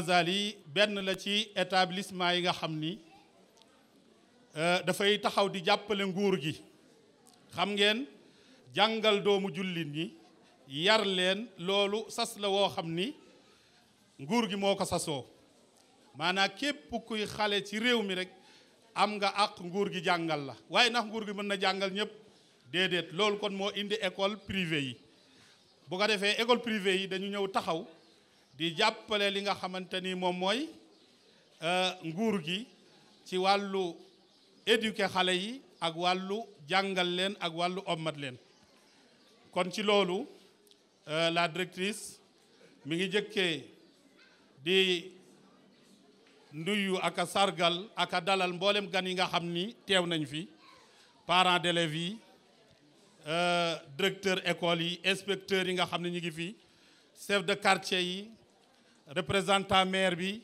Ghazali benn la ci établissement yi nga xam ni euh, dafay taxaw di jàppale nguur gi xam ngeen jàngal doomu jullit ñi yar leen loolu sas la woo xam ni nguur gi moo ko sasoo maanaam képp kuy xale ci réew mi rek am nga àq nguur gi jàngal la waaye ndax nguur gi mën na jàngal ñëpp déedéet loolu kon moo indi école privée yi bu ko defee école privée yi dañu ñëw taxaw di jàppale li nga xamante ni moom mooy euh, nguur gi ci wàllu éduquer xale yi ak wàllu jàngal leen ak wàllu ommat leen kon ci loolu euh, la directrice mu ngi jëkkee di nuyu ak a sargal ak dalal mboolem gan yi nga xam ni teew nañ fi parents d'élèves yi euh, directeur école yi inspecteurs yi nga xam ne ñu ngi fi chef de quartier yi représentant maire bi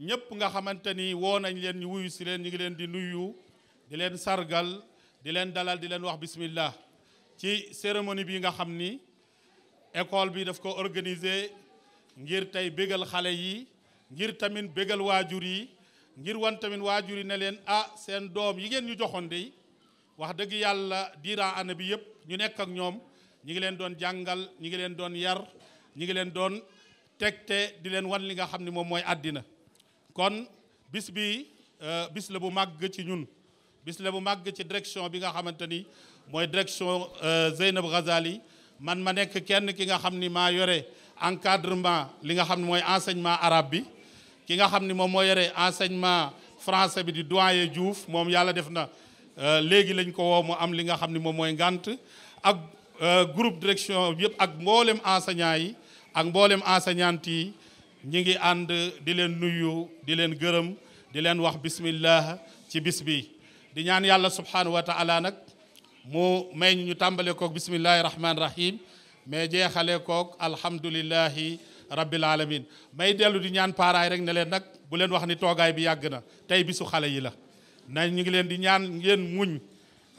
ñëpp nga xamante ni woo nañ leen ñu wuyu si leen ñu ngi leen di nuyu di leen sargal di leen dalal di leen wax bismillah ci cérémonie bi nga xam ni école bi daf ko organiser ngir tey bégal xale yi ngir tamit bégal waajur yi ngir wan tamit waajur yi ne leen ah seen doom yi ngeen ñu joxoon de wax dëgg yàlla diiraa ana bi yëpp ñu nekk ak ñoom ñu ngi leen doon jàngal ñu ngi leen doon yar ñu ngi leen doon tegte di leen wan li nga xam ni moom mooy àddina kon bis bi euh, bis la bu màgg ci ñun bis la bu màgg ci direction bi nga xamante ni mooy direction euh, Zeynab Ghazali man ma nekk kenn ki nga xam ni maa yore encadrement li nga xam ne mooy enseignement arabe bi ki nga xam ni moom moo yore enseignement français bi di doyen Diouf moom yàlla def na euh, léegi lañ ko woo am li nga xam ni moom mooy ngànt ak groupe direction yëpp ak mboolem enseignant yi ak mboolem enseignant yi ñi ngi ànd di leen nuyu di leen gërëm di leen wax bismillah ci bis bi di ñaan yàlla subhanahu wa taala nag mu may ñu tàmbale koog bismillahi rahmaani rahim mais jeexale koog alhamdulillahi rabbil alamin may dellu di ñaan paaraay rek ne leen nag bu leen wax ni toogaay bi yàgg na tey bisu xale yi la na ñu ngi leen di ñaan ngeen muñ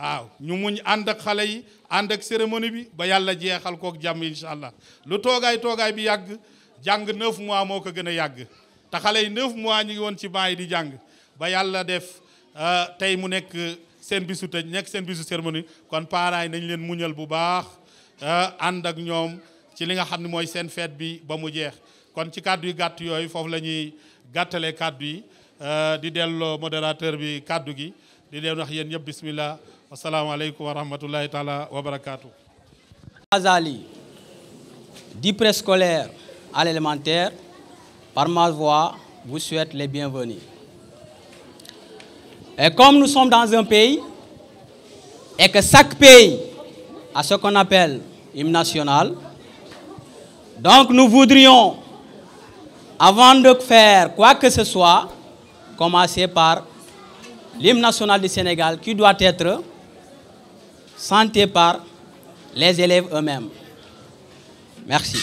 waaw ñu muñ ànd ak xale yi ànd ak cérémonie bi ba yàlla jeexal kook jàmm incha allah lu toogaay toogaay bi yàgg jàng neuf mois moo ko gën a yàgg te xale yi neuf mois ñu ngi woon ci banc di jàng ba yàlla def euh, tey mu nekk seen bisu tëj nekk seen bisu cérémonie kon parents yi nañ leen muñal bu baax euh, ànd ak ñoom ci li nga xam ne mooy seen feet bi ba mu jeex kon ci kàddu yi gàtt yooyu foofu la ñuy gàttalee kàddu yi euh, di delloo modérateur bi kàddu gi di leen wax yéen ñëpp bismillah asalaamaaleykum wa rahmatullahi taala wa barakaatu. Azali du par ma voix vous souhaite les bienvenus. Et comme nous sommes dans un pays et que chaque pays a ce qu'on appelle hymne national, donc nous voudrions, avant de faire quoi que ce soit, commencer par l'hymne national du Sénégal qui doit être santé par les élèves eux-mêmes. Merci.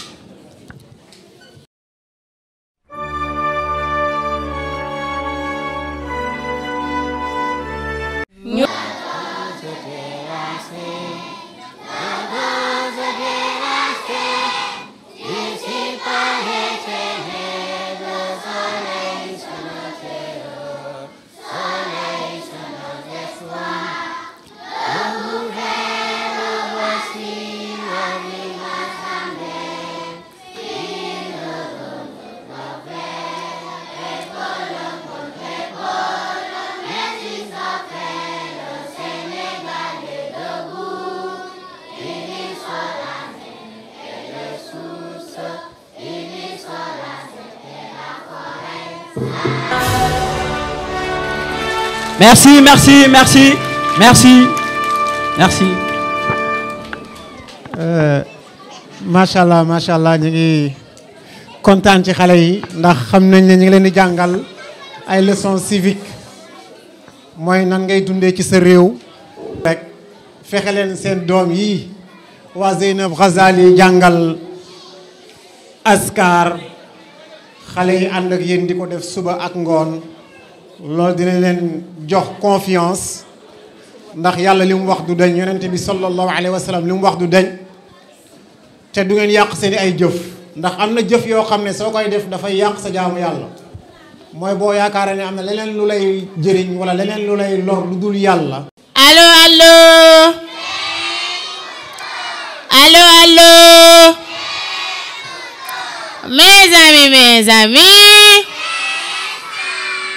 Merci, merci, merci, euh, macha allah macha allah ñu ngi kontaan ci xale yi ndax xam nañ ne ñu ngi leen di jàngal ay leçons civiques mooy nan ngay dundee ci sa réew. rek fexe leen seen doom yi waa Zeynab Ghazali jàngal askar xale yi ànd ak yéen di ko def suba ak ngoon. loolu dina leen jox confiance ndax yàlla li mu wax du dañ yonent bi sallallahu alayhi wa sallam li mu wax du dañ te du ngeen yàq seen ay jëf ndax am na jëf yoo xam ne soo koy def dafay yàq sa jaamu yàlla mooy boo yaakaaree ne am na leneen lu lay jëriñ wala leneen lu lay lor lu dul yàlla allo allo allo allo mes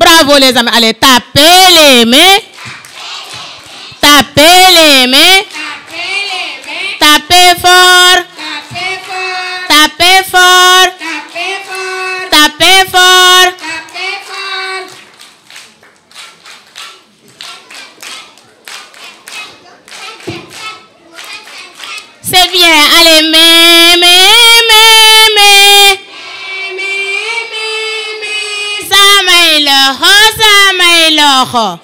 Bravo les amis. Allez, tapez les mains. Tapez les mains. Tapez fort. Tapez fort. Tapez fort. C'est bien. Allez, samay loxo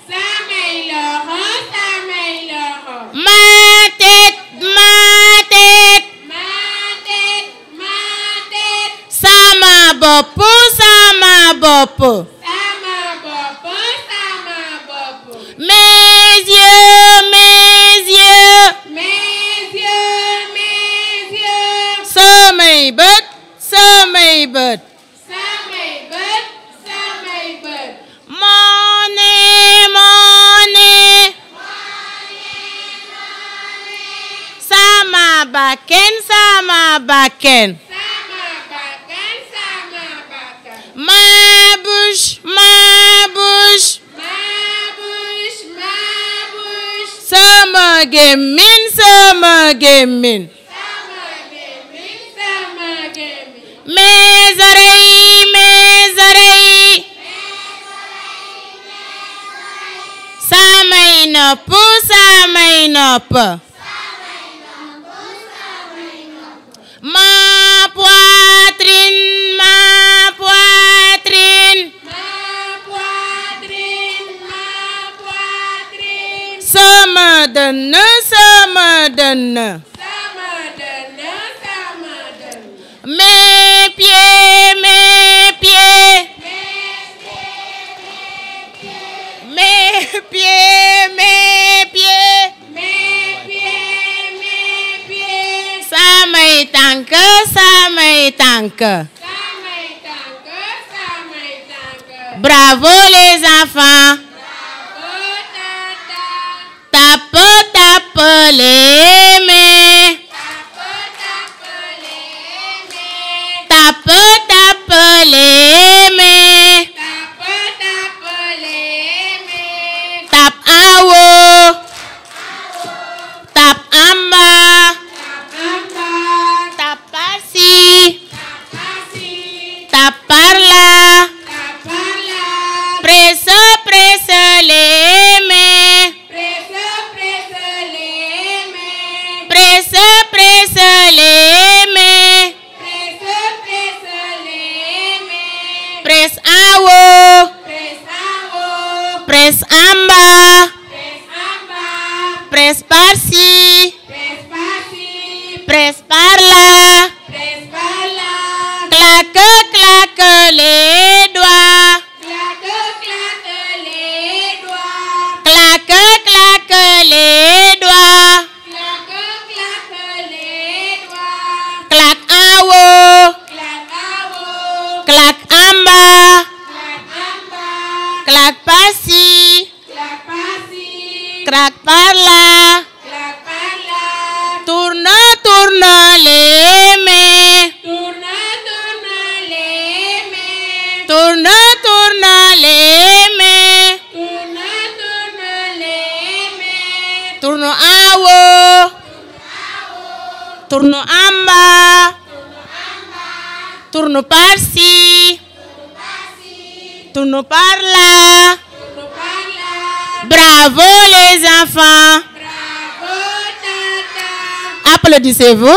maatet maatet sama bopp sama bopp mes yeux mes yeux mes yeux mes yeux samay bët samay bët bakken sama bakken maabush maabush sama gémmiñ sama gémmiñ mes oreilles mes oreilles samay nopp samay nopp samadan samadan Mes pieds, mes pieds. Mes pieds, mes pieds. Mes pieds, mes pieds. Samay tànk, samay tànk. Samay tànk, samay tànk. Bravo les enfants. tap tap léeme tap tap léeme tap awo tap amba tap pasi tap parla presse presse Awo. Presse Amba. Presse Amba. Presse par-ci. Presse Réjouissez-vous.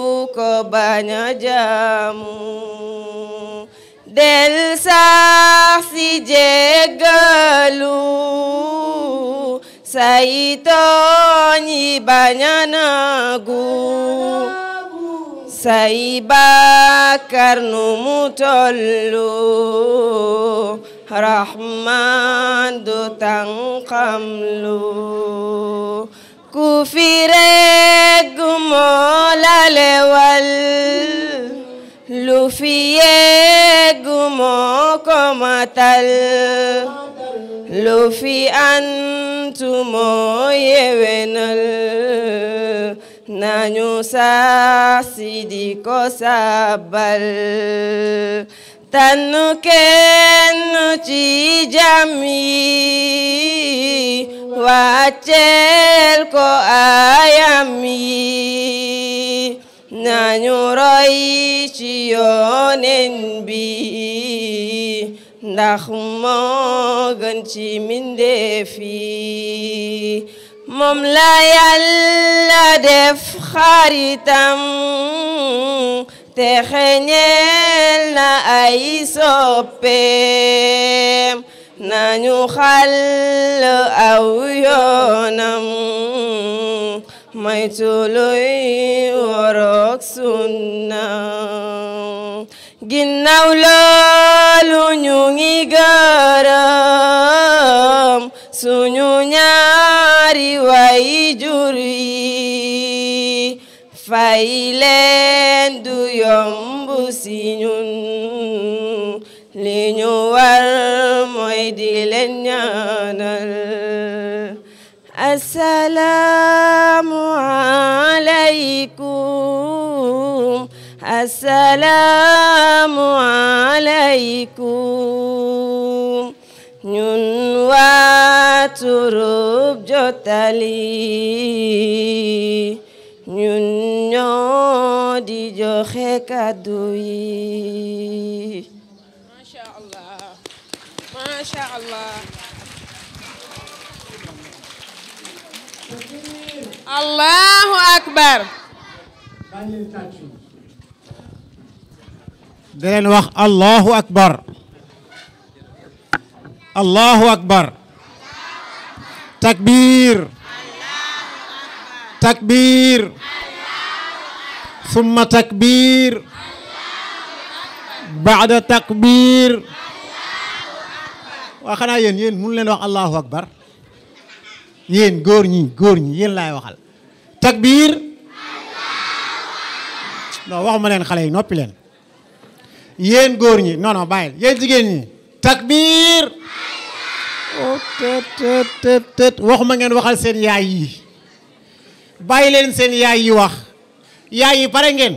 ko bañ a jaamu del sax si jéggalu say tooñ yi bañ a nagu say bàkkar nu mu tollu rahman du tànqamlu ku fi regg moo la lewal lu fi yegg moo ko matal lu fi antu moo yewenal nañu saasi di ko sabbal tànn kenn ci jam yi wàcceel ko ayam yi nañu roy ci yoonen bi ndax moo gën ci mbindeef yi moom la yàlla def xaritam te xeñeel na ay soppeem nañu xàll aw yoonam may tuluy woroog sunna ginnaaw loolu ñu ngi gërëm suñu ñaari way jur fay leen du yomb si ñun li ñu war mooy di leen ñaanal asalaamu aleykum ñun waa Turub Jottali ñoo di joxe kàddu yi macha allah macha allah allahu akbar da leen wax allahu akbar allahu akbar takbir takbir summa takbir baada takbir waa xanaa yéen yéen mun leen wax allahu akbar yéen góor ñi góor ñi yéen laay waxal takbir non waxuma leen xale yi noppi leen yéen góor ñi non non bàyyil yéen jigéen ñi takbir oh tët tët waxuma ngeen waxal seen yaay yi bàyyi leen seen yaay yi wax yaay yi pare ngeen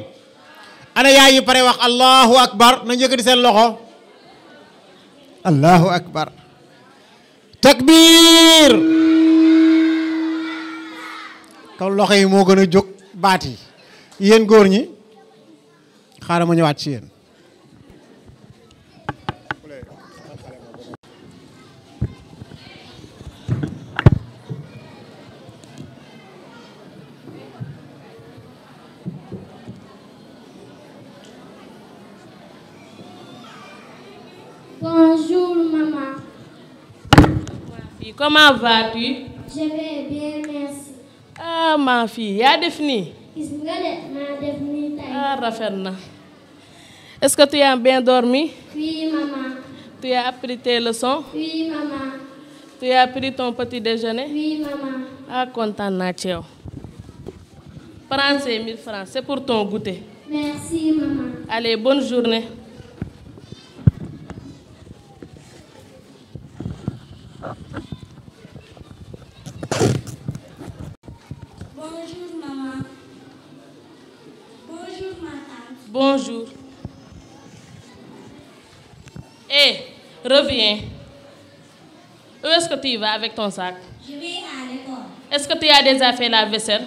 ana yaay yi pare wax allahu akbar nañ yëkkati seen loxo allahu akbar takbir kaw loxo yi moo gën a jóg baat yi yéen góor ñi xaaral ma ñëwaat ci yéen Bonjour maman. Ma fille, comment vas ah ma fille yaa ah rafet na. est-ce que tu as bien dormi? oui maman. tu as appris tes leçons? oui ton petit déjeuner? ah kontaan naa ci yow. prends ces mille pour ton goûter. merci maman. allez Bonjour maman. Bonjour ma tante. Bonjour. Eh, reviens. Où est que tu vas avec ton sac? Je que tu as déjà fait la vaisselle?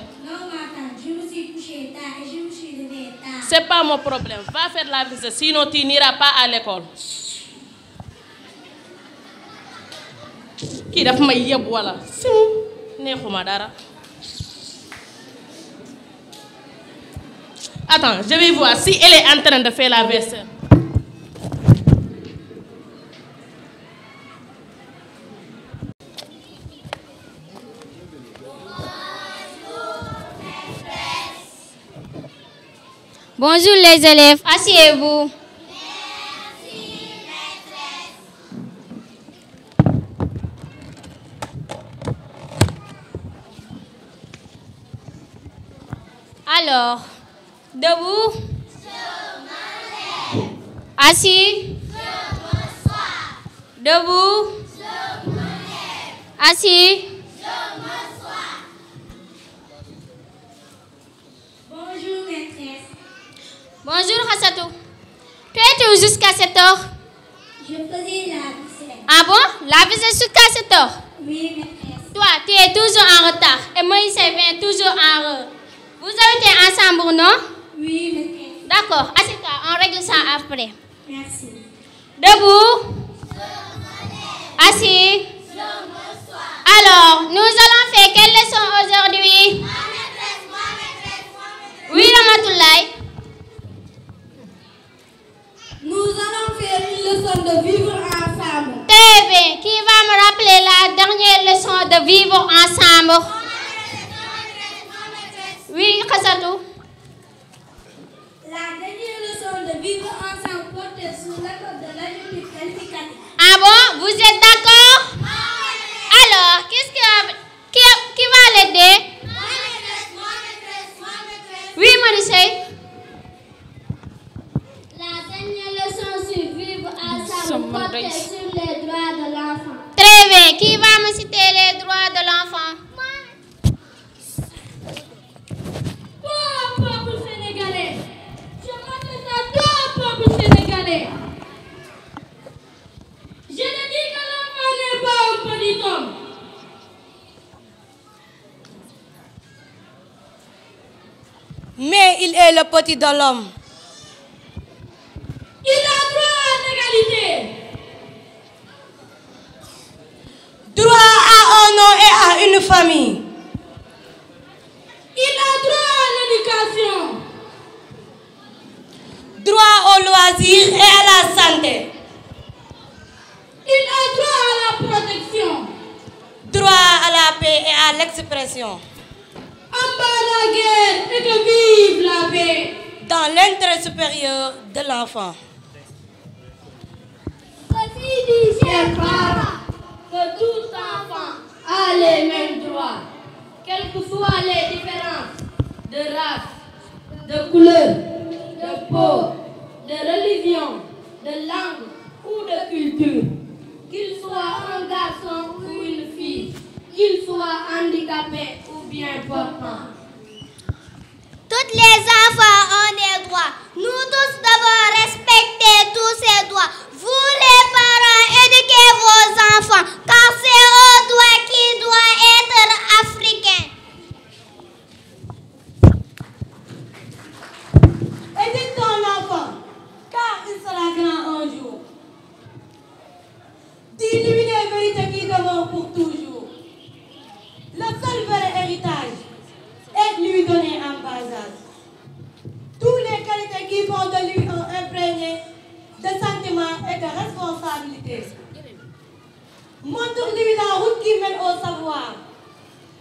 C'est pas mon problème. Va faire la vaisselle, sinon tu n'iras pas à l'école. kii daf may yeb wala simu neexuma dara attends je vais voir si elle est en train la vaisselle Bonjour les élèves, asseyez Alors, debout. Assis. Debout. Assis. Bonjour maîtresse. Bonjour Hassatou. Tu étais Ah bon? La vaisselle jusqu'à cette heure? Oui es toujours en retard et Moïse vient toujours en retard. Vous habitez ensemble, non Oui, le D'accord, assieds-toi, règle ça après. Debout. Assis. Alors, nous allons faire quelle leçon aujourd'hui Oui, Ramatoulaye. Nous allons faire Qui va me rappeler la dernière leçon de vivre ensemble Oui, Khassatou. La dernière leçon de vivre ensemble porte sur l'accord de l'adjectif qualificatif. Ah bon, vous êtes d'accord? Ah, oui. Alors, qu'est-ce qui va qui, qui va l'aider? Moi maîtresse, moi maîtresse, moi maîtresse. Oui, Marie-Sey. La dernière leçon sur vivre ensemble porte sur les droits de l'enfant. Très bien, qui va me citer les droits de l'enfant? année. Mais il est le petit de l'homme. Il a droit à l'égalité. Droit à un nom et à une famille. Il a droit à l'éducation. droit au loisir et à la santé. Il a droit à la protection. Droit à la paix et à l'expression. En bas la guerre et que vive la paix. Dans l'intérêt supérieur de l'enfant. Ceci que tout les différences de race, de couleur. de peau, de religion, de langue ou de culture, qu'il soit un garçon ou une fille, qu'il soit handicapé ou bien portant. Toutes les enfants ont des droits. Nous tous devons respecter tous ces droits. Vous les parents, éduquez vos enfants, car c'est un droit qui doit être africain. un grand un jour. Dites-lui les vérités qui demeurent pour toujours. Le seul vrai héritage est de lui donner en bas âge. Toutes les qualités qui font de lui un imprégné de sentiments et de responsabilité. Montre-lui la route qui mène au savoir,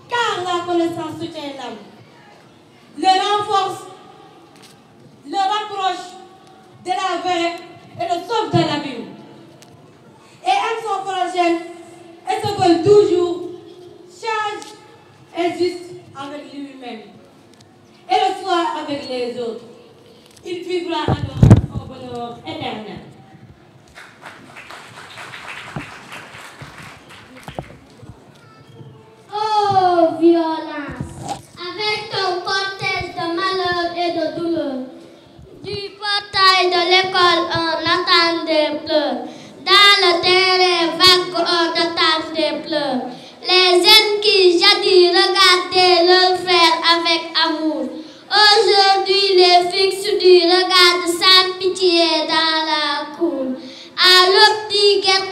car la connaissance soutient l'âme, le renforce, le rapproche de la vraie et le sauve d'un abîme. Et elles sont collagènes et se veulent toujours charges injustes avec lui-même et le soir avec les autres. Il vivra alors son bonheur éternel. Oh, violence! Avec ton cortège de malheur et de douleur. du portail de l'école, on attend des pleurs. Dans le terrain vague, on attend des pleurs. Les jeunes qui jadis regardaient leurs frères avec amour, aujourd'hui les fixent du regard sans pitié dans la cour. À l'aube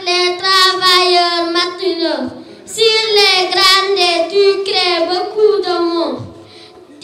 les travailleurs matinaux. Sur les grandes, tu crées beaucoup de monde.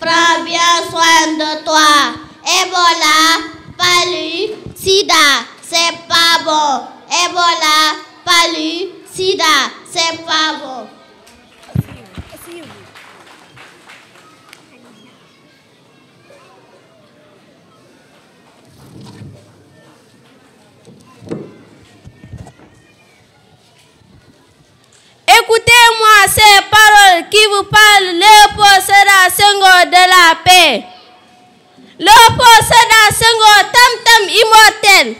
Prends bien soin de toi. Ebola, palu, sida, c'est pas bon. Ebola, palu, c'est pas bon. Écoutez-moi ces paroles qui vous parlent. Léopold Sédar Senghor de la paix. Léopold Sédar Senghor, tam-tam immortel.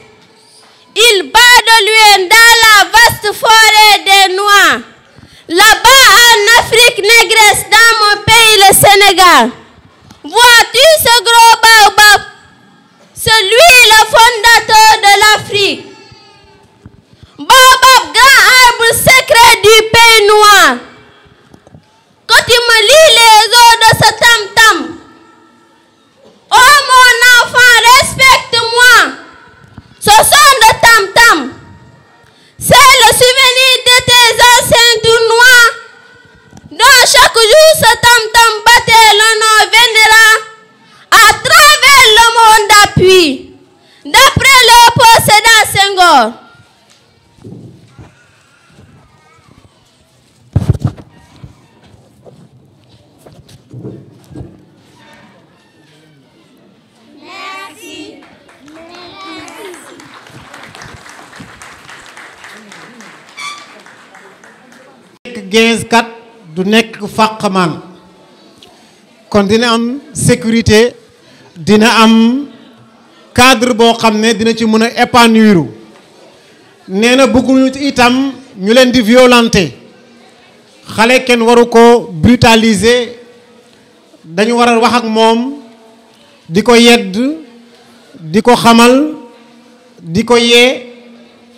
Il bat de l'huile dans la vaste forêt des Noirs. Là-bas en Afrique négresse, dans mon pays le Sénégal. Vois-tu ce gros baobab? C'est lui le fondateur de l'Afrique. baobab grand arbre secret du pays noir quand tu les eaux de ce tam oh, mon enfant respecte-moi ce son de le souvenir de tes anciens tournois dont chaque jour ce tam le nom vénéra à travers le monde d'appui d'après le possédant Senghor ginzkat du nekk fàqmaan kon dina am sécurité dina am cadre boo xam ne dina ci mën a épanouir nee na bëgguñu itam ñu leen di violanté xale kenn waru ko brutaliser dañu war a wax ak moom di ko yedd di ko xamal di ko yee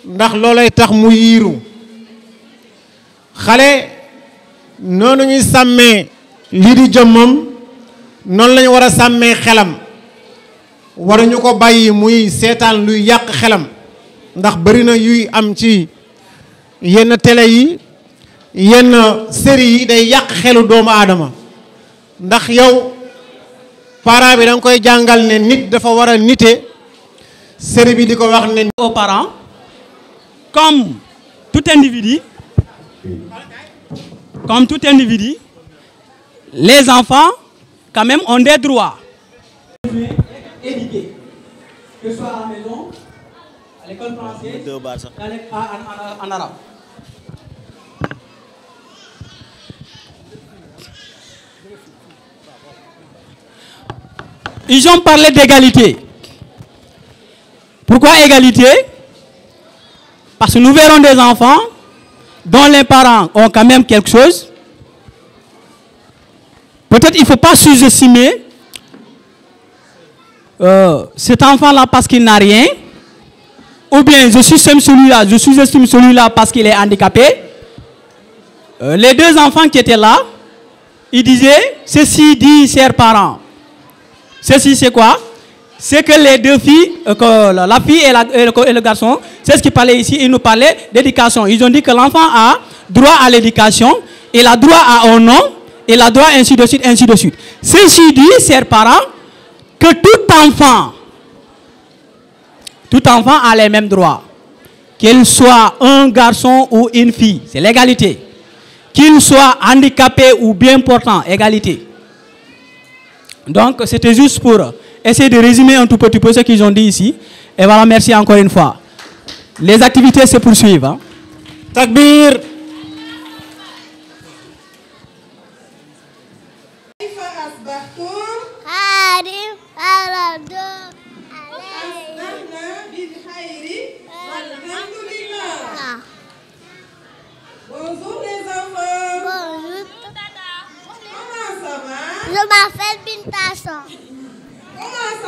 ndax loolay tax mu yiiru xale noonu ñuy sàmmee lii di jëmmam noonu lañu war a sàmmee xelam waruñu ko bàyyi muy seetaan luy yàq xelam ndax bëri na yuy am ci yenn tele yi yenn série yi day yàq xelu doomu aadama ndax yow parent bi da koy jàngal ne nit dafa war a nite série bi di ko wax ne aux parents comme tout individu Comme tout individu, les enfants, quand même, des droits. Éduqués, que en, en, en arabe. d'égalité. Pourquoi égalité Parce que nous verrons des enfants dont les parents ont quand même quelque chose. Peut-être il ne faut pas sous-estimer euh, cet enfant-là parce qu'il n'a rien. Ou bien je sous-estime celui-là, je sous-estime celui-là parce qu'il est handicapé. Euh, les deux enfants qui étaient là, ils disaient, ceci dit chers parents. Ceci c'est quoi c'est que les deux filles, euh, et, la, et le garçon, c'est ce qu'ils parlaient ici, ils nous parlaient d'éducation. Ils ont dit que l'enfant a droit à l'éducation, il a droit à un nom, il a droit ainsi de suite, ainsi de suite. Ceci dit, chers que tout enfant, tout enfant a les mêmes droits. Qu'il soit un garçon ou une fille, c'est l'égalité. Qu'il soit handicapé ou bien portant, égalité. Donc, c'était juste pour essayer de résumer un tout petit peu ce qu'ils ont dit ici. Et voilà, merci encore une fois. Les activités se poursuivent. Hein. Takbir Bonjour les enfants. Bonjour. Comment ça va? Je m'appelle Bintasson.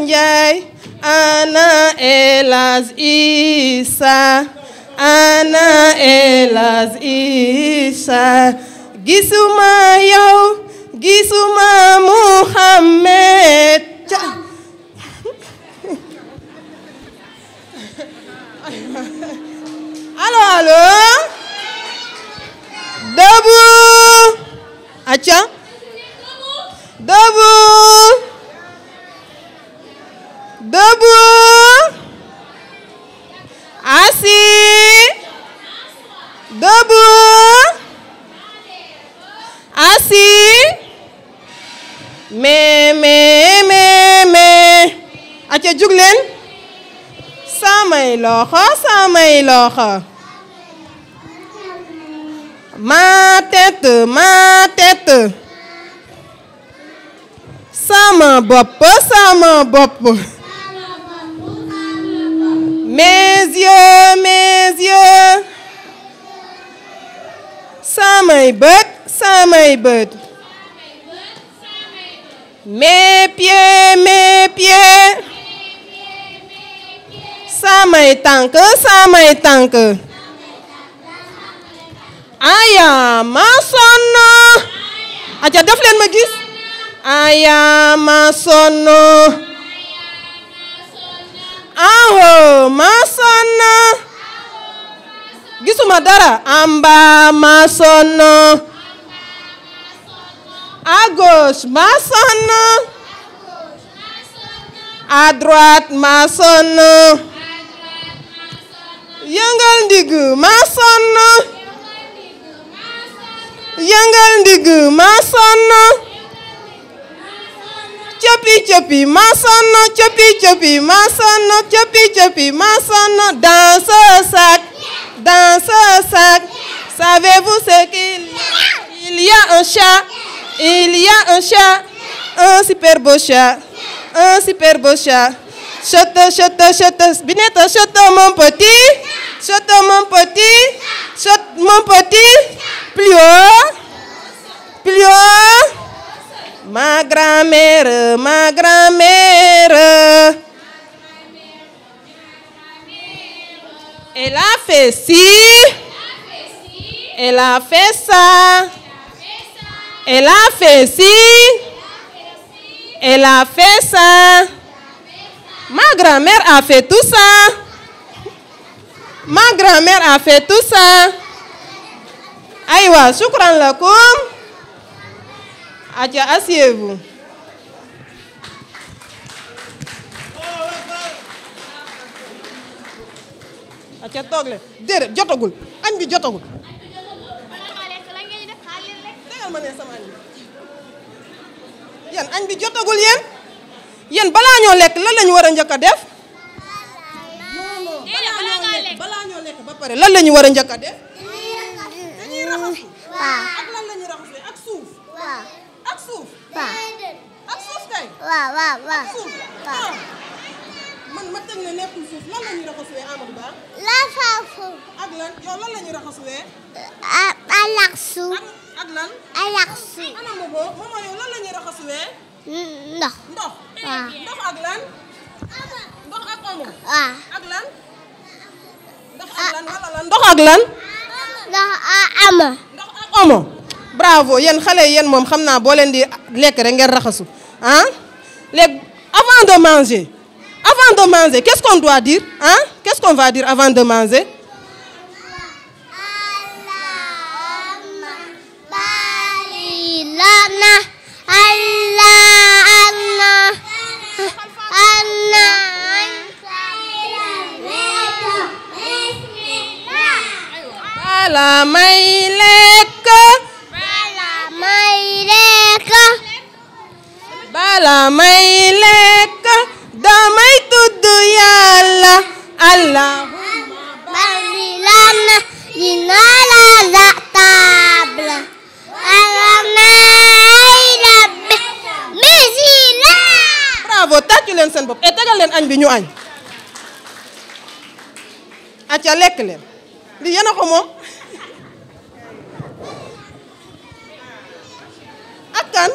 Njaay ana Elhaj Issa ana Elhaj Issa gisuma yow gisuma Muhammed allo allo debout aca debout Debout. Assis. Debout. Assis. mais mais mais jug leen. samay loxo samay loxo. ma tête sama bopp sama bopp. Mes yeux, mes yeux. Samay bët, samay bët. Mes pieds, mes pieds. Samay tànk, samay tànk. Aya ma Aja daf leen ma gis. Aya awo masonna gisuma dara amba masonna à gauche masonna à droite masonna yëngal ndig coppi coppi maa sonn coppi coppi maa sonn coppi coppi sac dans sac savez-vous ce qu'il y a un chat il y a un chat un super un super beau chat chata chata chata mon petit chata mon petit chata mon ma grand-mère ma grand e la a fait ci elle a fait ça elle a fait ci elle a fait ma grand a fait tout ma grand a fait tout aywa shukran Atia, asseyez-vous. Atia toog leen déedéet jotagul añ bi jotagul. dégal ma ne sama añ bi. jotagul yéen. yéen balaa ñoo lekk lan la ñu war a njëkk a def. balaa ñoo lekk ba pare lan la ñu war a njëkk a def. ak lan la ñuy raxasee ak suuf. waaw. ak suuf. waaw ak suuf kay. waaw waaw waaw ak suuf. waaw ah. man ma teg ne nekkul suuf lan la ñuy raxasuwee Amadou Ba. laxaafu. ak lan yow lan la ñuy raxasuwee. ah alaxu. ak lan. alaxu. ana ma ko maman yow lan la ñuy raxasuwee. ndox. ndox waaw ndox ak lan. ndox ak omo. waaw ak lan. ndox ak ah. lan wala lan ndox ak lan. ndox ak ah, ama. ndox ak omo. bravo yéen xale yéen moom xam naa boo leen lekk rek ngeen raxasu ah? avant de manger qu'est-ce qu'on doit dire ah qu'est-ce qu'on va dire avant de manger la may lekk lekk bala may lekk damay tudd yàlla allahumma bari lana dina la la table alana ay rabbi misila bravo tàccu leen seen bopp et tegal leen añ bi ñu añ aca lekk leen li yéen a ko moom ak kan.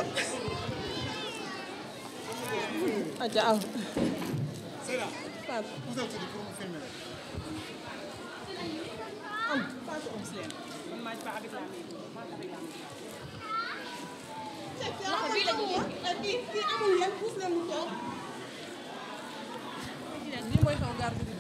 aja aw. Thank you.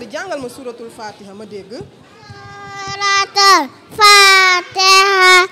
Marie jàngal ma suuratul Fatiha ma dégg. suuratul Fatiha.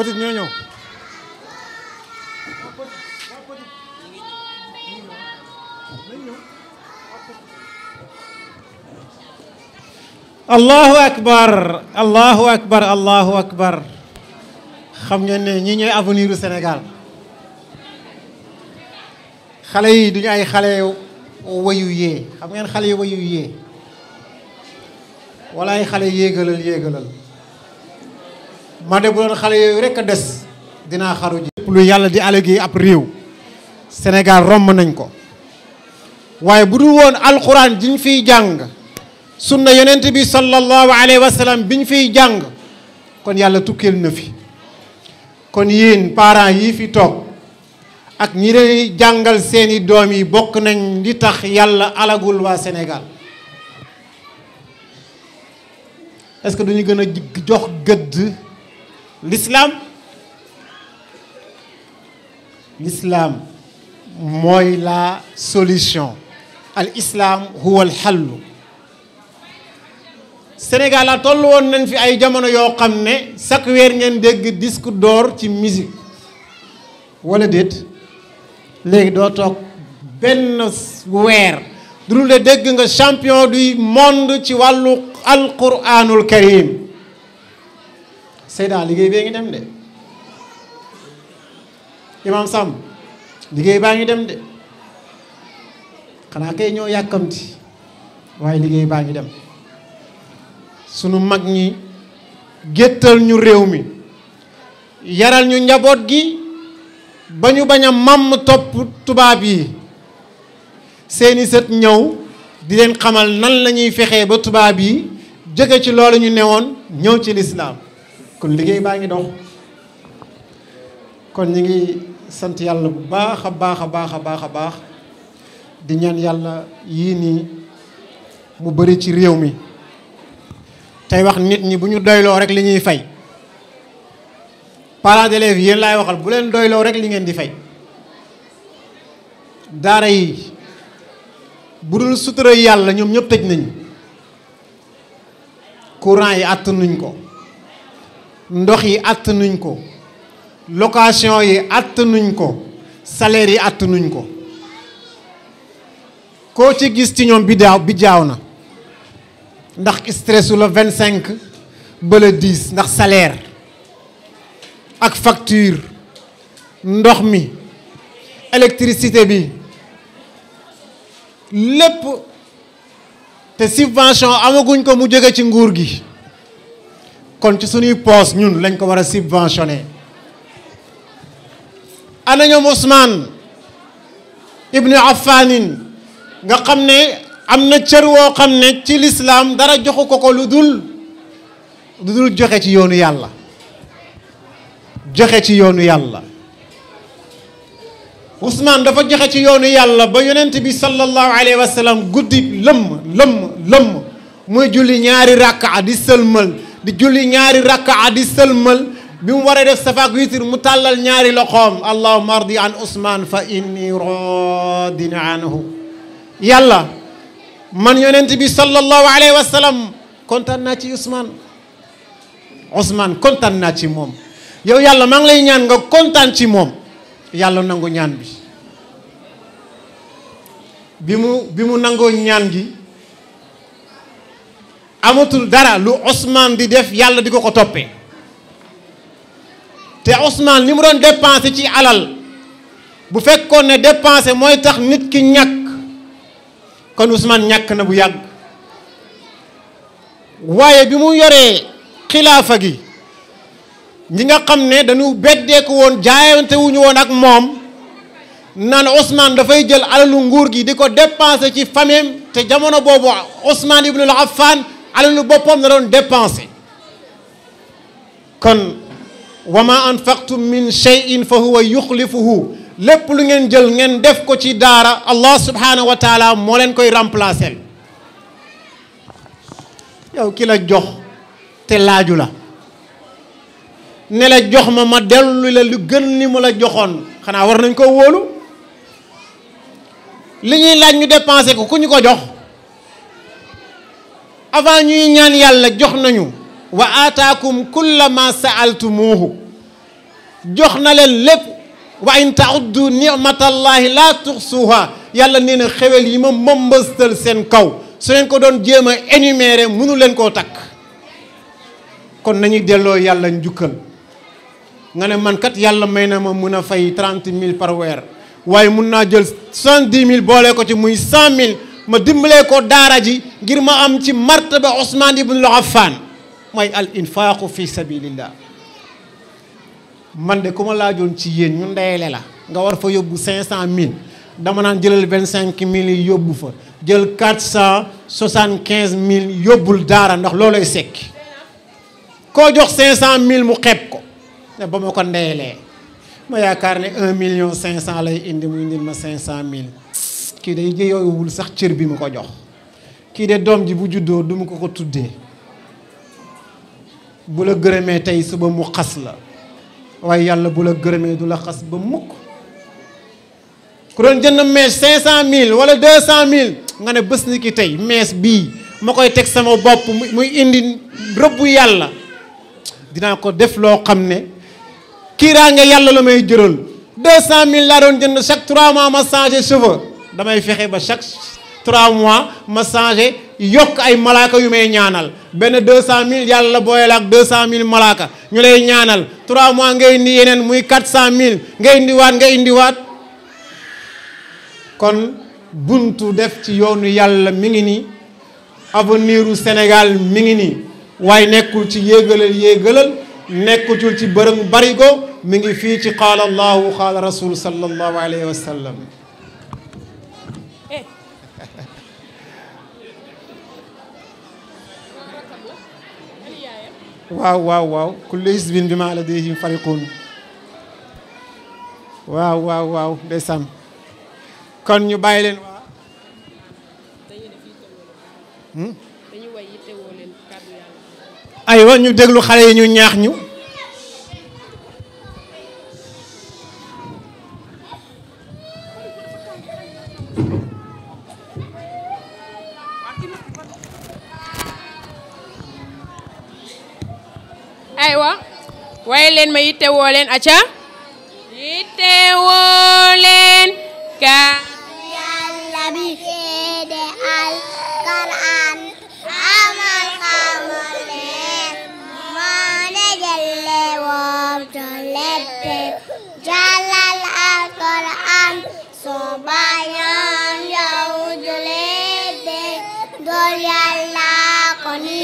Petit ñoo ñëw. allahu akbar allahu akbar allahu akbar xam ngeen ne ñi ñooy avenir du xale yi duñu ay xale wayu yee xam ngeen xale yi wayu yee wala xale yéegalal yéegalal ma ne bu doon xale yooyu rekk a des dinaa xaru ji lépp lu yàlla di allégué ab réew Sénégal romb nañ ko waaye bu dul woon alxuraan jiñ fiy jàng sunna yenent bi sallallahu alayhi wa sallam biñ fiy jàng kon yàlla tukkeel na fi kon yéen parents yi fi toog ak ñi lay jàngal seeni doom yi bokk nañ li tax yàlla alagul waa Sénégal est-ce que duñu gën a jox gëdd lislaam l'islam mooy la solution al islaam huwa al xallu Sénégal a toll woon nañ fi ay jamono yoo xam ne chaque weer ngeen dégg disque door ci musique wala déet léegi doo toog benn weer du dul dégg nga champion du monde ci wàllu alquranul karim Seyda liggéey bee ngi dem de Imaam Samb liggéey baa ngi dem de xanaa kay ñoo yàkkamti waaye liggéey baa ngi dem sunu mag ñi géttal ñu réew mi yaral ñu njaboot gi ba ñu bañ a màmm topp tubaab yi seeni set ñëw di leen xamal nan lañuy fexee ba tubaab yi jóge ci loolu ñu newoon ñëw ci lislaam kon liggéey baa ngi dox kon ñi ngi sant yàlla bu baax a baax a baax a baax a baax di ñaan yàlla yii nii mu bari ci réew mi tey wax nit ñi bu ñu doyloo rek li ñuy fay parents d'élèves yéen laay waxal bu leen doyloo rek li ngeen di fay daara yi bu dul sutura yàlla ñoom ñëpp tëj nañ courant yi àttanuñ ko ndox yi àtt àttanuñ ko location yi àttanuñ ko salaire yi àtt àttanuñ ko koo ci gis ci ñoom bi daaw bi jaaw na ndax stressu la vingt cinq ba la dix ndax salaire ak facture ndox mi électricité bi lépp te subvention amaguñ ko mu jóge ci nguur gi kon ci suñuy poos ñun lañ ko war a subventionné ana ñoom Ousmane ibnu Affanin nga xam ne am na cër woo xam ne ci lislaam dara joxu ko ko lu dul lu dul joxe ci yoonu yàlla joxe ci yoonu yàlla Ousmane dafa joxe ci yoonu yàlla ba yonent bi sallallahu alayhi wa guddi lëmm lëmm lëmm muy julli ñaari ràkka di sëlmal di julli ñaari rakkaa di sëlmal bi mu waree def safaak wiitir mu tàllal ñaari loxoom allahuma ardi an usman fa inni radin anhu yàlla man yonent bi sallallahu alayhi wa sallam kontaan naa ci usman usman kontaan naa ci moom yow yàlla maa ngi lay ñaan nga kontaan ci moom yàlla nangu ñaan bi bi mu bi mu nangoo ñaan gi amatul dara lu Ousmane di def yàlla di ko ko toppe te Ousmane li mu doon dépensé ci alal bu fekkoon ne dépensé mooy tax nit ki ñakk kon Ousmane ñàkk na bu yàgg waaye bi mu yoree xilaafa gi ñi nga xam ne dañu beddeeku woon jaayante woon ak moom naan Ousmane dafay jël alalu nguur gi di ko dépensé ci famem te jamono boobu Ousmane ibnul Affan alalu boppam la doon dépensé kon wa ma anfaqtum min shay'in fa huwa yuxlifuhu lépp lu ngeen jël ngeen def ko ci daara allah subhanahu wa moo leen koy remplacer yow ki la jox te laaju la ne la jox ma ma dellu la lu gën li mu la joxoon xanaa war nañ koo wóolu li ñuy laaj ñu dépensé ko ku ñu ko jox avant ñuy ñaan yàlla jox nañu wa aataakum kulla ma saaltumuuhu jox na leen lépp wa in tauddu nicmatallahi laa tuxsuha yàlla nee na xewel yi ma mëmbëstal seen kaw su leen ko doon jéem a énumérer mënu leen koo takk kon nañu delloo yàlla njukkal nga ne man kat yàlla may na ma mun a fay trente mille par weer waaye mun naa jël soixante-dix mille boolee ko ci muy cent mille ma dimbalee ko daara ji ngir ma am ci martaba Ousmane ibnul Affan mooy al infaaqu fi sabilillah man de ku ma laajoon ci yéen ñu ndeyale la nga war fa yóbbu cinq cent mille dama naan jëlal vingt cinq mille yi yóbbu fa jël quatre cent soixante quinze mille yóbbul daara ndax loolay sekki koo jox cinq cent mille mu xeeb ko ne ba ma ko ndeyalee ma yaakaar ne un million cinq cent lay indi mu indil ma cinq cent mille kii day jéyoowul sax cër bi mu ko jox kii de doom ji bu juddoo du mu ko ko tuddee bu la gërëmee tey suba mu xas la waaye yàlla bu la gërëmee du la xas ba mukk ku doon jënd mees cinq cent mille wala deux cent mille nga ne bës ni ki tey mees bii ma koy teg sama bopp muy indi rëbbu yàlla dinaa ko def loo xam ne kiiraa nga yàlla la may jëral deux cent mille laa doon jënd chaque trois mois ma changé cheveux damay fexe ba chaque trois mois ma changé yokk ay malaaka yu may ñaanal benn deux cent mille yàlla la booyal ak deux cent mille malaaka ñu lay ñaanal trois mois ngay indi yeneen muy quatre cent mille nga indiwaat nga indiwaat kon buntu def ci yoonu yàlla mi ngi nii avenir u Sénégal mi ngi nii waaye nekkul ci yéegalal yéegalal nekkul ci bërëng barigo mi ngi fii ci qaala allahu qaala rasul sallallahu alayhi wa waaw waaw waaw kullu hizbin bimaa ladayhim fariquun waaw waaw waaw ndeysaan kon ñu bàyyi leen waa hmm? ñu déglu xale yi ñu ñaax ñu aywa waaye ma yitte woo leen aca yitte woo leen ka yàlla bi seede alquran amal xamal leen moo ne jëlle woom to leppe jàllal alquran soo bañoon yow julee de dool yàlla ko ni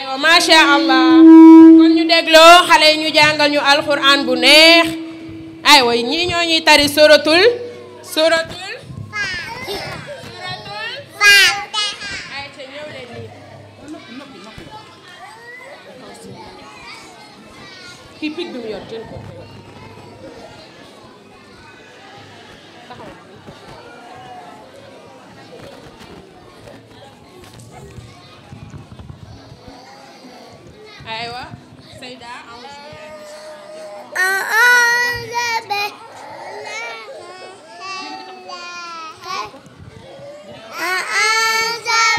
aywa macha kon ñu dégloo xale yi ñu jàngal ñu alxuraan bu neex aywa ñii ñoo ñuy tari suratul suratul أيوة سيدة أعوذ بالله أعوذ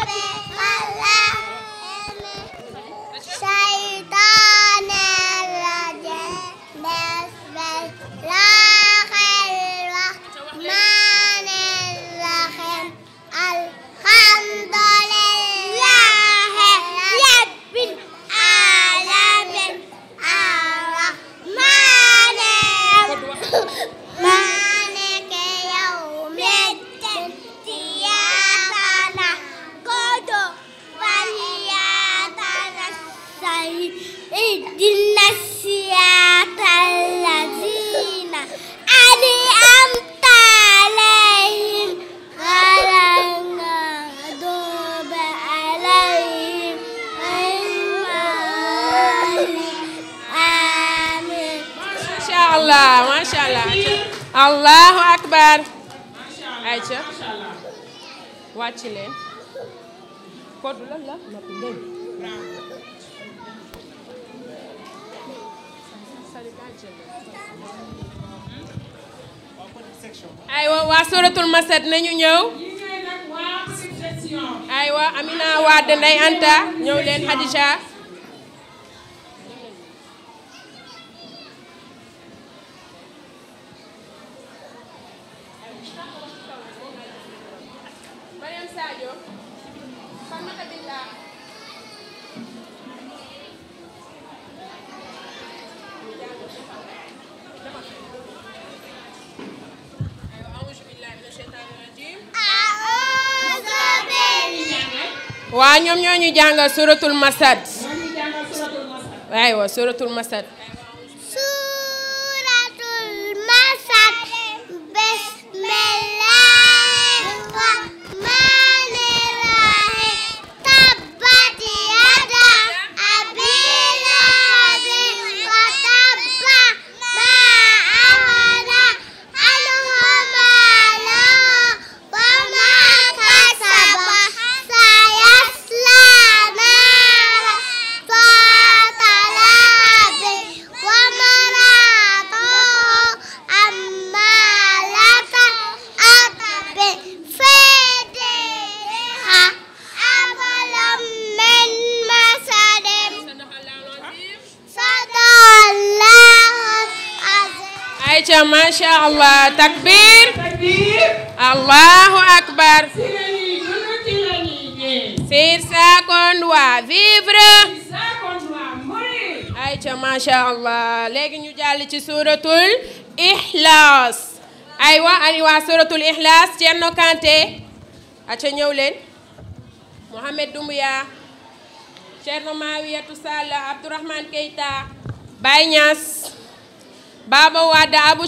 بالله شيطان الرجيم بسم الله allah macha allah allahu akbar ayca wàcc leen aywa waa suratul masad nañu ñëw aywa amina waa de anta ñëw leen Hadija waa ñoom ñoo ñu jàngal suratul masad aywa suratul masad suratul masad la macha allah takbir. takbir. akbar. Sir Sakondoa vivre. ayca macha allah léegi ñu jàll ci suuratul Ixlaas aywa aywa suuratul Ixlaas Thierno Kanté aca ñëw leen Mohamed Doumbouya Thierno Mawiyatu Sall Abdourahmane Keita Baye Baba Wade Abu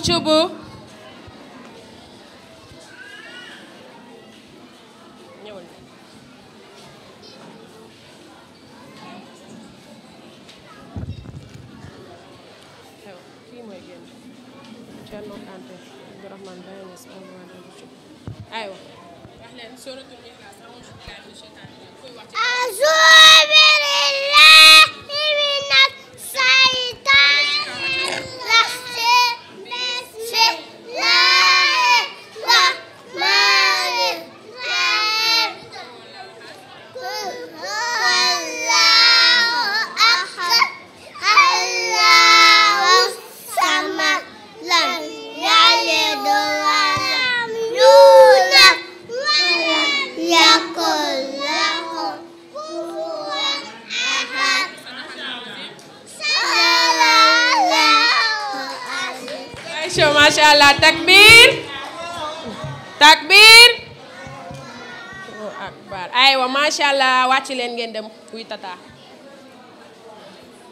ci leen ngeen dem kuy tata.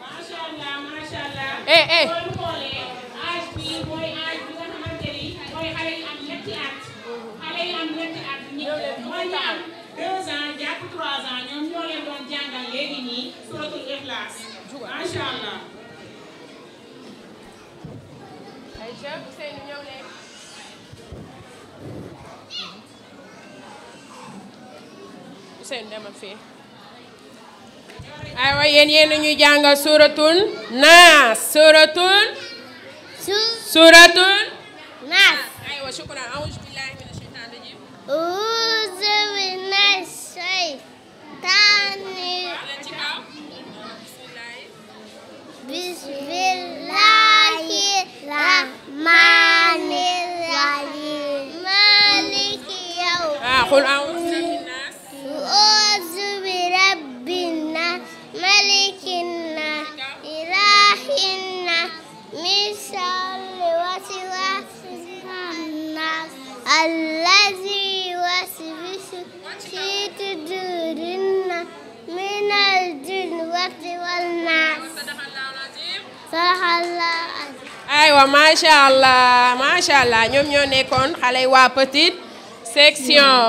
macha allah macha allah. eh eh mooy âge nga xamante ni mooy xale yi am ñetti at. mooy ñi am 2 ans jàpp 3 ans ñoom ñoo leen doon jàngal léegi nii suratul Ikhlas. macha allah. Hussein demal fii aywa yéen yéen ñuy jàngal suratul naas suratul suratul allah macha allah ñoom ñoo nekkoon xale waa petite section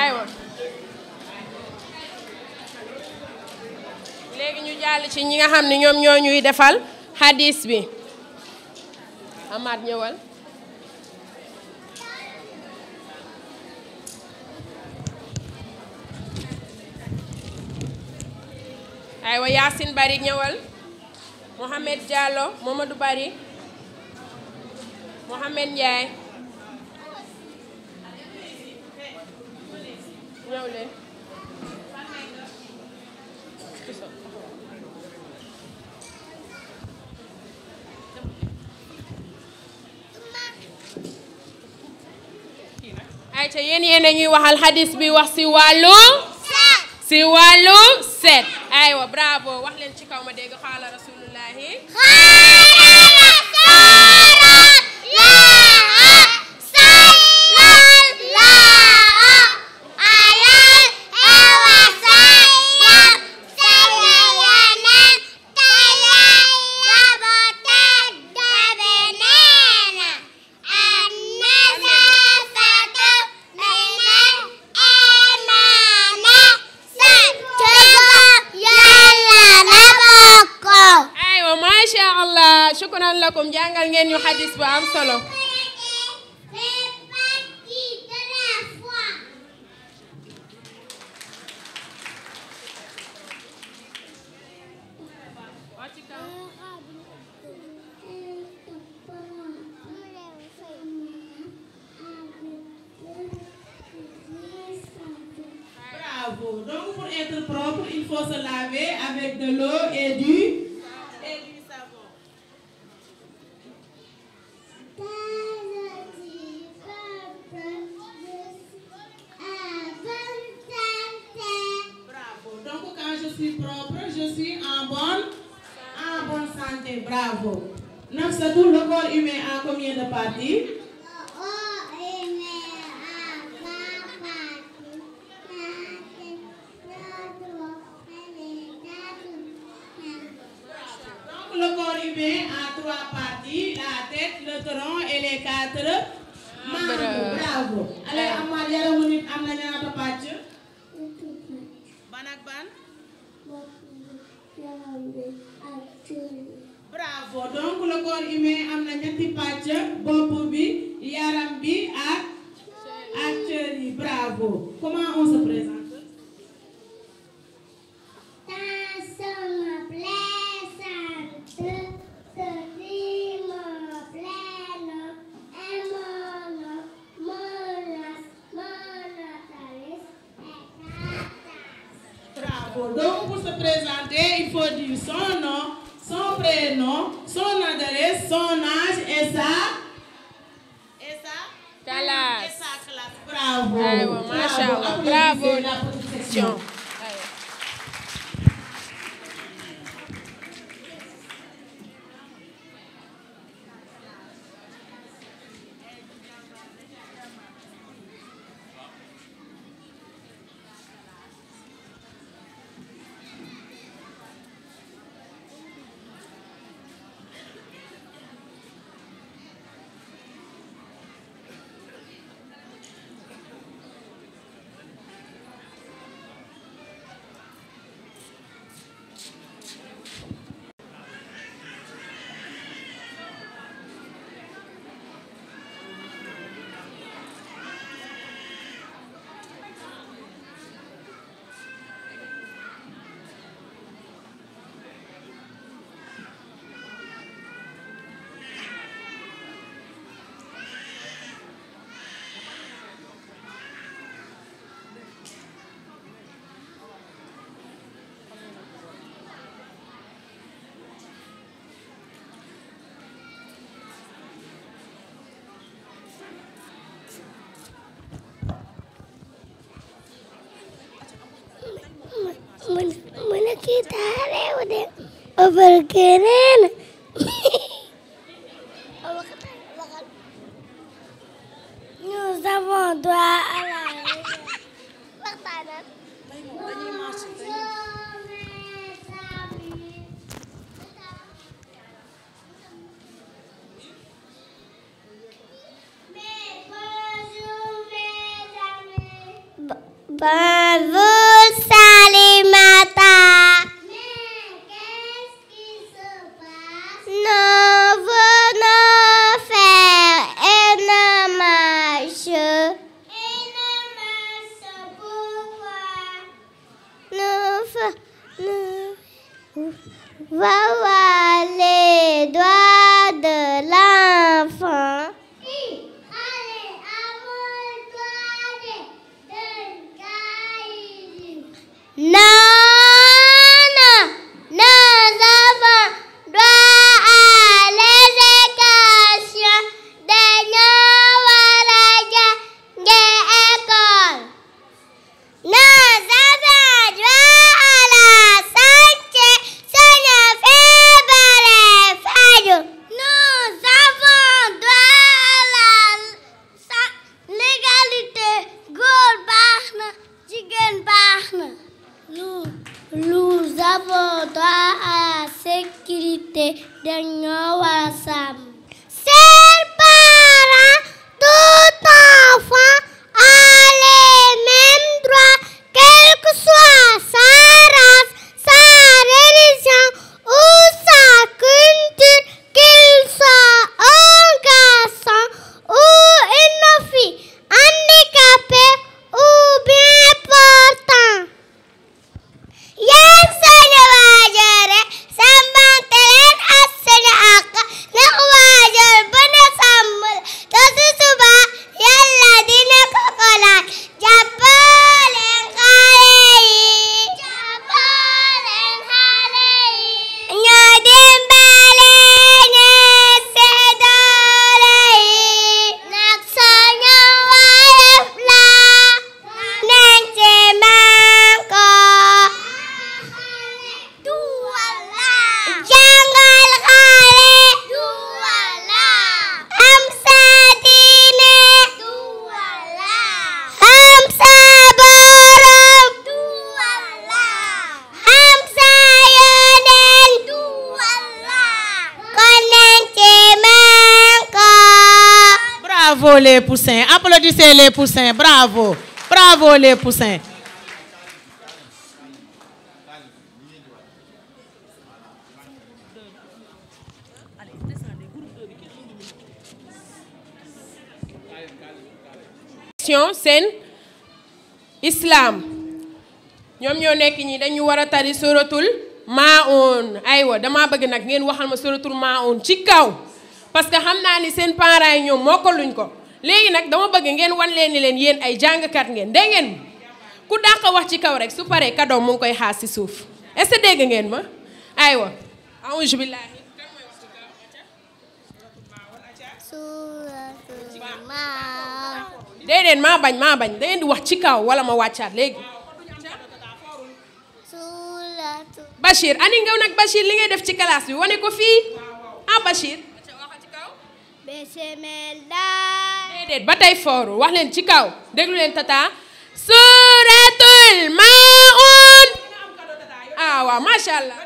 aywa léegi ñu jàll ci ñi nga xam ne ñoom ñoo ñuy defal hadis bi amaat ñëwal aywa Yacine Bari ñëwal Mohamed Diallo Mamadou Bari Mohamed Ndiaye yen leen ayca yéen a ñuy waxal hadis bi wax si wàllu si wàllu set aywa bravo wax leen ci kaw ma dégg xaala rasulullahi lakum jàngal ngeen ñu xadis bu am solo ki taalew de o barkeereena poussins bravo bravo les poussins seen islaam ñoom ñoo nekk ñi dañu war a tari suratul maun aywa dama bëgg nag ngeen waxal ma suratul maun ci kaw parce que xam naa ni seen parents yi ñoom mokkaluñ ko léegi nag dama bëgg ngeen wan leen ni leen yéen ay jàngkat ngeen dégg ngeen ku wax ci kaw rek su paree cadeau mu koy xaar si suuf est ce dégg ngeen ma aywa aouzu billahi déedéet maa bañ ma bañ da di wax ci kaw wala ma wàccaat léegi Bachir ani ngaw nag Bachir li ngay def ci kalaas bi wane ko fii ah Bachir ba tey fooru wax leen ci kaw déglu leen tata suuratul maun ah waaw macha allah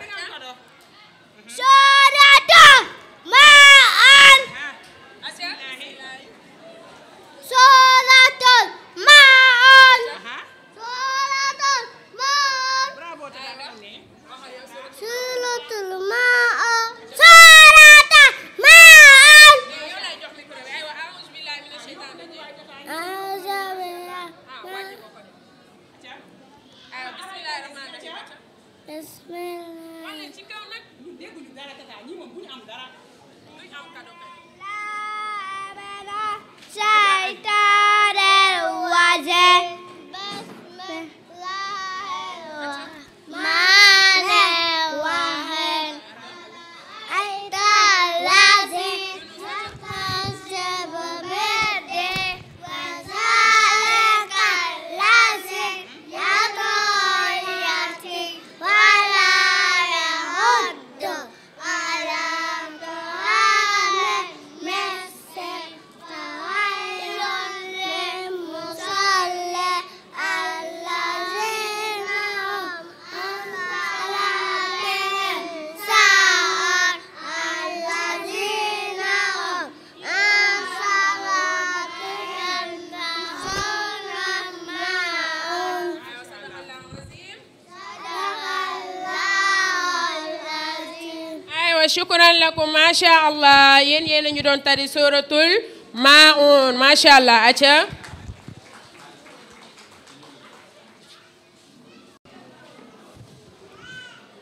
shukran lakum macha allah yéen yéen ñu doon tari suratul maun macha allah aca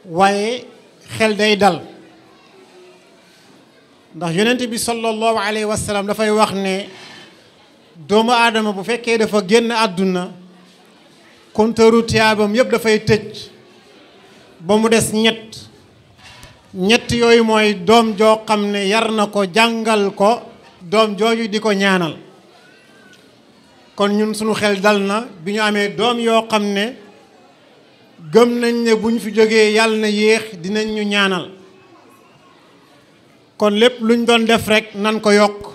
waaye xel day dal ndax yonent bi sallallahu alayhi wa sallam dafay wax ne doomu aadama bu fekkee dafa génn àdduna compteuru tiyaabam yépp dafay tëj ba mu des ñett ñett yooyu mooy doom joo xam ne yar na ko jàngal ko doom jooju di ko ñaanal kon ñun suñu xel dal na bi ñu amee doom yoo xam ne gëm nañ ne bu fi jógee yàlla yéex dinañ ñu ñaanal kon lépp lu ñu doon def rekk nan ko yokk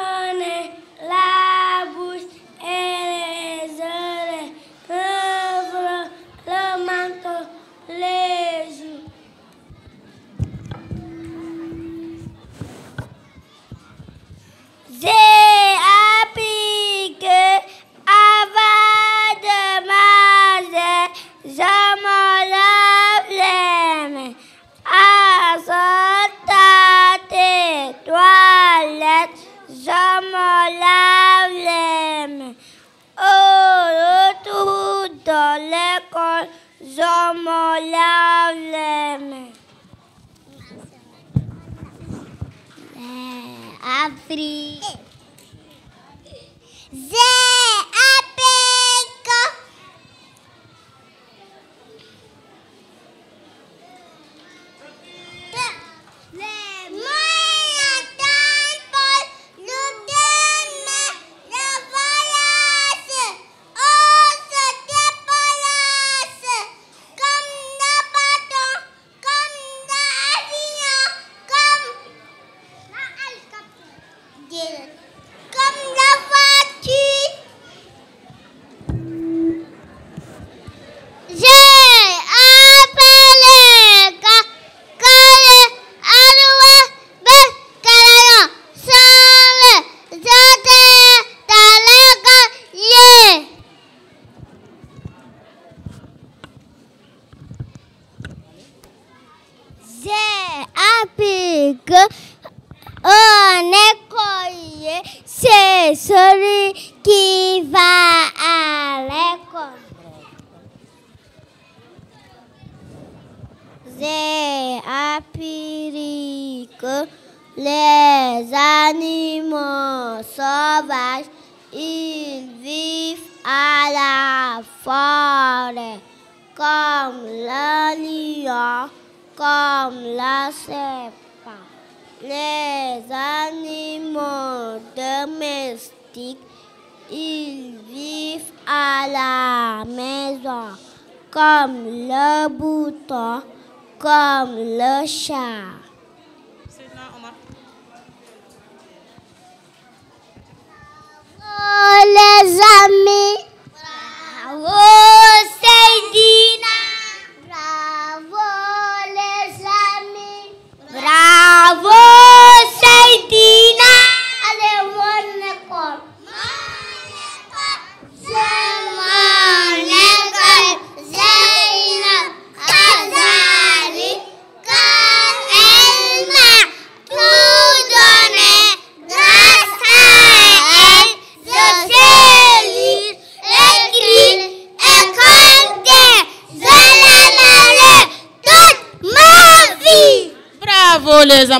Mola eh, Afrique.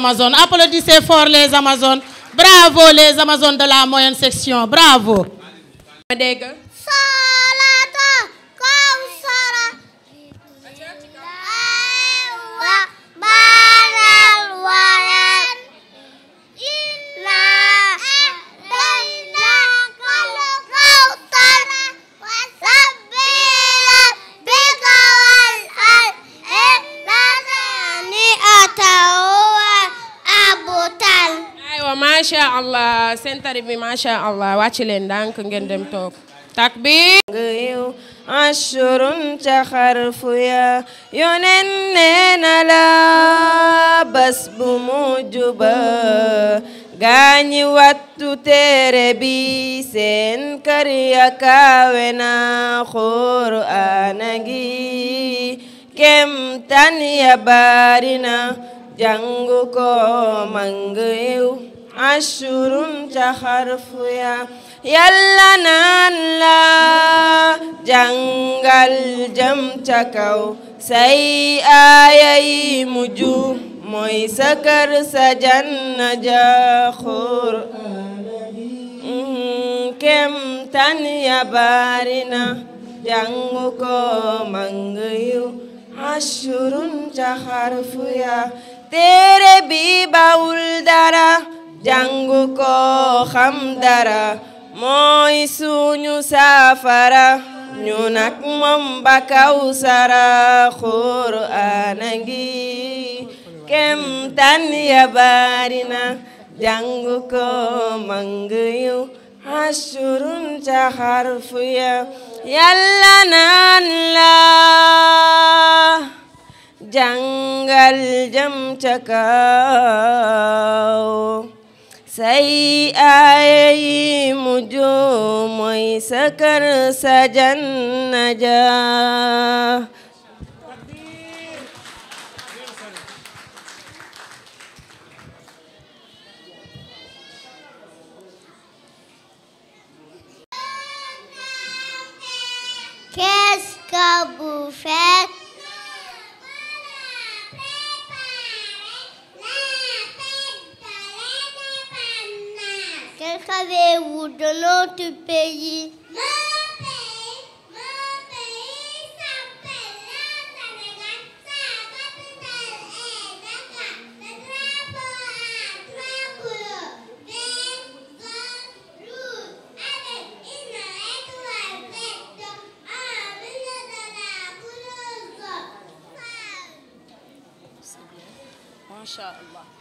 Amazones. Applaudissez fort les Amazones. Bravo les Amazones de la moyenne section. Bravo. seen tari bi macha allah wàcc leen ndànk ngeen dem toog takbir nga ca xarfu ya yonen neena la bas bu mujj ba gaañi wattu téere bi seen kër ya kaawe na kem tan ya baari na ko ma yiw ashurum ca xarfu ya yàlla naan la jàngal jëm ca kaw say aaya yi mujju mooy sa kër sa janna ja xur kem tan ya baari na jàngu ko mang yu ashurun ca xarfu ya téere bi bawul dara jàngu ko xam dara mooy suñu saafara ñu nak moom ba kaw sara Qur'aan kem tan ya na jàngu ko mang ca xarfu ya yàlla naan la jàngal jëm ca kaw say aaye yi mujj mooy sa kër sa bu fekk Quel savez-vous de notre pays? Mon pays, mon pays s'appelle le Sénégal. Sa capitale est Dakar. Le drapeau a trois couleurs, vert, jaune, rouge, avec une étoile verte au milieu de la couleur jaune. Masha Allah.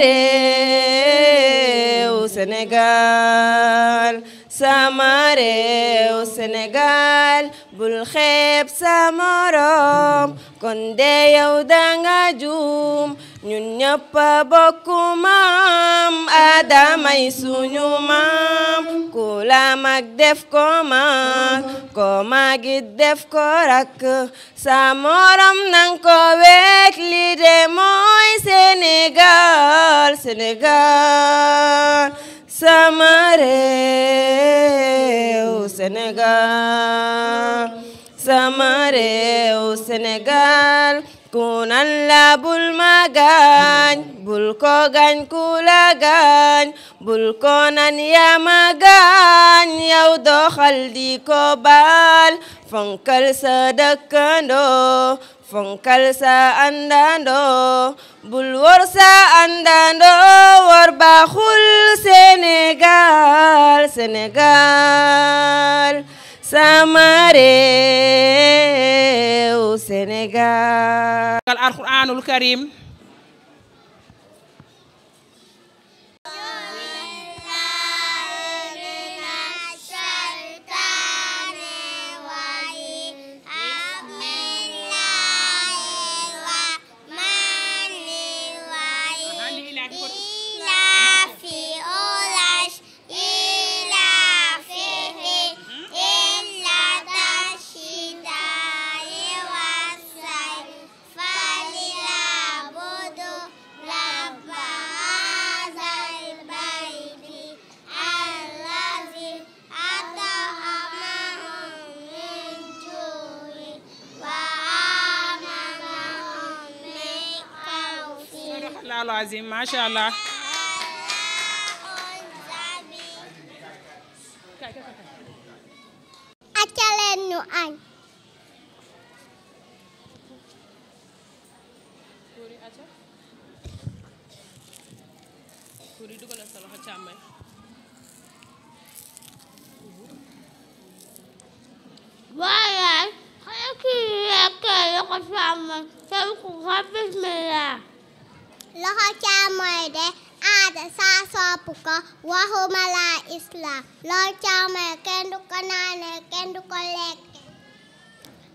réew Sénégal sama réew Sénégal bul xeeb danga juum ñun ñëpp bokk maam Adamay suñu maam ku la mag def ko ko magit def ko sa morom nang ko wek li de mooy Sénégal Sénégal sama réew Sénégal sama kunan la bul ma bul ko gaañ ku la gaañ bul ko nan yaa ma gaañ doxal di ko baal fonkal sa dëkkandoo fonkal sa àndandoo bul wor sa àndandoo wor baaxul Sénégal Sénégal sama réew oh Sénégal alquraanul karim azim macha allah. ko sàmm te mu ko xam loxo càmmooy de aada saa sopp ko waxuma la islam loxo càmmooy kenn du ko naane kenn du ko lekke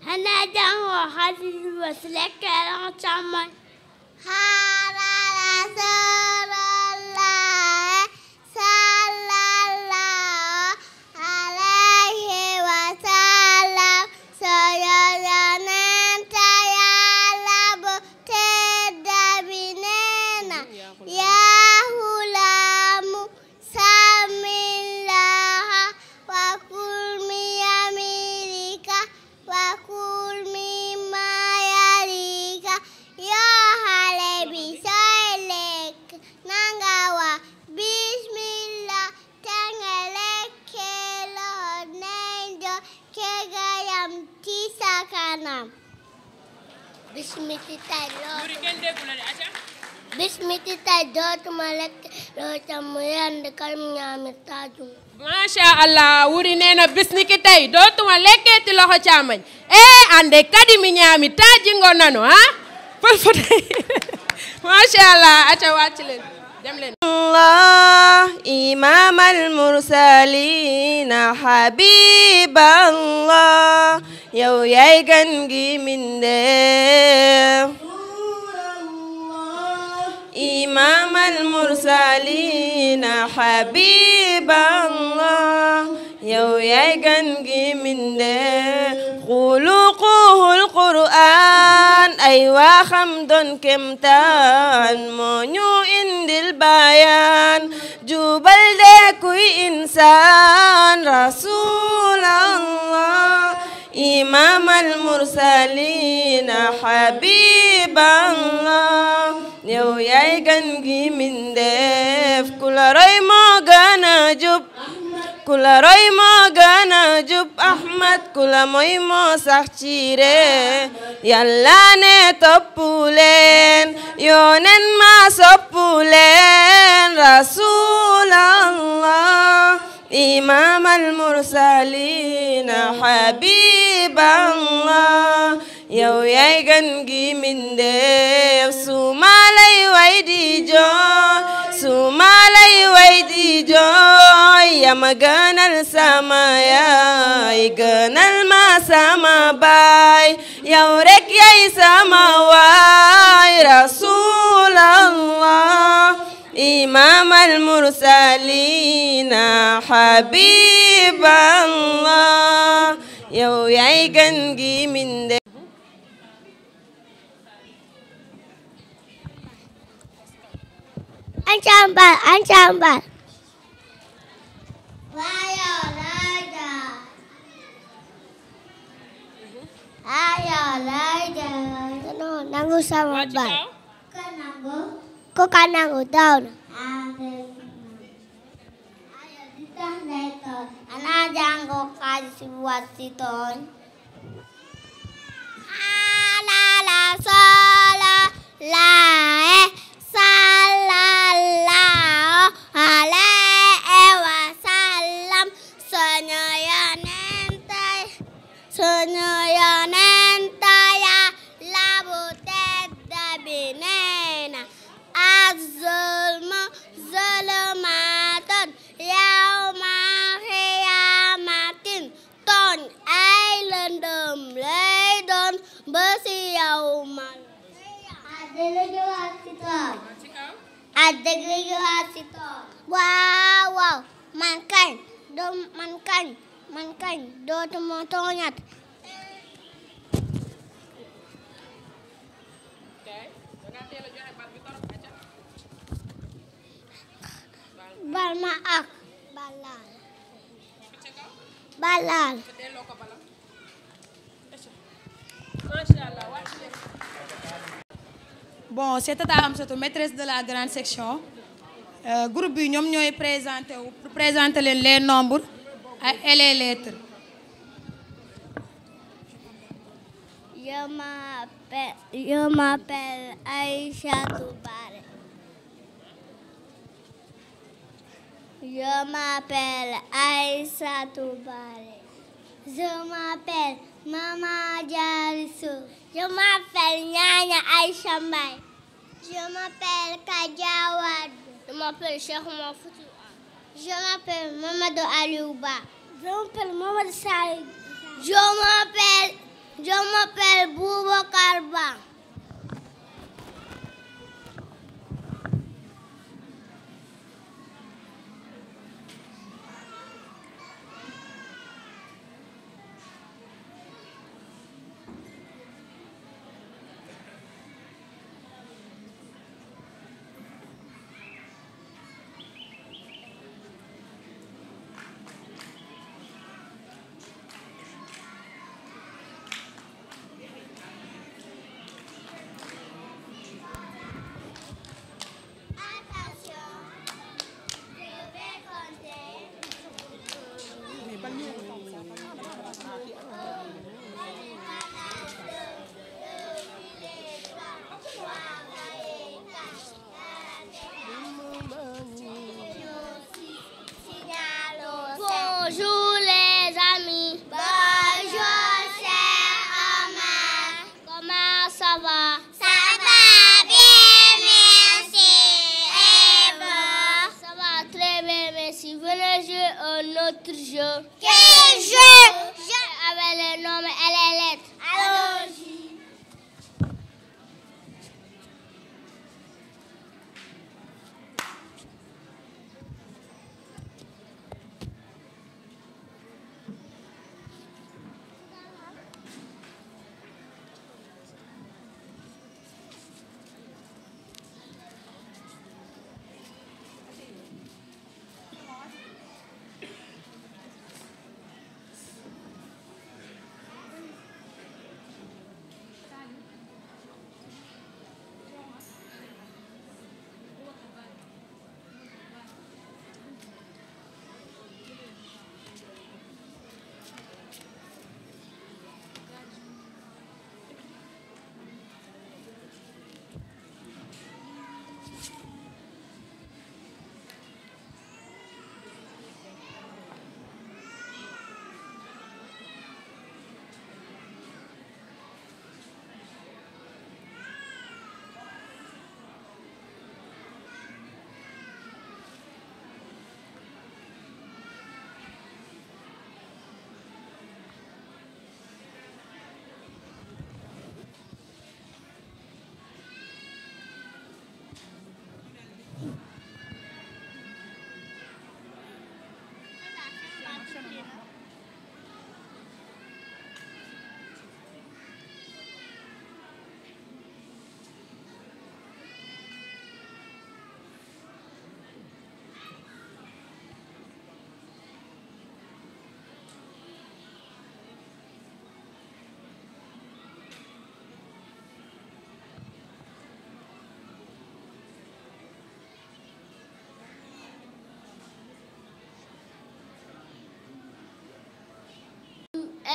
xanaa jàngoo xadiis ba si lekkee loxo càmmooy xaarala sëra naam bismiti tay bismiti dootuma lekk loo xam mu yand kal ñaami taajum macha allah wuri nee na bis ni ki tey loxo càmmañ eh ande kadi mi ñaami taajingo nanu ah pël fotay macha allah aca wàcc leen dem الله إمام المرسلين حبيب الله yow yaay gan gi mbindéef إمام المرسلين حبيب الله yow yaay gan minde xuluquhul qur'an ay waxam doon kemtaan moo ñu indil bayaan jubal rasulallah imam al habiballah yow yaay gan gi mindeef ku la roy ku la roy moo gën a jub ahmad ku la moy moo sax ci reen yàlla ne toppu leen yoonen ma soppu leen rasulallah إمام المرسلين حبيب الله yow yaay gan gi mindeef su ma lay way di jooy su ma lay way di jooy yama gënal sama yaay gënal ma sama baay yow rek yaay sama waay rasulallah إمام المرسلين حبيب الله yow yaay gan gi minde ancambal ko kanangu doon ana jango kasi wasiton ala la sala la e sallallahu alaihi wasallam soñoyonente soñoyonente الظلم ظلمات يوم قيامة طن أي لندم ليدن بس يوما الدرج والستار الدرج والستار واو واو man kañ doo man kañ man kañ dootuma tooñat okay bal ma ak balal balal bon c'est de la grande section euh, groupe bi ñoom ñooy présenté wu pour leen les nombres et les lettres je m'appelle je m'appelle Je m'appelle Aïssa Toubaré. Je m'appelle Maman Dialissou. Je m'appelle Nyanya Aïcha Mbaye. Je m'appelle Kadia Wade. Je m'appelle Cheikh Oumar Foutiyou. Je m'appelle Mamadou Aliou Ba. Je m'appelle Mamadou Salih. Je m'appelle je m'appelle Boubacar Ba.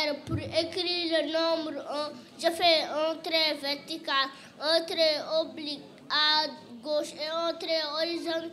paire pour écrire le nombre 1, je fais un trait vertical, un gauche et un trait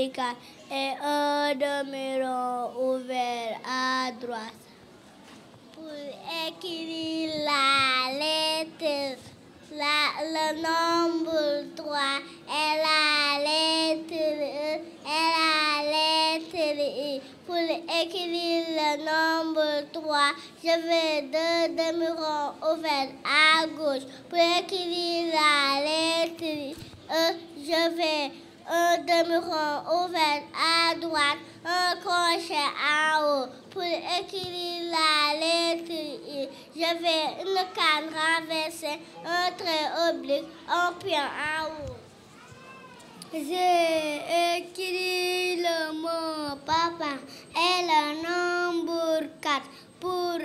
Africa et un demi ouvert à droite. Pour écrire la lettre, le nombre 3 et la lettre E et la lettre I. Pour écrire le nombre 3, je veux deux demi-ronds à gauche. Pour écrire la lettre E, je vais un demi ouvert à droite, un crochet en haut pour équilibrer la lettre Je fais une canne renversée, un trait oblique, un pion en haut. J'ai écrit le mot papa et le nombre pour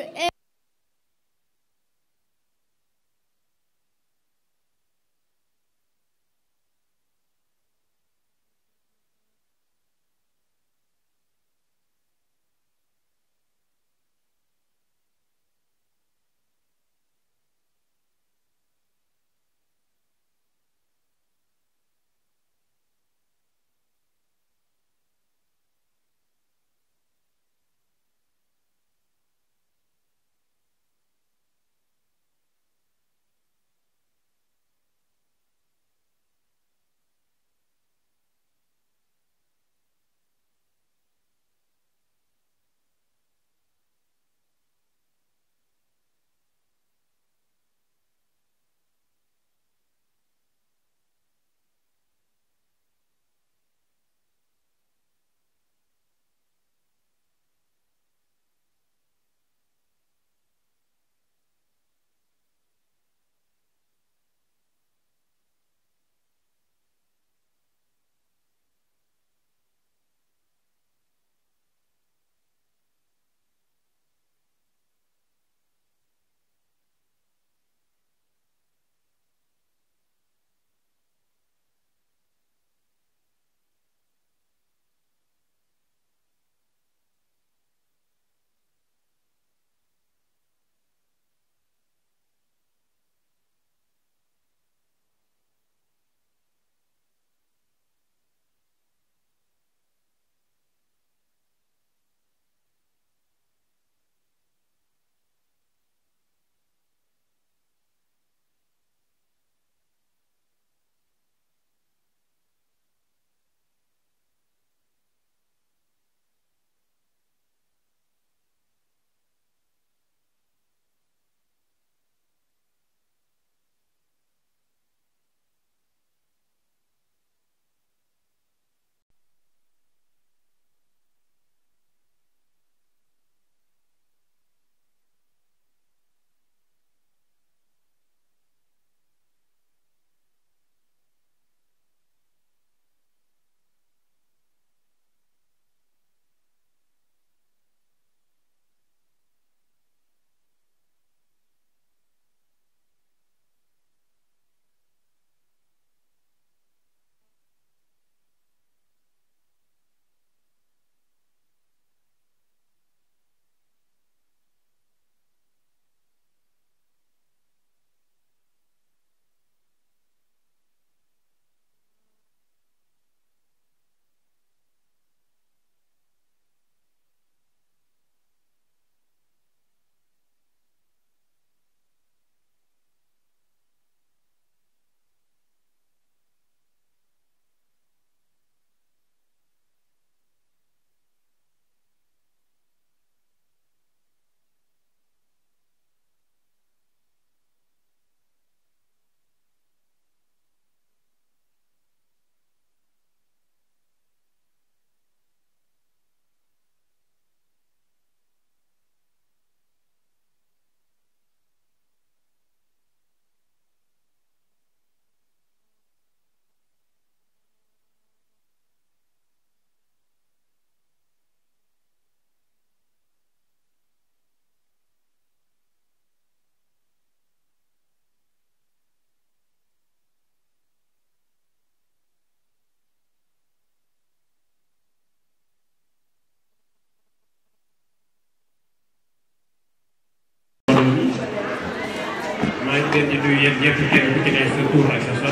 leen di nuyu yéen ñëpp kenn ku ci ne sa tur ak sa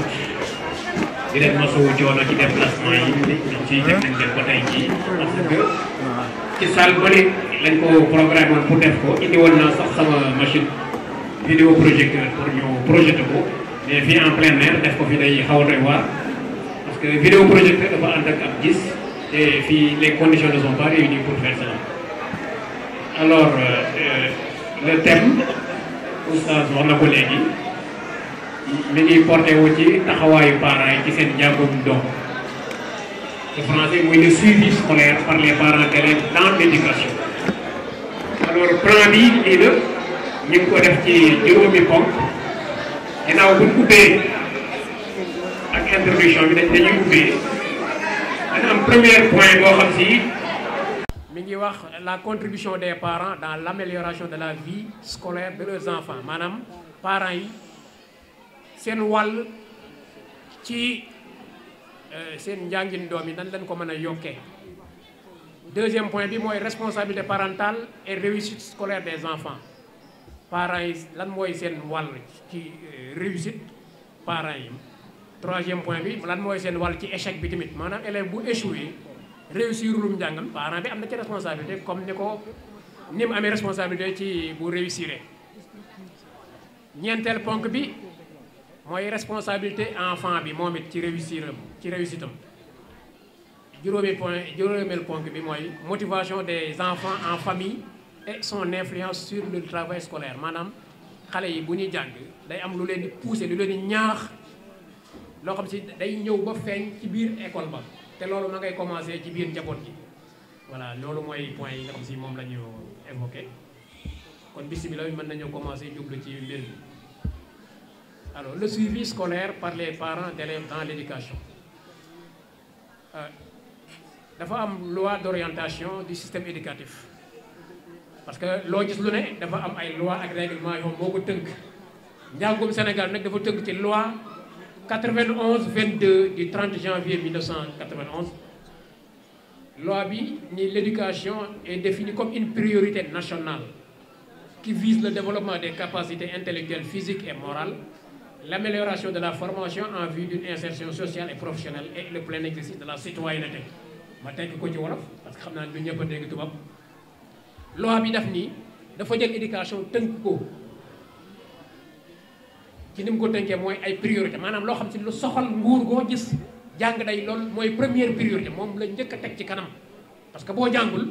di leen masawu coono ci déplacement yi ñu ciy def ci salle bële lañ ko programme pour def ko indi naa sax sama machine vidéo projecteur pour ñu projeté ko mais fii en plein air def ko fi day xaw a doy waar parce que vidéo projecteur dafa ànd ak ab gis te fii les conditions ne sont pas réunies pour faire ça alors euh, le thème oustaz wax na ko léegi mi ngi porté wu ci taxawaayu parents ci seen njàngum doom ci français muy le suivi scolaire par les parents d'élèves dans alors plan bi lii la ñu ko def ci juróomi ponk ginnaaw buñ ubbee ak introduction bi dañ dañuy ubbee dana am premier point boo xam si mi ngi wax la contribution des parents dans l' amélioration de la vie scolaire de leurs enfants maanaam parent yi seen wàll ci euh, seen njàngin doom yi nan leen ko mën a yokkee deuxième point bi mooy responsabilité parentale et réussite scolaire des enfants parents yi lan mooy seen wàll ci euh, réussite parents yi troisième point bi lan mooy seen wal ci échec bi tamit maanaam élève bu échoué réussir lum njàngam parent bi am na ci responsabilité comme ni ko ni mu amee responsabilité ci bu réussir ñeenteel ponk bi mooy responsabilité enfant bi moom it ci réussir am ci réussitam juróomi point juróomeel ponk bi mooy motivation des enfants en famille et son influence sur le travail scolaire maanaam xale yi bu ñuy jàng day am lu leen di pousser lu leen di ñaax loo xam si day ñëw ba feeñ ci biir école ba te loolu ma ngay commencé ci biir njaboot gi voilà loolu mooy point yi nga xam si moom la ñu évoqué kon bisimilah mën nañoo commencé jublu ci mbir mi alors le suivi scolaire par les parents d'élèves dans l'éducation euh, dafa am loi d'orientation du système éducatif parce que loo gis lu ne dafa am ay loi ak règlement yoo moo ko tënk njàngum Sénégal nag dafa tënk ci loi 91 22 du 30 janvier 1991 loi bi ni l'éducation est définie comme une priorité nationale qui vise le développement des capacités intellectuelles, physiques et morales, l'amélioration de la formation en vue d'une insertion sociale et professionnelle et le plein exercice de la citoyenneté. ma tekk ko ci wolof parce que xam naa ne du ñëpp a dégg tubaab loi bi daf nii dafa jël éducation tënk ko. ci ni mu ko tënkee mooy ay priorité maanaam loo xam si lu soxal nguur goo gis jàng day loolu mooy première priorité moom la njëkk a teg ci kanam parce que boo jàngul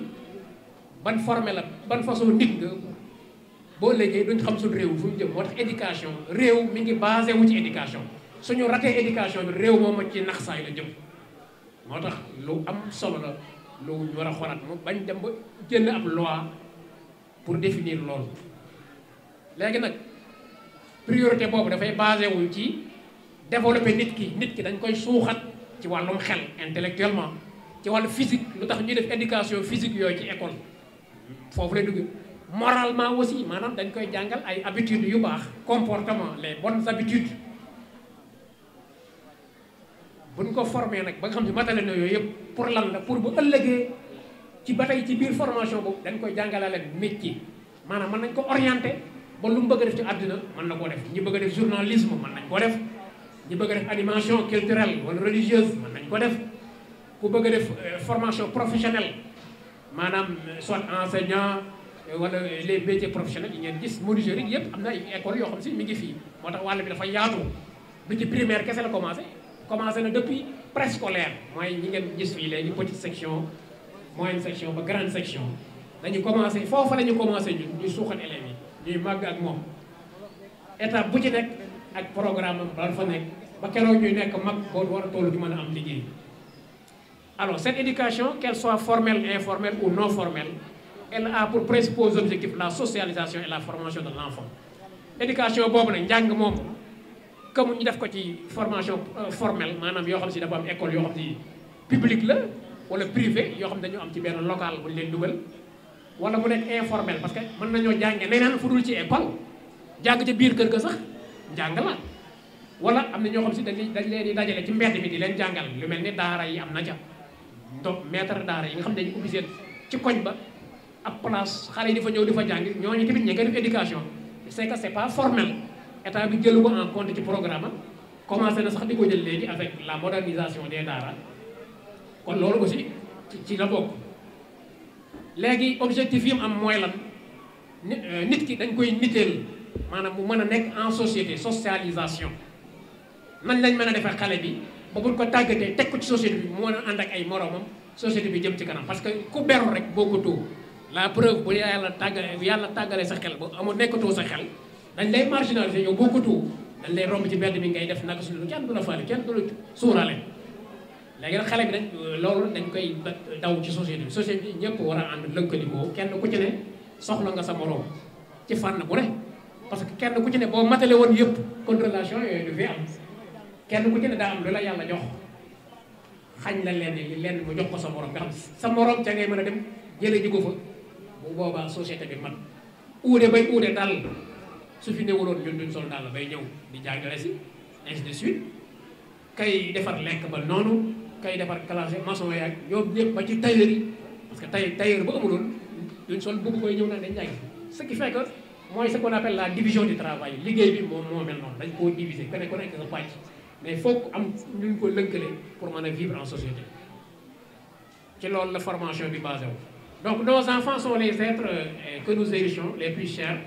ban formé la ban façon nit nga boo xam suñ réew fu mu jëm moo tax éducation réew mi ngi basé wu ci suñu ratee éducation bi réew moom ci nax saay la jëm moo tax lu am solo la lu war a xoolaat moom bañ dem ba jënd ab loi pour définir loolu léegi nag priorité boobu dafay basé wu ci développer nit ki nit ki dañ koy suuxat ci wàllum xel intellectuellement ci wàllu physique lu tax ñuy def éducation physique yooyu ci école foofu lay dugg moralement aussi maanaam dañ koy jàngal ay habitudes yu baax comportement les bonnes bu buñ ko formee nag ba nga xam ne matale na yooyu yëpp pour lan la pour bu ëllëgee ci ba tey ci biir formation boobu dañ koy jàngalale métier maanaam mën nañ ko orienté ba lu mu bëgg a def ci àddina man na koo def ñi bëgg a def journalisme mën nañ koo def ñi bëgg a def animation culturelle wala religieuse mën nañ ko def ku bëgg a def euh, formation professionnelle maanaam euh, soit enseignant euh, wala les métiers professionnels yi ngeen gis menuiserie yëpp am na ay école yoo xam si mi ngi fii moo tax wàll bi dafa yaatu bi ci primaire kese la commencé commencé na depuis préscolaire mooy ñi ngeen gis fii léegi petite section moyenne section ba grande section dañu commencé foofa la ñu ñuy màgg ak moom étape bu ci nekk ak programme bal fa nekk ba keroog ñuy nekk mag boo war a toll di mën a am liggéey alors cette éducation qu'elle soit formel informel ou non formelle elle a pour principaux objectifs la socialisation et la formation de l'enfant éducation boobu nag njàng moom comme ñu def ko ci formation euh, formelle maanaam yoo xam si dafa am école yoo xam si publique la wala privé yoo xam dañu am ci benn local bu ñu leen dugal wala mu ne informel parce que mën nañoo jànge neneen fu dul ci école jàng ci biir kër ga sax jàng la wala am na ñoo xam si dañ dañ leen di dajale ci mbedd mi di leen jàngal lu mel ni daara yi am na ca donc maître daara yi nga xam ne dañu ubbi seen ci koñ ba ab place xale yi di fa ñëw di fa jàng ñoo ñu ñi nga def éducation c'est que c'est pas formel état bi jël ko en compte ci programme commencé na sax di ko jël léegi avec la modernisation des daara kon loolu aussi ci la bokk léegi objectif yi mu am mooy lan euh, nit ki dañ koy niteel maanaam mu mën a nekk en société socialisation nan lañ mën a defee xale bi ba buñ ko tàggatee teg ko ci société bi mu mën a ànd ak ay moroomam société bi jëm ci kanam parce que ku beru rek boo ko tóo la preuve bu yàlla tàggalee bu yàlla tàggalee sa xel ba amul nekkatoo sa xel dañ lay marginaliser yow boo ko tóo dañ lay romb ci mbedd mi ngay def naka suñu kenn du la kenn du la suuraale léegi nag xale bi nag euh, loolu dañ koy daw ci société bi société bi ñëpp war a ànd lëkkalikoo kenn ku ci ne soxla nga sa moroom ci fànn bu ne parce que kenn ku ci ne boo matale woon yëpp kon relation yooyu du fi am kenn ku ci ne daa am lu la yàlla jox xañ la leen li lenn mu jox ko sa moroom nga xam sa moroom ca ngay mën a dem jële ji ko fa bu boobaa société bi man uude bay uude dal su fi newuloon ñun duñ sol dal bay ñëw di jàngale si ainsi de suite kay defar lekk ba noonu kay defar classé maçon yaag ñoom ñëpp ba ci tailleur yi parce que tay tailleur ba amuloon duñ sol boobu koy ñëw naan dañ jàngi ce qui fait que mooy ce qu'on appelle la division du travail liggéey bi moom moo mel noonu dañ koo diviser ku ne ku nekk sa pàcc mais foog am ñu ko lënkale pour mën a vivre en société ci loolu la formation bi basé donc nos enfants sont les êtres euh, que nous chérissons les plus chers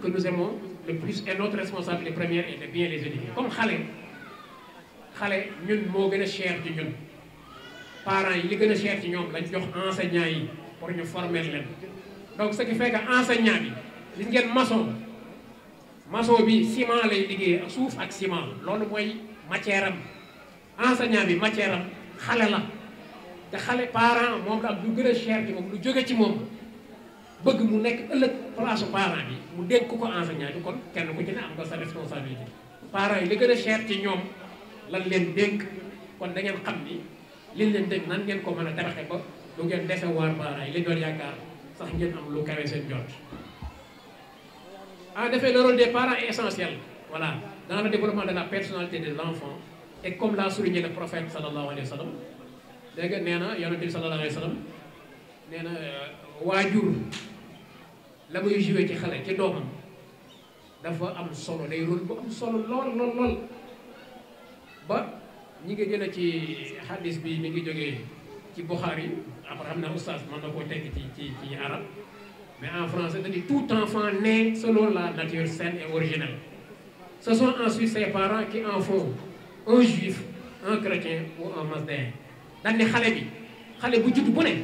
que nous aimons le plus et notre responsabilité de xale ñun moo gën a cher ci ñun parents yi li gën a cher ci ñoom lañ jox enseignants yi pour ñu former leen donc ce qui fait que bi gis ngeen maçon maçon bi ciment lay liggéey suuf ak ciment loolu mooy matière am enseignant bi matière am xale la te xale parent moom la am lu gën a cher ci moom lu jóge ci moom bëgg mu nekk ëllëg place parent bi mu dégg ko enseignant bi kon kenn ku ci ne am nga sa responsabilité parents yi li gën a cher ci ñoom lan leen dénk kon da ngeen xam ni li leen dénk nan ngeen ko mën a tabaxe ko du ngeen defee waar baaraay li doon yaakaar sax ngeen am lu kawe seen jot en effet le de des parents essentiel voilà dans la développement de la personnalité de l'enfant et comme l'a souligné le prophète sallallahu alayhi wa sallam dégg nga nee na yonente bi sallallahu alayhi wa sallam na euh, waajur la muy joué ci xale ci doomam dafa am solo day rôle bu am solo lool lool ba ñi nga jëlee ci xadis bi ñu ngi jógee ci Bukhari après xam naa oustaz mën na koo tekki ci ci ci arab mais en français dañuy tout enfant né solo la nature saine et originelle ce sont ensuite ses parents qui en font en juif un chrétien ou un mazdéen dañ xale bi xale bu judd bu ne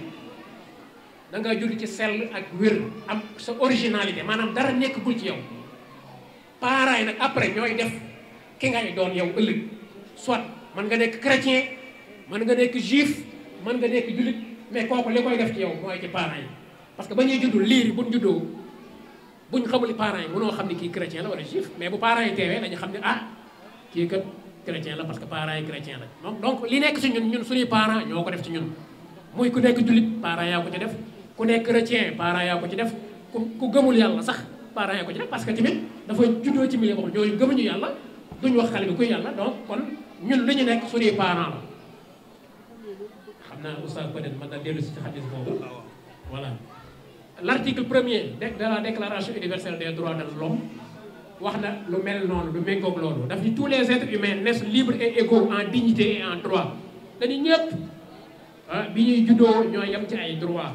da nga ci sel ak wér am sa originalité maanaam dara nekk gul ci yow parents yi nag après ñooy def ki ngay doon yow ëllëg soit mën nga nekk chrétien mën nga nekk juif mën nga nekk julit mais kooku li koy def ci yow mooy ci parents yi parce que ba ñuy juddu liir buñ juddoo buñ xamul parents yi mënoo xam ne kii chrétien la wala juif mais bu parents yi teewee dañu xam ne ah kii kat chrétien la que parents yi chrétien la donc li nekk ci ñun ñun suñuy parents ko def ci ñun muy ku nekk julit parents yaa ko ci def ku nekk chrétien parents yaa ko ci def ku gëmul yàlla sax parents yaa ko parce que tamit dafa juddoo ci milieu boo xam ñooñu gëmuñu yàlla duñ wax xale bi kuy yàlla donc kon ñun lu ñu nekk suñuy parent la xam naa oustaz peut-être man na dellu si ci xadis boobu voilà l' premier de la déclaration universelle des droits de l'homme wax na lu mel noonu lu méngoog loolu daf ni tous les êtres humains naissent libres et égaux en dignité et en droit dañu ñëpp ah, bi ñuy juddoo ñoo yem ci ay droit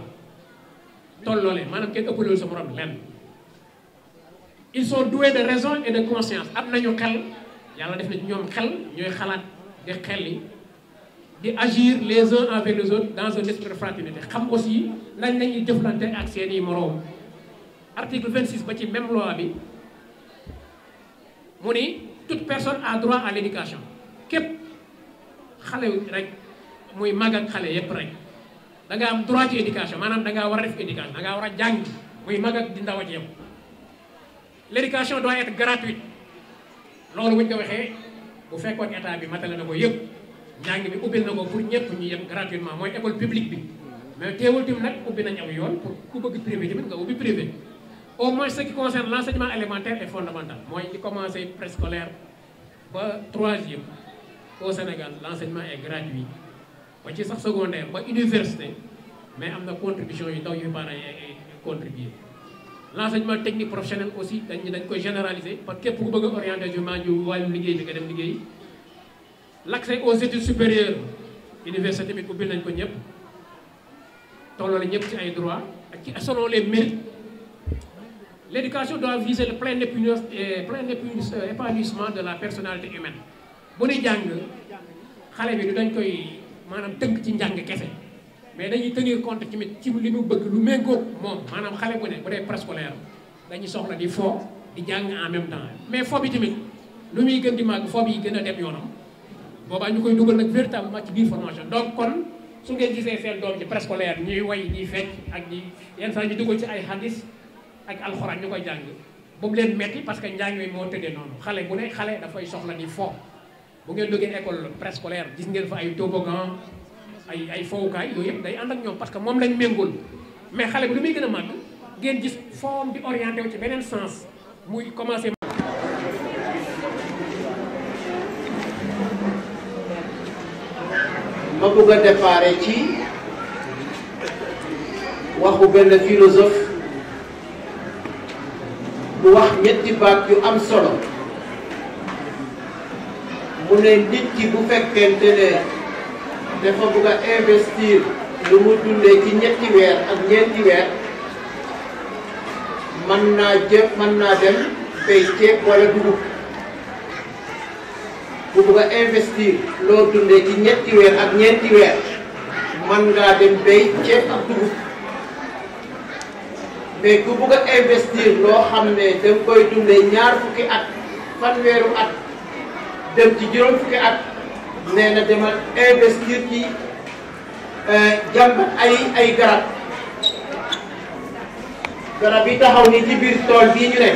tolloo leen maanaam kenn ëppalul sa morom lenn ils sont doués de raison et de conscience am nañu xel yàlla def na ci ñoom xel ñooy xalaat di xel li di agir les uns envers les autres dans un esprit de fraternité xam aussi nañ nañuy jëflante ak seen i moroom article 26 ba ci même loi bi mu ni toute personne a droit à l'éducation képp xale rek muy mag ak xale yépp rek da am droit ci éducation maanaam da ngaa war a def éducation da ngaa war a jàng muy mag ak di ndawat ak l'éducation doit être gratuite loolu buñ ko waxee bu fekkoon état bi matale na ko yëpp njàng bi ubbil na ko pour ñëpp ñu yem gratuitement mooy école publique bi mais teewul tamit nag ubbi nañ am yoon pour ku bëgg privé tamit nga ubbi privé au moins ce qui concerne l' enseignement élémentaire et fondamental mooy li commencé préscolaire ba troisième o Sénégal l' enseignement est gratuit ba ci sax secondaire ba université mais am na contribution yu ndaw yu parents yi contribuer l'enseignement technique professionnel aussi dañ dañ koy généraliser parce que képp ku bëgg a orienté juma ju wàllum liggéey bi nga dem liggéey l'accès aux études supérieures université bi nañ ko ñëpp tolloole ñëpp ci ay droits ak ci selon les mérites l'éducation doit viser le plein euh, plein euh, épanouissement de la personnalité humaine bu ne jàng xale bi du dañ koy maanaam tënk ci njàng kese mais dañuy tenir compte tamit ci li mu bëgg lu méngóog moom maanaam xale bu ne bu dee préscolaire dañuy soxla di fo di jàng en temps mais fo bi tamit lu muy gën di màgg fo bi gën a dem yoonam boobaa ñu koy dugal nag véritablement ci biir formation donc kon su ngeen gisee seen doom ci préscolaire ñuy way ñuy fecc ak ñi yenn saa ñu dugal ci ay hadis ak alxuraan ñu koy jàng boobu leen metti parce que njàng moo tëddee noonu xale bu ne xale dafay soxla di fo bu ngeen duggee école préscolaire gis ngeen fa ay toboggan ay ay fowukaay yooyu yëpp day ànd ak ñoom parce que moom lañ méngool mais xale bi muy gën a màgg gen gis forme bi orienté ci beneen sens muy commencé. ma bëgg a déparé ci waxu benn philosophe bu wax ñetti baat yu am solo mu ne nit ki bu fekkente ne. dafa bugg investir lu mu dundee ci ñetti weer ak ñeenti weer mën naa jëf mën naa dem bay ceeb wala dugub bu bugg investir loo dundee ci ñetti weer ak ñeenti weer mën ngaa dem bay ceeb ak dugub mais ku bugg investir loo xam ne da koy dundee ñaar fukki at fanweeru at dem ci juróom fukki at. nee na demal investir ci euh, jàmbat ay ay garab garab yi taxaw ni ci biir tool bii ñu ne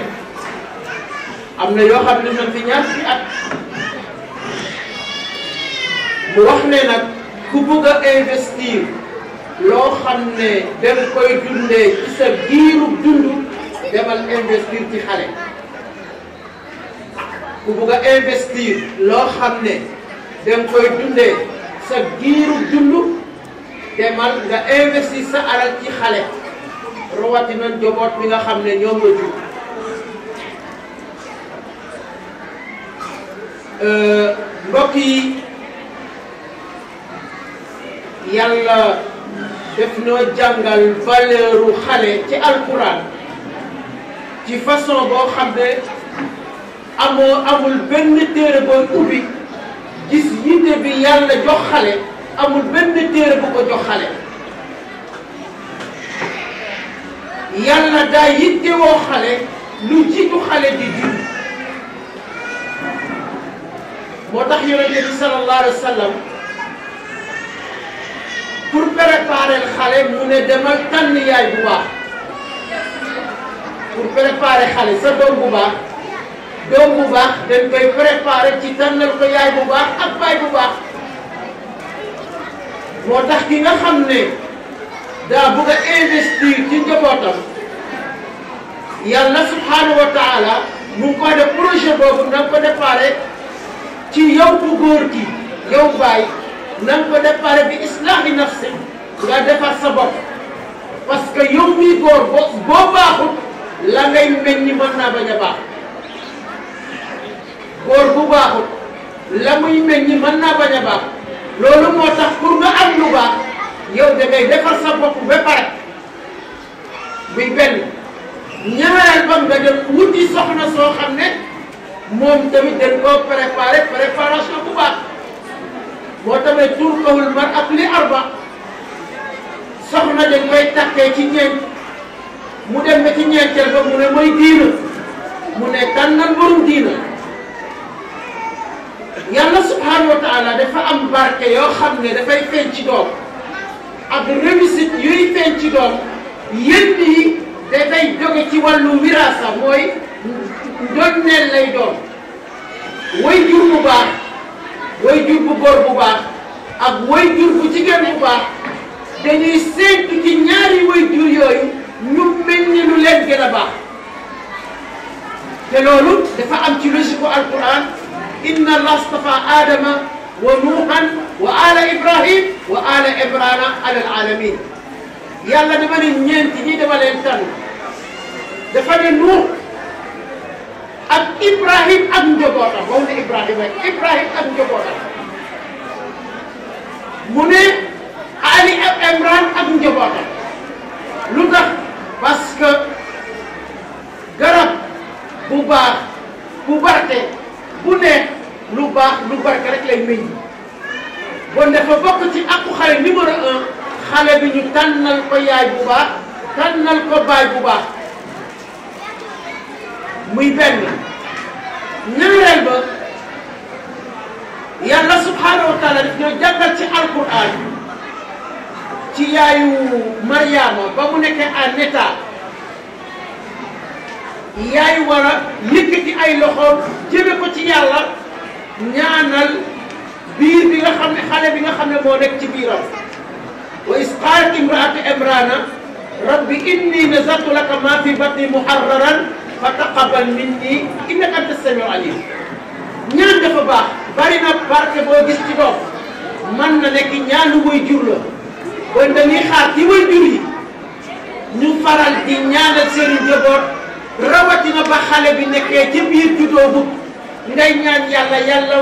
am na yoo xam ne man fi ñaar fi at mu wax ne nag ku bëgg a investir loo xam ne dem koy dundee ci sa giirub dund demal investir ci xale ku bëgg a loo xam ne danga koy dundee sa giiru dund te man nga investir sa alal ci xale rawatina njaboot bi nga xam ne ñoom la jur euh, mbokk yi yàlla def noo jàngal valeuru xale ci alquran ci façon boo xam ne amoo amul benn téere booy ubbi gis yitte bi yàlla jox xale amul benn téere bu ko jox xale yàlla daa yitte xale lu jiitu xale di jur moo tax yonente bi sallallahu alayhi wa sallam pour préparer xale mu ne demal tànn yaay bu baax pour préparer xale sa doom doom bu baax dañ koy préparé ci tànnal ko yaay bu baax ak baay bu baax moo tax ki nga xam ne daa bëgg a investir ci njabootam yàlla subhanahu wa taala mu ngi def projet boobu na ko déparé ci yow bu góor gi yow baay na nga ko déparé bi islaahi defar sa bopp parce que yow mii góor boo baaxut la ngay meññ mën naa bañ a baax. góor bu baaxul la muy meññ mën naa bañ a baax loolu moo tax pour nga am lu baax yow da defar sa bopp ba pare muy benn ñaareel ba nga wuti soxna soo xam ne moom tamit dañ koo préparé préparation bu baax boo tamit tur kawul mar ak li arba soxna dañ koy takkee ci ñeent mu dem ba ci ñeenteel ba mu ne mooy diina mu ne tànnal borom diina yàlla subhaanahu dafa am barke yoo xam ne dafay feeñ ci doom ak réussite yuy feeñ ci doom yéen yi dafay jóge ci wàllu wiraasa mooy ndonneel lay doon way jur bu baax way jur bu góor bu baax ak way jur bu jigéen bu baax dañuy séntu ci ñaari way jur yooyu ñu mel ni lu leen gën a baax te loolu dafa am ci logique bu alquran inna allah astafa adama wa nuuhan wa ala ibrahim wa ala imrana ala alamin yàlla dama ne ñeenti ñi dama leen tànn dafa ne nuux ak ibrahim ak njabootam moom ne ibrahim rek ibrahim ak njabootam mu ne ali ak imran ak njabootam lu tax parce que garab bu baax bu barte bu ne lu baax lu barke rek lay meññ bon dafa bokk ci akku xale numéro un xale bi ñu tànnal ko yaay bu baax tànnal ko baay bu baax muy benn ñaareel ba yàlla subhaanahu wa taala ñoo jàngal ci alquran ci yaayu Mariama ba mu nekkee en état yaay war a yëkkati ay loxoom jëme ko ci yàlla ñaanal biir bi nga xam ne xale bi nga xam ne moo nekk ci biiram wa is qaalat imraatu imraana rabbi inni nazartu laka maa fi batni muharraran fa taqabbal minni innaka anta samiu alim ñaan dafa baax bari na boo gis ci doom man na nekk ñaanu way jur la kon dañuy xaar ci way jur ñu faral di ñaanal seen njaboot rawatina ba xale bi nekkee ci biir juddoogut ngay ñaan yàlla yàlla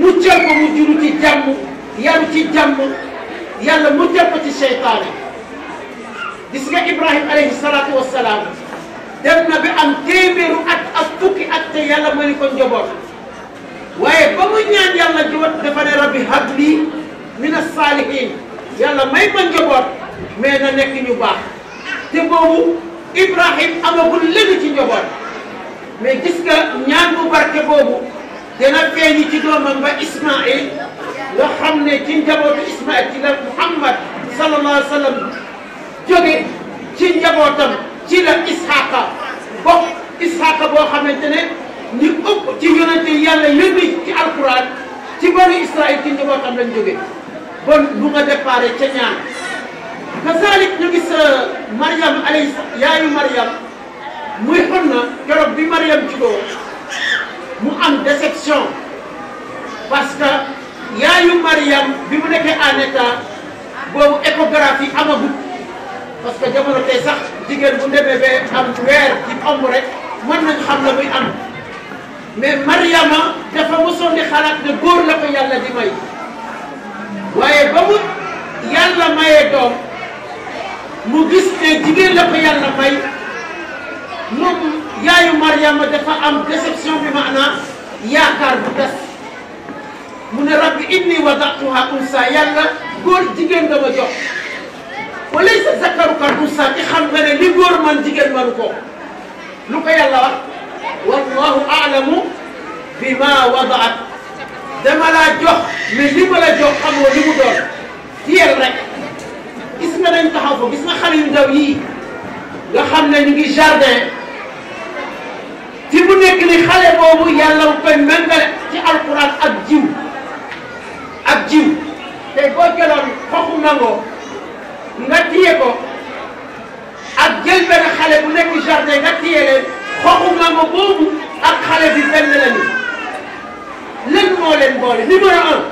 muccal ko mu juru ci jàmm yaru ci jàmm yàlla muccal ko ci seytaane gis nga Ibrahim alayhi salaatu wa salaam dem na bi am téeméeru at ak tukki at te yàlla ma ni waaye ba mu ñaan yàlla jiwat dafa ne rabbi habli min as-saalihiin yàlla may ma njaboot mais na nekk ñu baax te Ibrahim amagul lenn ci njaboot mais gis nga ñaan bu barke boobu dana feeñi ci doomam ba Ismaïl nga ne ci njabootu Ismaïl ci la Muhammad sallallahu alayhi wa ci njabootam ci la Ishaqa bokk Ishaqa boo xamante ne ñu ëpp ci yonente yàlla yónni ci alquran ci bari Israël ci njabootam lañ jóge bon bu nga déparé ca ñaan kazalik ñu gis euh, Mariam alay yaayu Mariam muy xon na keroog bi Mariam juddoo mu am déception parce que yaayu Mariam bi mu nekkee en état boobu échographie amagut parce que jamono tey sax jigéen bu demee ba am weer ci omb rek mën nañ xam la muy am mais Mariama dafa mosoon di xalaat ne góor la ko yàlla di may waaye ba mu yàlla mayee doom mu gis ne jigéen la ko yàlla may moom yaayu Mariama dafa am déception bi maanaam yaakaar bu des mu ne rabbi inni wadatuha unsa yàlla góor jigéen nga ma jox wa laysa zakaru kal unsa ki xam nga ne li góor man jigéen manu ko lu yàlla wax wallahu alamu bi ma wadaat dama laa jox mais li ma la jox xamoo li mu doon tiyel rek nga nañ taxaw fa gis nga xale yu ndaw yii nga xam ne ñu ngi jardin fi mu nekk ni xale boobu yàlla bu koy méngale ci alquran ak jiw ak jiw tey boo mango nga téye bu nekk jardin nga boobu ak xale bi benn lañu lan moo leen boole numéro un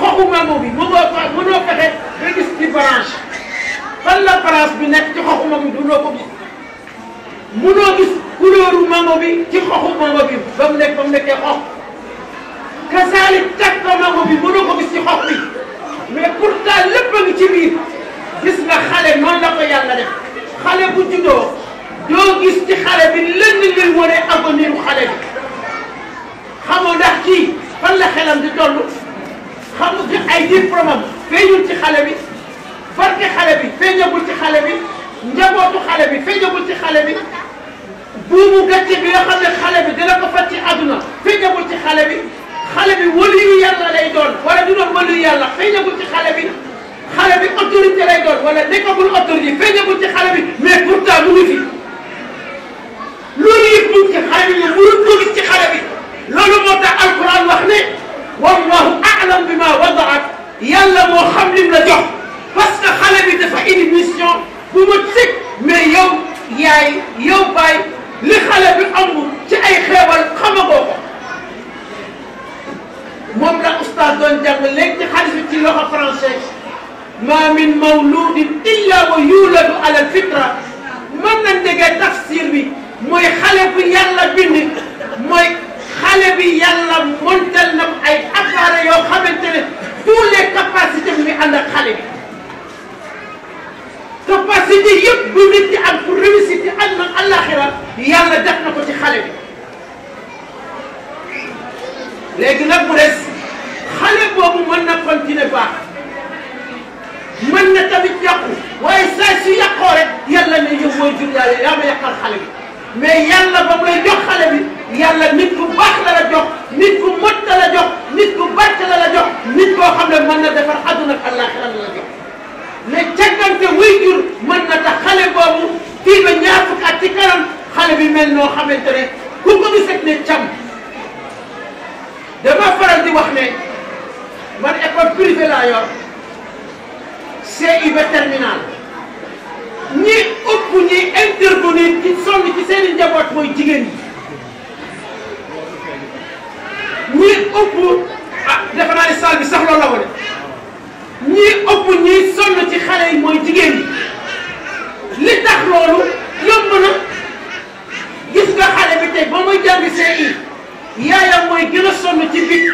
xoxu mango bi mënoo fa mënoo fexe nga gis fan la place bi nekk ci xoxu moomu du noo ko gis munoo gis couleur mango bi ci xoxu mango bi ba mu nekk xox kasaalik takk mango bi munoo ko gis ci xox bi mais pourtant lépp a ngi ci biir gis nga xale noonu la ko yàlla def xale bu juddoo doo gis ci xale bi lenn luy wane avenir xale bi xamoo ndax kii la xelam di toll xam nga ay diplôme am feeñul ci xale bi. farti xale bi feeñagul ci xale bi njabootu xale bi feeñagul ci xale bi buubu gàcce bi nga xam ne xale bi dina ko fat ci àdduna feeñagul ci xale bi xale bi waliyu yàlla lay doon wala du doon waliyu yàlla feeñagul ci xale bi xale bi autorité lay doon wala nekkagul autorité feeñagul ci xale bi mais pourtant mu ngi fi loolu yëpp ñu ngi ci xale bi ñu mënul ko gis ci xale bi loolu moo tax alquran wax ne wallahu a'lam bima wadaat yàlla moo xam lim la jox parce que xale bi dafa indi mission bu ma tëj mais yow yaay li xale bi ci ay xeewal xamagoo moom la oustaz doon jàng léegi ci xaalis bi ci loxo ma min mawludin illa wa ala fitra mën na ndegee tafsir bi mooy xale bi yàlla bind mooy xale bi yàlla montal na ay appareils les capacités mi ànd capacité yëpp bu nit di am pour réussir ci àdduna àllaaxira yàlla def na ko ci xale bi léegi nag mu des xale boobu mën na continuer baax mën na tamit yàqu waaye saa su yàqoo rek yàlla ne yow mooy jur yàlla yaa ma yàqal xale bi mais yàlla ba mu lay jox xale bi yàlla nit ku baax la la jox nit ku mot la la jox nit ku barke la la jox nit koo xam ne mën na defar àdduna ak àllaaxira la la jox. ne jàggante waajur mën na tax xale boobu fii ba ñaar fukki at xale bi mel noo xamante ne ku ko gis rek ne cam dama faral di wax ne man école privée laa yor CI ba terminal ñi ëpp ñi intervenir ci sonn ci seen i njaboot mooy jigéen ñi ñi ëpp ah defe naa sax loolu la wane ñii ëpp ñii sonn ci xale yi mooy jigéen ñi li tax loolu yomb na gis nga xale bi tey ba muy jàng CI yaayam mooy gën a sonn ci bic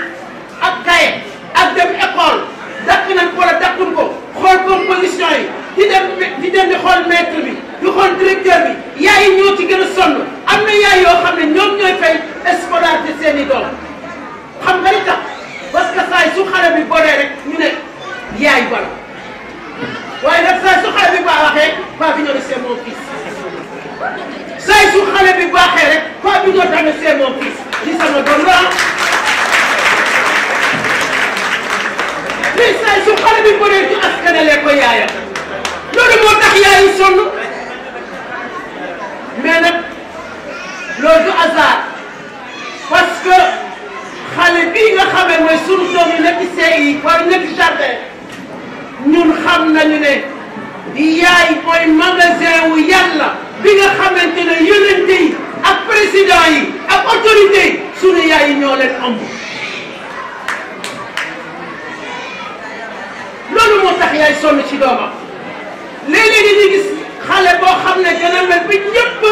ak kaye ak dem école dàq nañ ko wala dàqum ko xool composition yi di dem di dem di xool maître bi di xool directeur bi yaay yi ñoo ci gën a sonn am na yaay yoo xam ne ñoom ñooy fay scolarité seen i doom xam nga li tax parce saay su xale bi boree rek ñu ne. yaay balu waaye nag saa su xale bi baaxee paa bi ñëw na c'est mon fils su xale bi baaxee rek paa bi ñëw tamit c'est mon fils ci sama doom la mais su xale bi mënee ñu askanalee ko yaayam loolu moo tax yaayu sonn mais nag loolu du hasard xale bii nga xamee mooy sunu doom yi nekk CI wala nekk jardin. ñun xam nañu ne yaay mooy ma wu yàlla bi nga xamante ne yonent yi ak président yi ak autorité yi sunu yaay yi ñoo loolu moo tax yaay sonn ci doomam léeg-léeg dañuy gis xale boo xam ne dana mel ba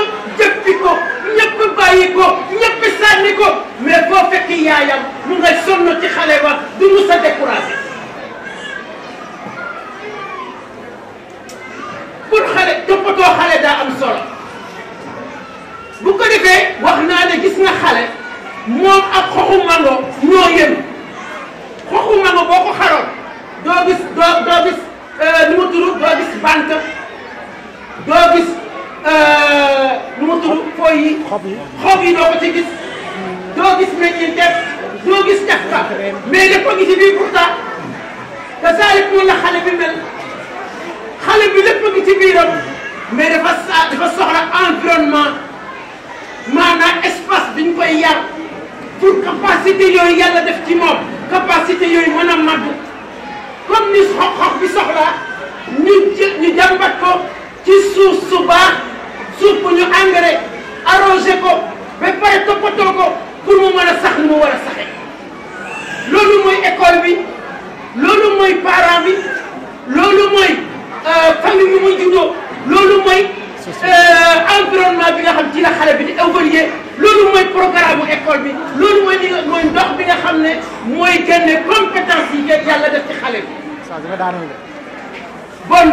ko ñëpp bàyyi ko ñëpp sànni ko mais boo fekk yaayam mu ngay sonn ci xale ba du mus a découragé pour xale toppatoo xale daa am solo bu ko defee wax naa ne gis nga xale moom ak xoxu mango ñoo yem xoxu mango boo ko xaroon doo gis doo gis euh, nu mu doo gis bant doo gis euh, nu mu tudd fooy yi ko ci gis doo gis meññeenteef doo gis tax mais dafa ngi ci biir pourtant te saa la xale bi mel. xale bi lépp ngi ci biiram mais dafa sa dafa soxla environnement maanaam espace bi ñu koy yar pour capacité yooyu yàlla def ci moom capacité yooyu mën a màgg comme ni xox-xox bi soxla ñu ñu ko ci suuf su suuf bu ñu engrais arrosé ko ba pare toppatoo ko pour mu mën a sax mu war a saxe loolu mooy école bi loolu mooy parent bi loolu mooy famille bi muy juddoo loolu mooy euh, environnement bi nga xam ci la xale bi di évoluer loolu mooy programme bu école bi loolu mooy li nga mooy ndox bi nga xam ne mooy génne compétence yi nga yàlla def ci xale bi bon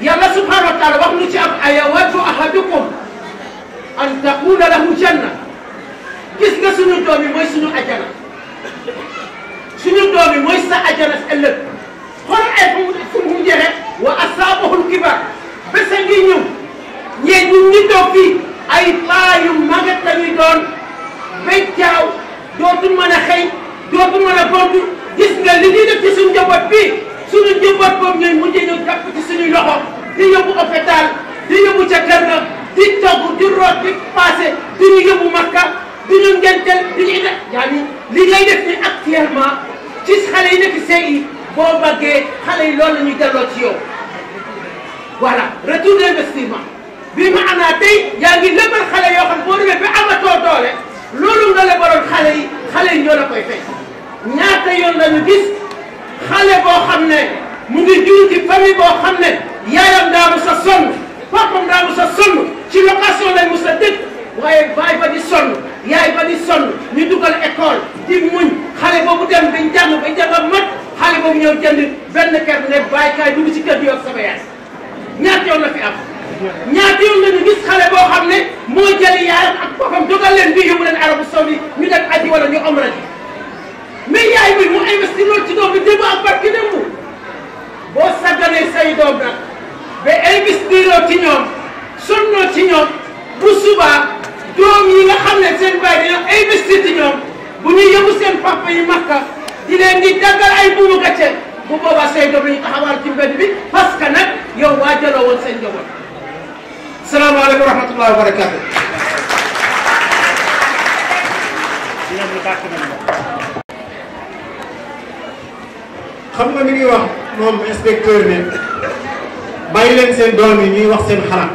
yàlla subhanahu wa taala wax nu ci ab aya waddu ahadukum an takuna lahu janna gis nga suñu doom yi mooy suñu ajana suñu doom yi mooy sa ajana ëllëg xool ay fu mu fu mu jëlee wa asaabahul kibar bés a ngi ñëw ñee ñun ñi toog ay paa yu la ñuy doon béy caaw dootu mën a xëy dootu mën a bokk gis nga li ñuy def ci suñu njaboot bii suñu njaboot boobu ñooy mujjee ñëw jàpp ci suñuy loxo di yóbbu hôpital di yóbbu ca kër di togg di root di passé di ñu yóbbu di ñu ngenteel di ñu indi yaa ngi li ngay def ni actuellement ci xale yi nekk CI. boo bëggee xale yi loolu la ñuy delloo ci yow voilà retour d' investissement bii ma am naa tey yaa ngi lebal xale yoo xam boo demee ba amatoo doole loolu nga lebaloon xale yi xale yi ñoo la koy fay ñaata yoon la ñu gis xale boo xam ne mu ngi jur ci famille boo xam ne yaayam daamu sa sonn papam daamu sa sonn ci location lay mu sa dëkk waaye baay ba di sonn yaay ba di sonn ñu dugal école di muñ xale boobu dem ba njàng ba njàng mat xale boobu ñëw jënd benn kër ne bàyyi kaay dugg ci kër gi yokk sama yaay ñaata yoon la fi am. ñaata yoon lañu gis xale boo xam ne moo jëli yaayam ak boppam dogal leen bii yóbbu leen arabu saudi ñu def aji wala ñu omra ji mais yaay bi mu investir loolu ci doom bi démb ak barki démb boo sagganee say doom nag ba investiroo ci ñoom sonnoo ci ñoom bu subaa doom yi nga xam ne seen bàyyi dañoo investir ci ñoom bu ñuy yóbbu seen papa yi makka. di leen di daggal ay buumu gàcce bu boobaa say doom yi taxawal ci mbedd bi parce que nag yow waajaloo woon seen njaboot. salaamaaleykum wa rahmatulah wa barakaatu. xam nga mi ngi wax moom inspecteur ne bàyyi leen seen doom yi ñuy wax seen xalaat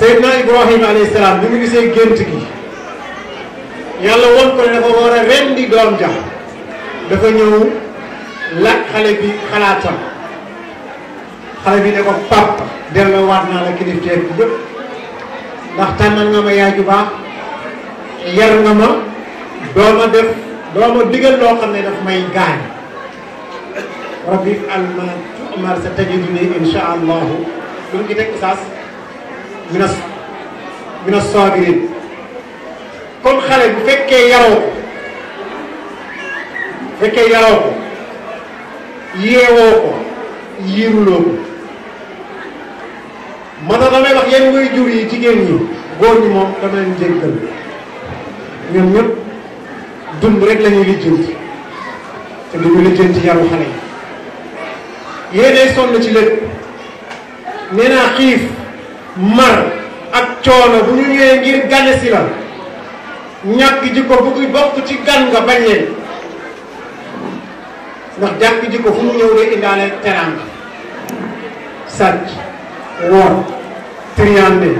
Seydina Ibrahima alayhi salaam bi mu gisee gént gi. yàlla won ko ne dafa a rendi doom ja dafa ñëw laaj xale bi xalaatam xale bi ne ko pap delloo waat naa la kilifteef bi yëpp ndax tànnal nga ma yaay ju baax yar nga ma doo ma def doo ma loo xam ne daf may gaañ rabbi al ma tu'mar sa tajiduni insha allahu lu mu ci saas minas minas kon xale bu fekkee yaroo ko bu fekkee yaroo ko yeewoo ko yiiruloo ko man a wax yéen ngay jur yi jigéen ñi góor ñi moom damay jéggal ñoom ñëpp dund rek la ñuy lijjanti te du ñu yaru xale yi yéenay sonn ci lépp nee naa xiif mar ak coono bu ñu ñëwee ngir gane la ñàkk jikko bu bokk ci gan nga bañ leen ndax jàkk jikko fu mu ñëw de indaale teraanga sàcc wor triandé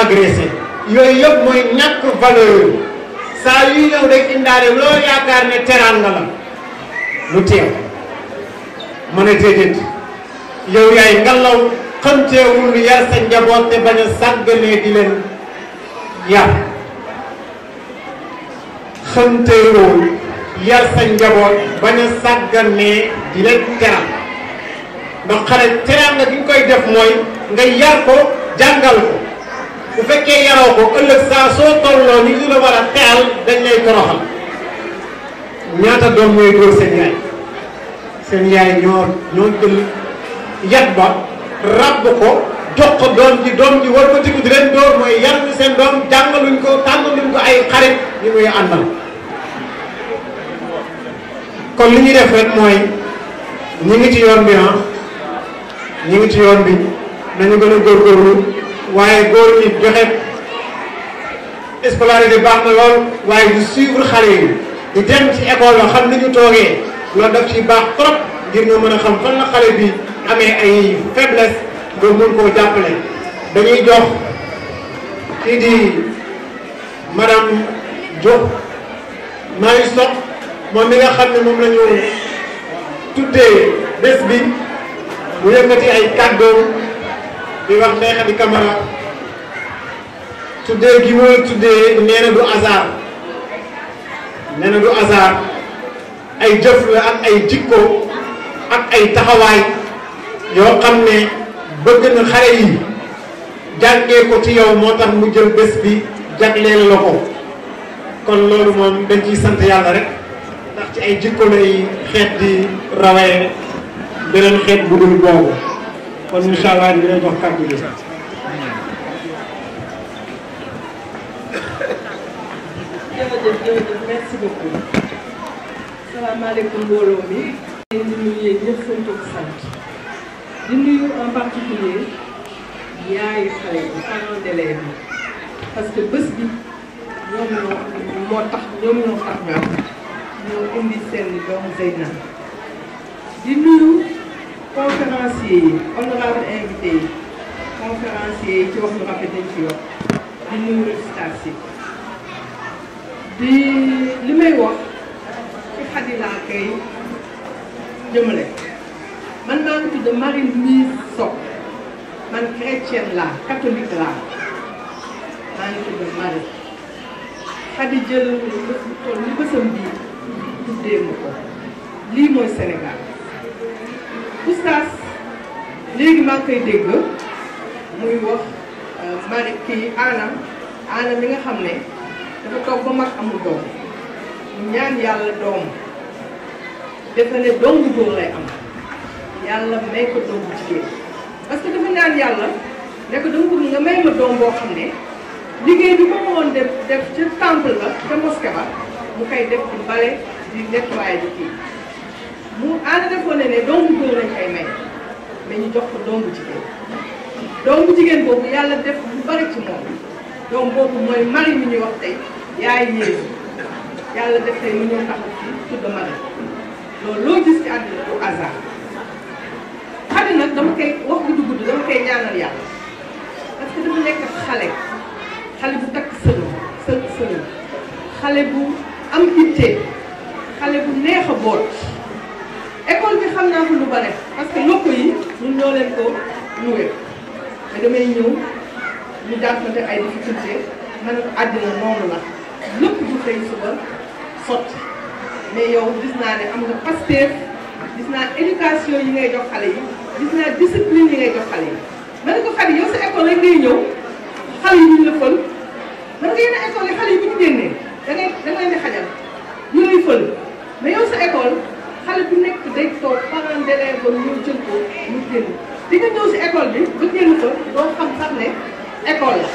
agressé yooyu yëpp mooy ñàkk valeur yooyu saa yuy ñëw de indaale loolu yaakaar ne teraanga la lu teew mën a déedéet yow yaay ngalaw xamteewul yar sa njaboot te bañ a sàgganee di leen yar xënteeroo yar sa njaboot bañ a sàgganee di leen teral ndax xale teraanga gi ñu koy def mooy nga yar ko jàngal ko bu fekkee yaroo ko ëllëg saa soo tolloo ni ñu la war a teral dañ lay toroxal ñaata doom ñooy dóor seen yaay seen yaay ñoo ñoo jël yat ba ràbb ko jox ko doom ji doom ji war ko tigu di leen dóor mooy yar seen doom luñ ko tànnaluñ ko ay xarit ñu muy àndal kon li ñuy def rek mooy ñi ci yoon bi ah ñi ci yoon bi dañu gën a góorgóorlu waaye góor ñi joxe scolarité baax na lool waaye di suivre xale yi di dem ci école xam ni ñu toogee loolu def ci baax trop ngir ñu mën a xam fan la xale bi amee ay faiblesse nga mun koo jàppale dañuy jox kii di madame Diop maa ngi moom mi nga xam ne moom la tuddee bés bi mu yëngati ay kàddoom di wax neexa di Camara tuddee gi mooy tuddee nee du hasard nee du hasard ay jëf la ak ay jikko ak ay taxawaay yoo xam ne bëgg na xale yi jàngee ko ci yow moo tax mu jël bés bi jagleel la ko kon loolu moom dañ ci sant yàlla rek ndax ci ay jikko lay xeet di rawee beneen xeet bu dul boobu kon incha allah dina jox kàddu gi. jërëjëf jërëjëf merci beaucoup. salaamaaleykum mbooloo mi. di nuyu en particulier yaayu xale yi parents d'élèves yi parce que bés bi moo tax ñoom ñoo tax ñoom. ñu indi seen doomu Zeyna di nuyu conférenciers yi honorable invité yi conférenciers yi ci wax lu rafet dañ ci di nuyu résultats yi di li may wax ci Khady laa koy jëmale man maa ngi tudd Marie Louise Sock man chrétienne laa catholique laa maa ngi tudd Marie Khady jël lu bësam bii tuddee ma ko lii mooy Sénégal oustaz léegi maa koy dégg muy wax euh, ma ne kii Anna Anna mi nga xam ne dafa toog ba mag amul doom ñaan yàlla doom dafa ne doomu góor lay am yàlla may ko doomu jigéen parce que dafa ñaan yàlla ne ko dama nga may ma doom boo xam ne liggéey bi ko woon def def ca temple ba ca mosquée mu koy def di bale di nettoyé di kii mu ànd defoon ne ne doomu góor lañ koy may mais ñu jox ko doomu jigéen doomu jigéen boobu yàlla def lu bari ci moom doom boobu mooy mari mi ñuy wax tey yaay yéegi yàlla def tey mu ñëw taxaw ci tudd mari loolu loo gis ci àddina du hasard xale dama koy wax gudd gudd dama koy ñaanal yàlla parce que dafa nekk xale xale bu takk sëlu sëlu xale bu am ittee xale bu neex a bool école bi xam naa ko lu bare parce que lokk yi ñun ñoo leen ko loué mais damay ñëw ñu jàppante ay difficulté ma ne àddina noonu la lépp du tey suba sotti mais yow gis naa ne am nga Pastef gis naa éducation yi ngay jox xale yi gis naa discipline yi ngay jox xale yi ma ne ko xale yow sa école rek ngay ñëw xale yi ñu la fël man nga yenn école yi xale yi bu ñu génnee da ngay ne xajal ñu lay fël mais yow sa école xale bu nekk day toog parent d'élève ba ñu jël ko ñu génn di ñëw si école bi ba génn ko doo xam sax ne école la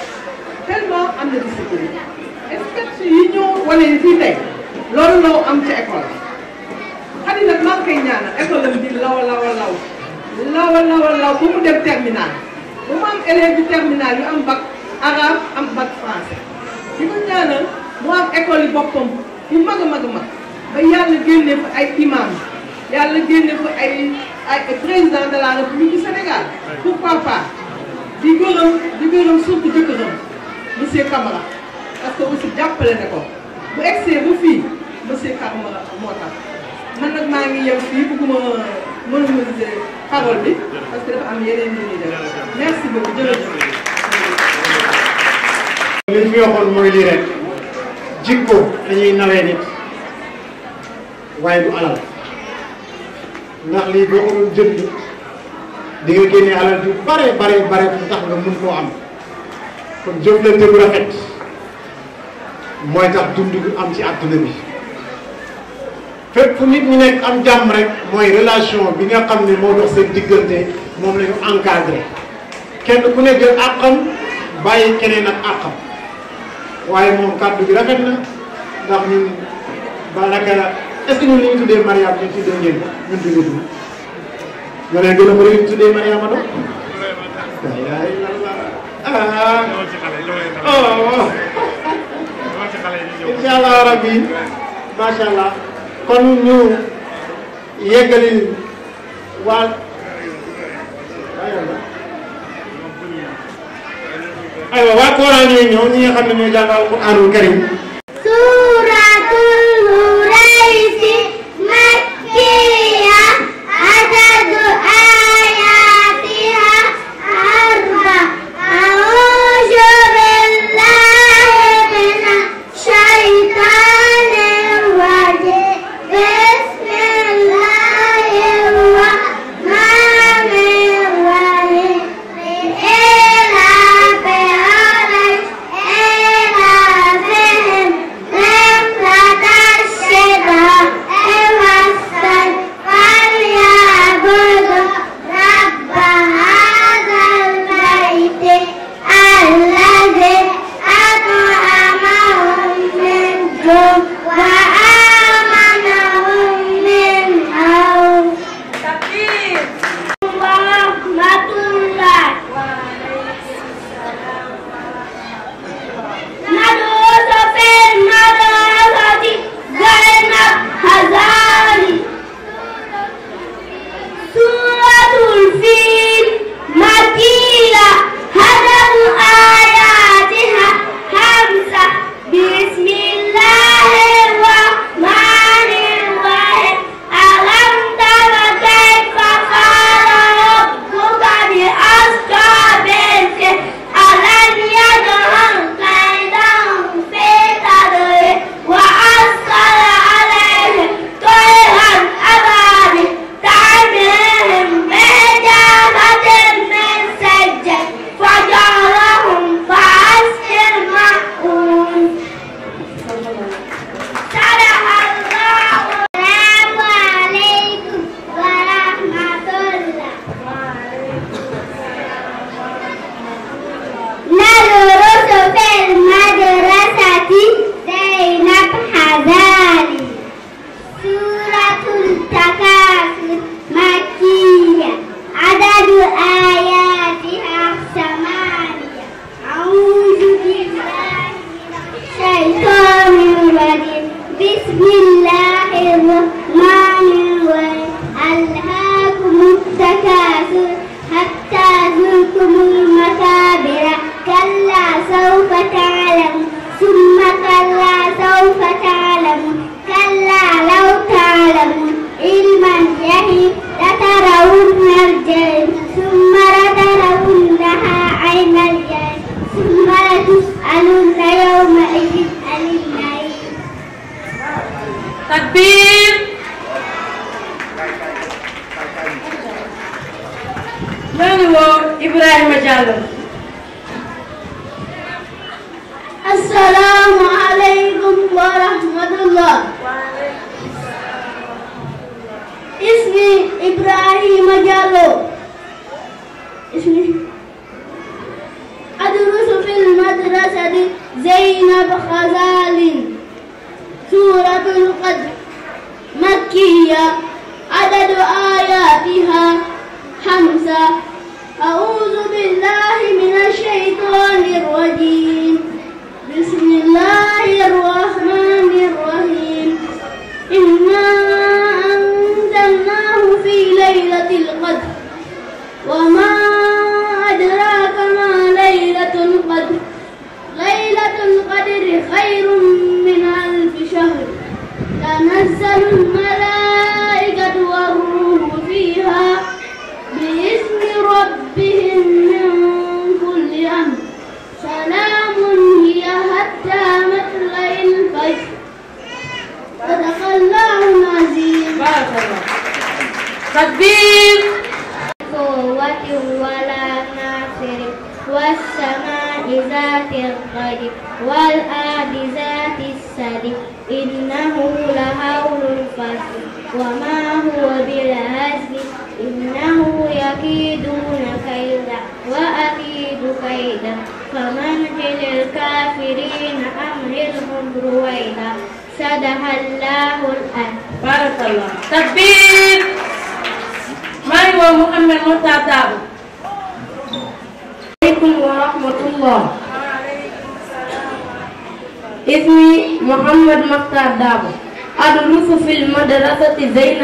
tellement am na discipline espèce yi ñoo wane ni fii tey loolu law am ci école xale nag maa ngi koy ñaanal am di law law law law law law ba mu dem terminal bu mu am élève yu terminal yu am bac arabe am bac français di ko ñaanal am école yi boppam yu mag a mag a mag ba yàlla génne fa ay imam yàlla génne fa ay ay président de la république du Sénégal pourquoi pas di gërëm di gërëm surtout jëkkëram monsieur Camara parce que aussi jàppale ne ko bu egsee bu fii monsieur Camara moo tax man nag maa ngi yem fii bëgguma monopoliser parole bi parce que dafa am yeneen yu ñuy def merci beaucoup jërëjëf li ñu waxoon mooy lii rek jikko dañuy nawee nit waaye du alal ndax lii boo ko doon jënd di nga génnee alal ju bare bare bare bu tax nga mun koo am kon jëflante bu rafet mooy tax dund gu am ci àdduna bi fépp fu nit ñu nekk am jàmm rek mooy relation bi nga xam ne moo dox seen diggante moom la ñu encadré kenn ku ne jël àqam bàyyi keneen ak àqam waaye moom kàddu bi rafet na ndax ñun daanaka est ce que ñun li ñu tuddee Mariam ñun tuddee ngeen ko ñun tuddee ko nga leen gën a bëri li ñu tuddee Mariam ma allah rabbi macha allah kon ñu yeggali waa. aywa waa Koraan ñooy ñëw ñi nga xam ne ñoo jàng alquranul karim. suuratul Macky Macky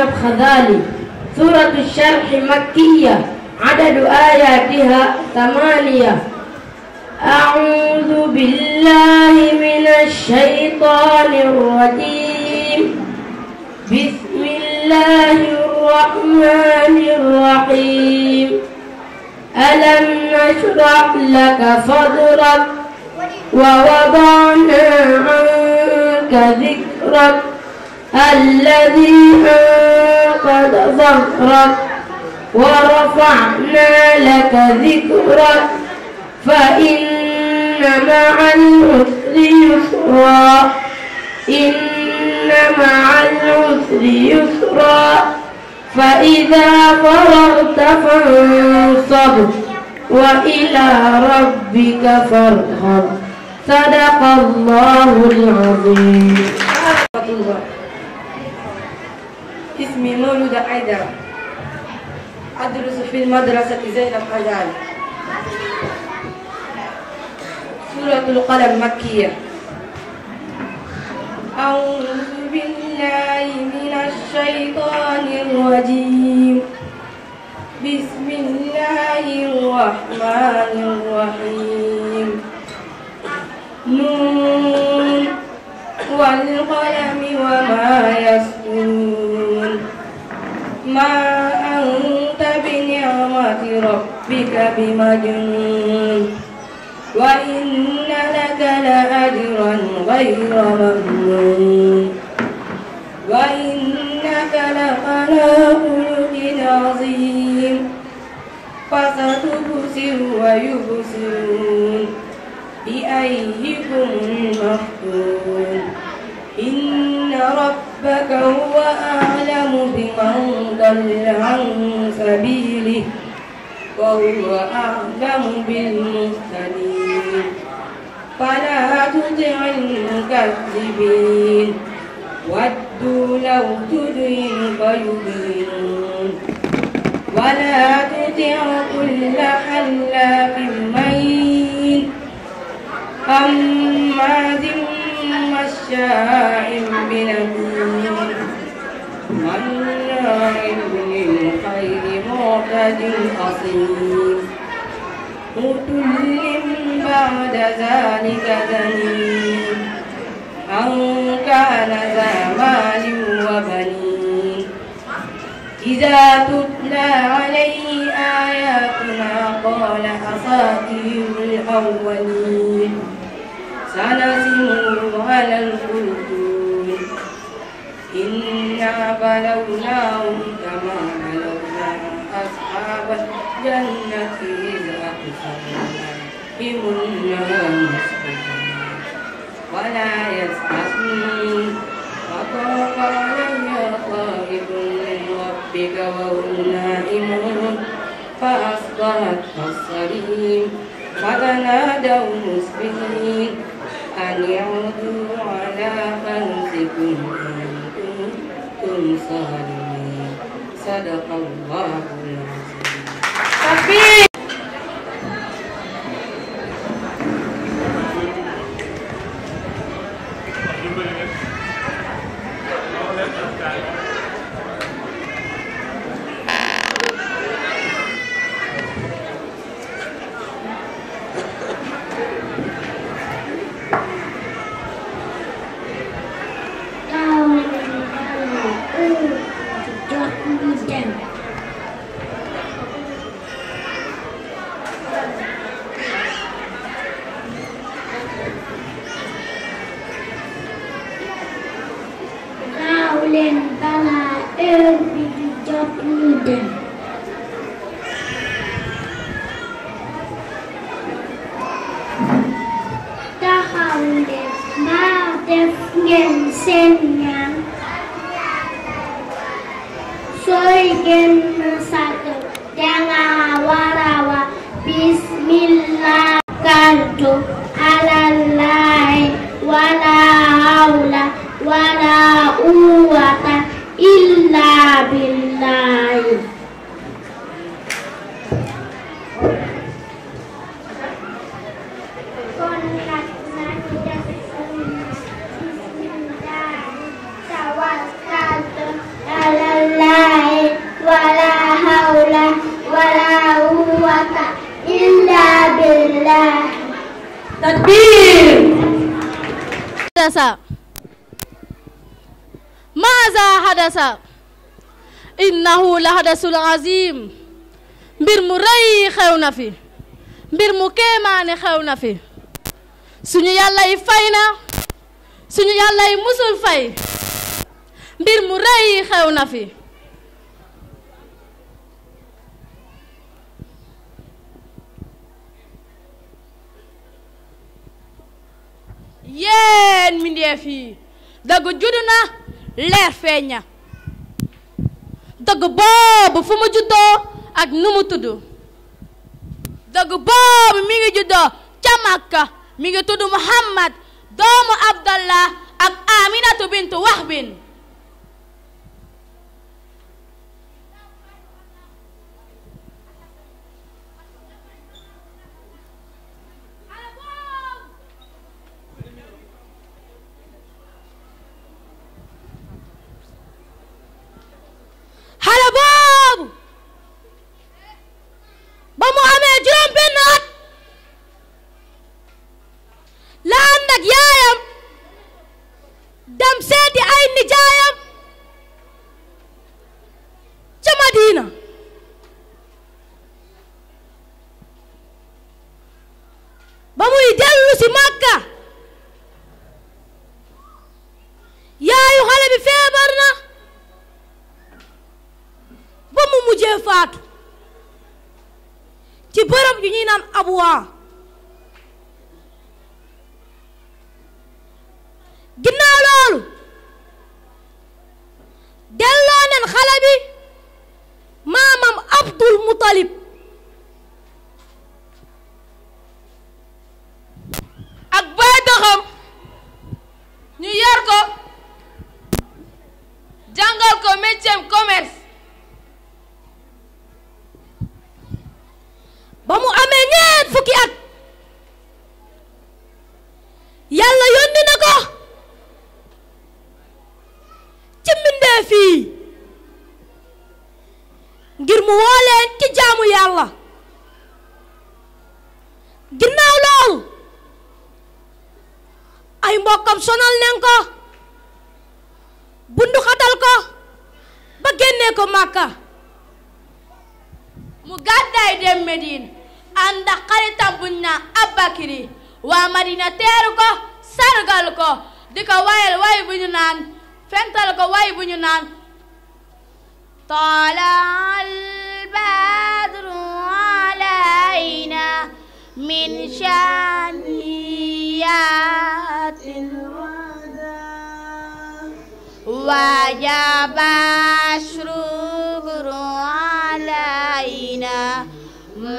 الخذالي سورة الشرح مكية عدد آياتها ثمانية أعوذ بالله من الشيطان الرجيم بسم الله الرحمن الرحيم ألم نشرح لك صدرك ووضعنا عنك ذكرك الذي أنقض ظهرك ورفعنا لك ذكرك فإن مع العسر يسرا إن مع العسر يسرا فإذا فرغت فانصب وإلى ربك فارغب صدق الله العظيم اسمي مولودة حيدر أدرس في المدرسة زينب حيدر سورة القلم مكية أعوذ بالله من الشيطان الرجيم بسم الله الرحمن الرحيم نون والقلم وما يسطرون ما أنت بنعمة ربك بمجنون وإن لك لأجرا غير ممنون وإنك لعلى خلق عظيم فستبصر ويبصرون بأيكم المفتون إن ربك هو أعلم بمن ضل عن سبيله وهو أعلم بالمهتدين فلا تطع المكذبين ودوا لو تدين فيدينون ولا تطع كل حلاف مهين أما ذمة مشاء بنميم مناع للخير معتد أصيم عتل بعد ذلك زنيم أن كان ذا مال وبنين إذا تتلى عليه آياتنا قال أساطير الأولين سنسمه على الخلدون إنا بلوناهم كما بلونا أصحاب الجنة إذ أقسمنا بهم النار ولا يستثنون فطاف عليها طائف من ربك وهم نائمون فأصبحت كالصريم فتنادوا مسبحين أن يعودوا على أنفسكم إن كنتم صادقين صدق الله العظيم حدث إنه لحدث العظيم mbir mu rëy xew na fi mbir mu kéemaane xew na fi suñu yàlla yi fay na suñu yàlla yi musul fay mbir mu rëy xew na fi yéen mbindeef yi dëgg juddu na leer feeña dëgg boobu fu mu juddoo ak nu mu tudd dëgg boobu mi ngi juddoo ca Makka mi ngi tudd Muhammad doomu Abdallah ak Aminatu bintu Wahbin xale boobu ba mu amee juróom benn at la ànd ak yaayam dem seeti ay nijaayam ca Madina ba muy dellu si Makka yaayu xale bi feebar na ba mu mujjee faatu ci bërëb yu ñuy naan abuwaa ginnaaw loolu delloo neen xale bi maamam Abdul Mutalib ak bay doxam ñu yar ko jàngal ko métier commerce ba mu amee ñeent fukki at yàlla yónni na ko ci mbindeef yi ngir mu woo leen jaamu yàlla ginnaaw lool ay mbokkam sonal nañ ko bunduxatal ko ba génnee ko màkka mu gàddaay e dem Medine ànd ak xaritam buñ naan waa Madina teeru ko sargal ko di ko wayal way bu ñu way bu ñu naan tala alayna min shaniyatil wada wajaba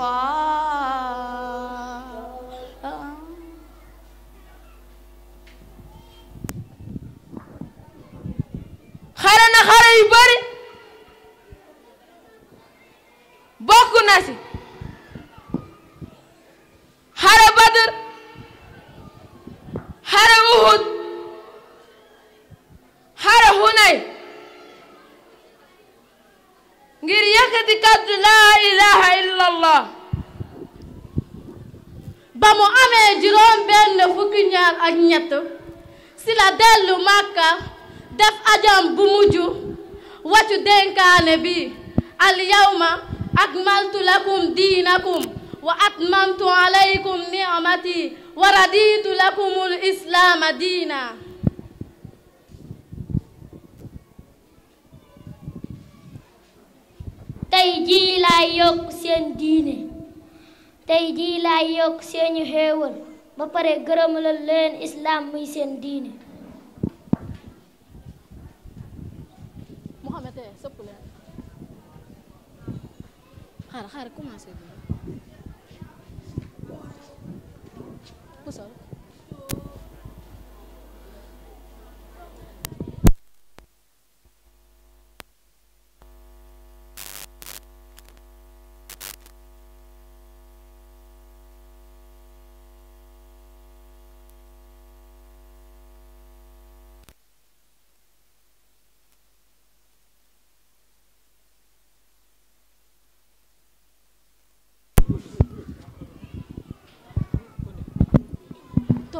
xare na xare yu bari bokk na ci xare Badr xare Uhud xare Hunay ngir yëkkati kàddu laa ilaha illa allah ba mu amee juróom benn fukki ñaar ak ñett si la dellu màkka def ajam bu mujj wàccu dénkaane bi al yawma akmaltu lakum diinakum wa atmamtu alaykum ni'mati wa raditu lakumul islaama diina tey jii laay yokk seen diine tey jii laa yokk seeni xéewal ba pare gërëmalal leen islaam muy seen diine Mohamed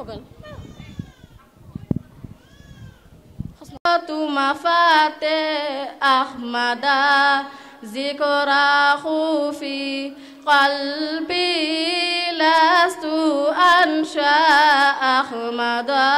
toogal tuma fàtte ahmada zikra xufi qalbi lastu ansha ahmada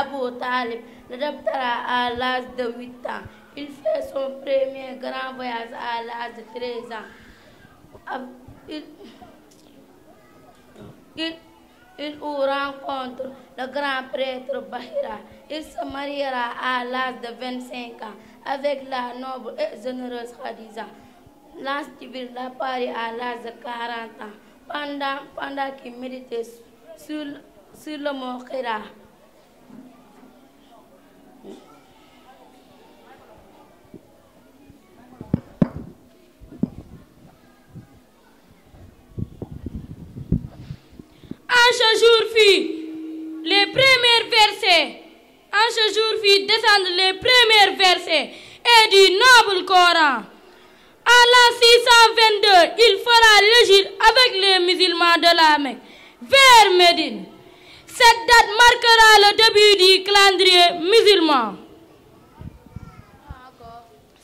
Abu Talib l'adoptera à l'âge de 8 ans. Il fait son premier grand voyage à l'âge de 13 ans. Il, il, il où rencontre grand prêtre Bahira. Il se mariera à l'âge de 25 ans avec la noble et généreuse Khadija. Lancetibir la Paris à l'âge de 40 ans pendant, pendant qu'il méditait sur, sur le descendent les premiers versets et du noble Coran. En l'an 622, il fera l'égide avec les musulmans de la Mecque vers Médine. Cette date marquera le début du calendrier musulman.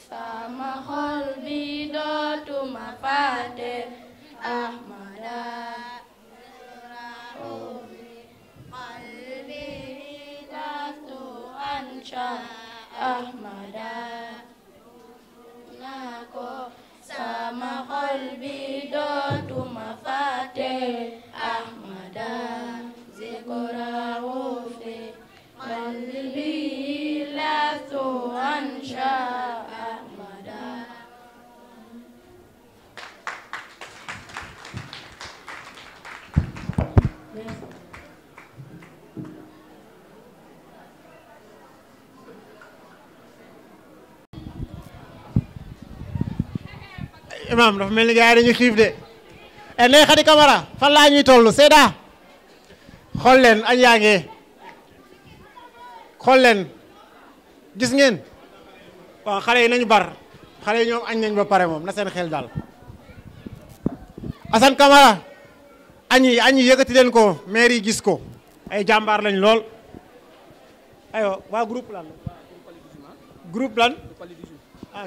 sama xol bi dootuma fàtte Ahmada شاء أحمدا ناكو sama xol bi dootuma fàtte ahmada zikurahu fi qalbi lastu anshaa imaam dafa mel ni gars yi dañuy xiif de e Ndeye Khady fan laa ñuy toll seeda xool leen añ yaa ngi xool leen gis ngeen waaw xale yi nañu bar xale yi ñoom añ nañ ba pare moom na seen xel daal Assane Camara añ yi añ yëkkati leen ko maire yi gis ko ay jàmbaar lañ lool ayo waa groupe lan groupe lan ah,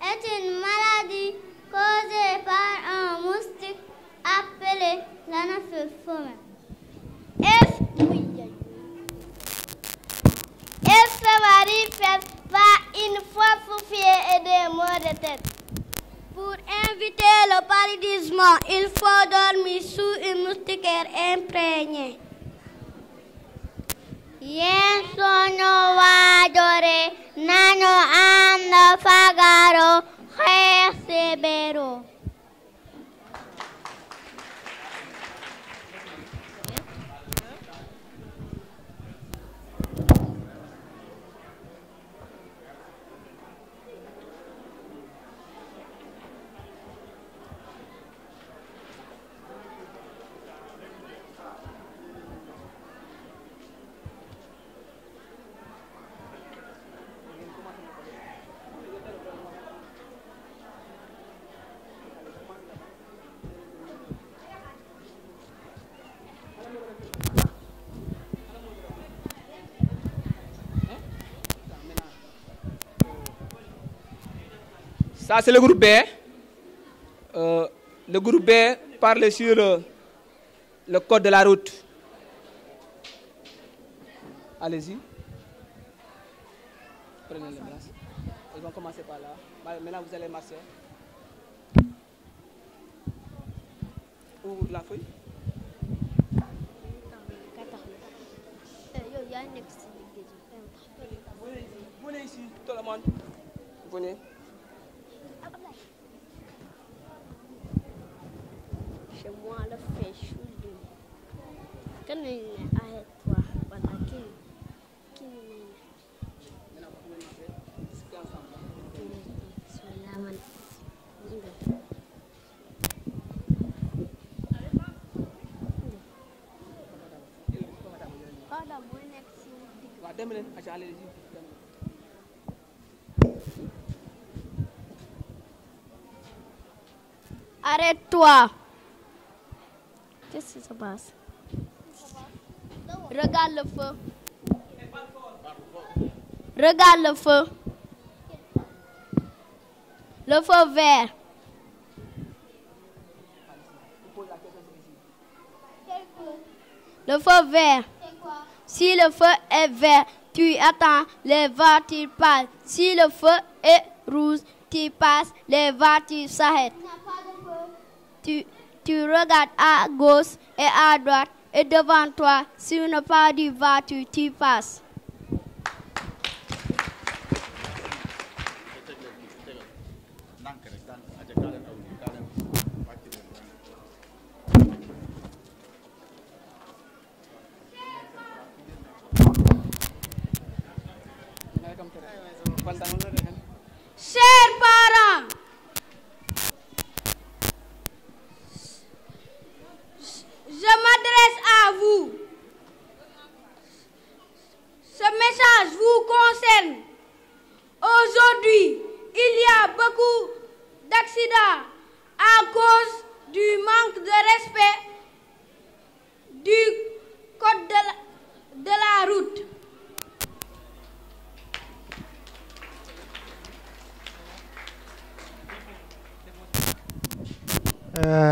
est une maladie causée par un moustique appelé l'anopheles femelle. F-Marie-Fève va une fois bouffer et des maux de tête. Pour éviter le paludisme, il faut dormir sous une moustiquaire imprégnée. yéen sunu waajore nanu ànd fagaru xeex si beru Ça, c'est le groupe B. Euh, le groupe B parle sur le, euh, le code de la route. Allez-y. Prenez les places. Ils vont commencer par là. Maintenant, vous allez marcher. la feuille. Euh, chez moi, elle fait chaud de Quand elle est avec toi, voilà, qui qui Qu'est-ce qui se passe? Regarde le feu. Regarde le feu. Le vert. Si le feu est vert, tu attends, les voitures passent. Si le feu est rouge, tu passes, les voitures s'arrêtent. Tu tu regardes à gauche et à droite, et devant toi, sur le pas du bas, tu, tu passes.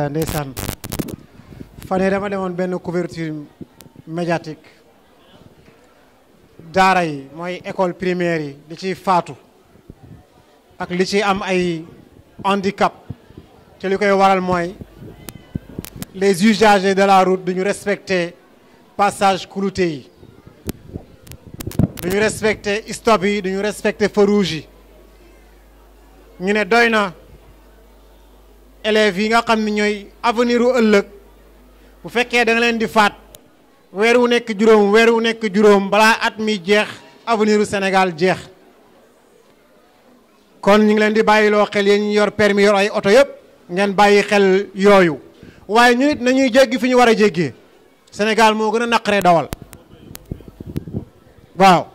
ndeysaan fan yii dama demoon benn couverture médiatique daara yi mooy école primaire yi li ciy faatu ak li ci am ay handicap te li koy waral mooy les usagers de la route duñu respecter passage clouté yi duñu respecter stop yi duñu respecter feu rouge yi ñu ne doy na élèves yi nga xam ne ñooy avenir ëllëg bu fekkee da leen di faat weer wu nekk juróom weer wu nekk juróom balaa at mi jeex avenir senegal jeex kon ñu ngi leen di bàyyiloo xel yéen ñu yor permis yor ay oto yëpp ngeen bàyyi xel yooyu waaye ñu nit nañuy jéggi fi ñu war a jéggee senegal moo gën a naqaree dawal waaw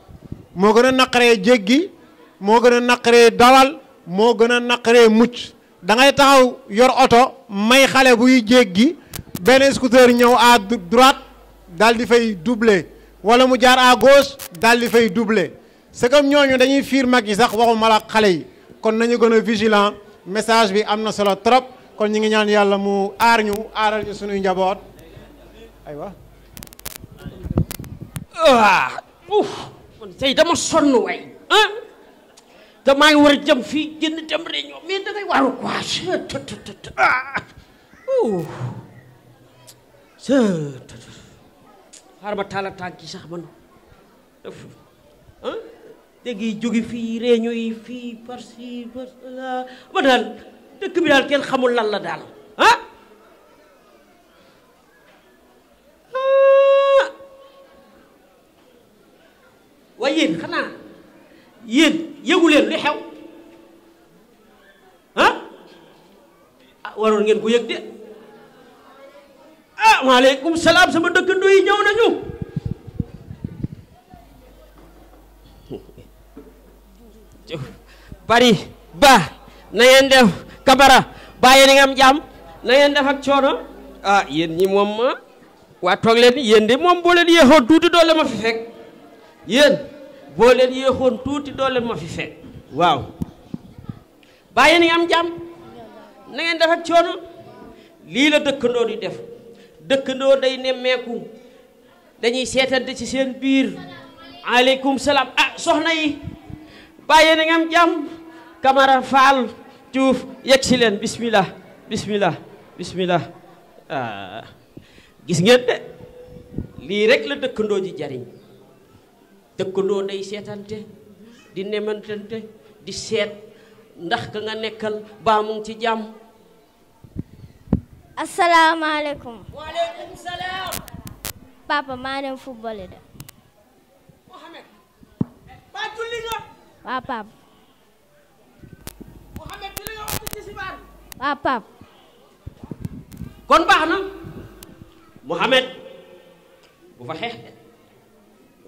moo gën a naqaree jéggi moo gën a naqaree dawal moo gën a naqaree mucc da ngay taxaw yor oto may xale buy jéggi benn scooter ñëw à droite daal di fay double wala mu jaar à gauche daal di fay double c'est comme ñooñu dañuy fiir mag yi sax waxuma la xale yi kon nañu gën a vigilant message bi am na solo trop kon ñu ngi ñaan yàlla mu aar ñu aaral ñu suñuy njaboot aywa. Ah, te maa ngi war a jëm fii génn dem réunion mais dangay waaru quoi c' est ah ouh c' est xaaral ma taala tànk yi sax man ah dégg yi jóge fii réunion yi fii par ci par là ba daal dëkk bi daal kenn xamul lan la daal ah. waaye yéen xanaa yéen. yëgu leen li xew ah waroon ngeen ko yëg de a ah, maaleykum salaam sama dëkkandoo yi ñëw nañu bari ba na ngeen def kabara bàyyi ni nga am jàmm na ngeen def ak coono ah yéen ñi moom ma toog leen yéen de moom boo leen yéexoo tuuti doo la ma fi fekk yéen boo leen yéexoon tuuti doo leen ma fi fekk waaw bàyyi ni am jàmm na ngeen def ak lii la dëkkandoo di def dëkkandoo day nemmeeku dañuy seetante ci seen biir aleykum salaam ah soxna yi bàyyi ni am jàmm kamara Fall Diouf yegg si leen bismillah bismillah bismillah ah, gis ngeen de lii rek la dëkkandoo ji jariñ dëkkandoo day seetante di nemantante di seet ndax ka nga nekkal baa mu ci jàmm asalaamaaleykum waaleykum salaam papa maa dem football da Mohamed baa julli nga waa papa kon baax na Mohamed bu fa xeex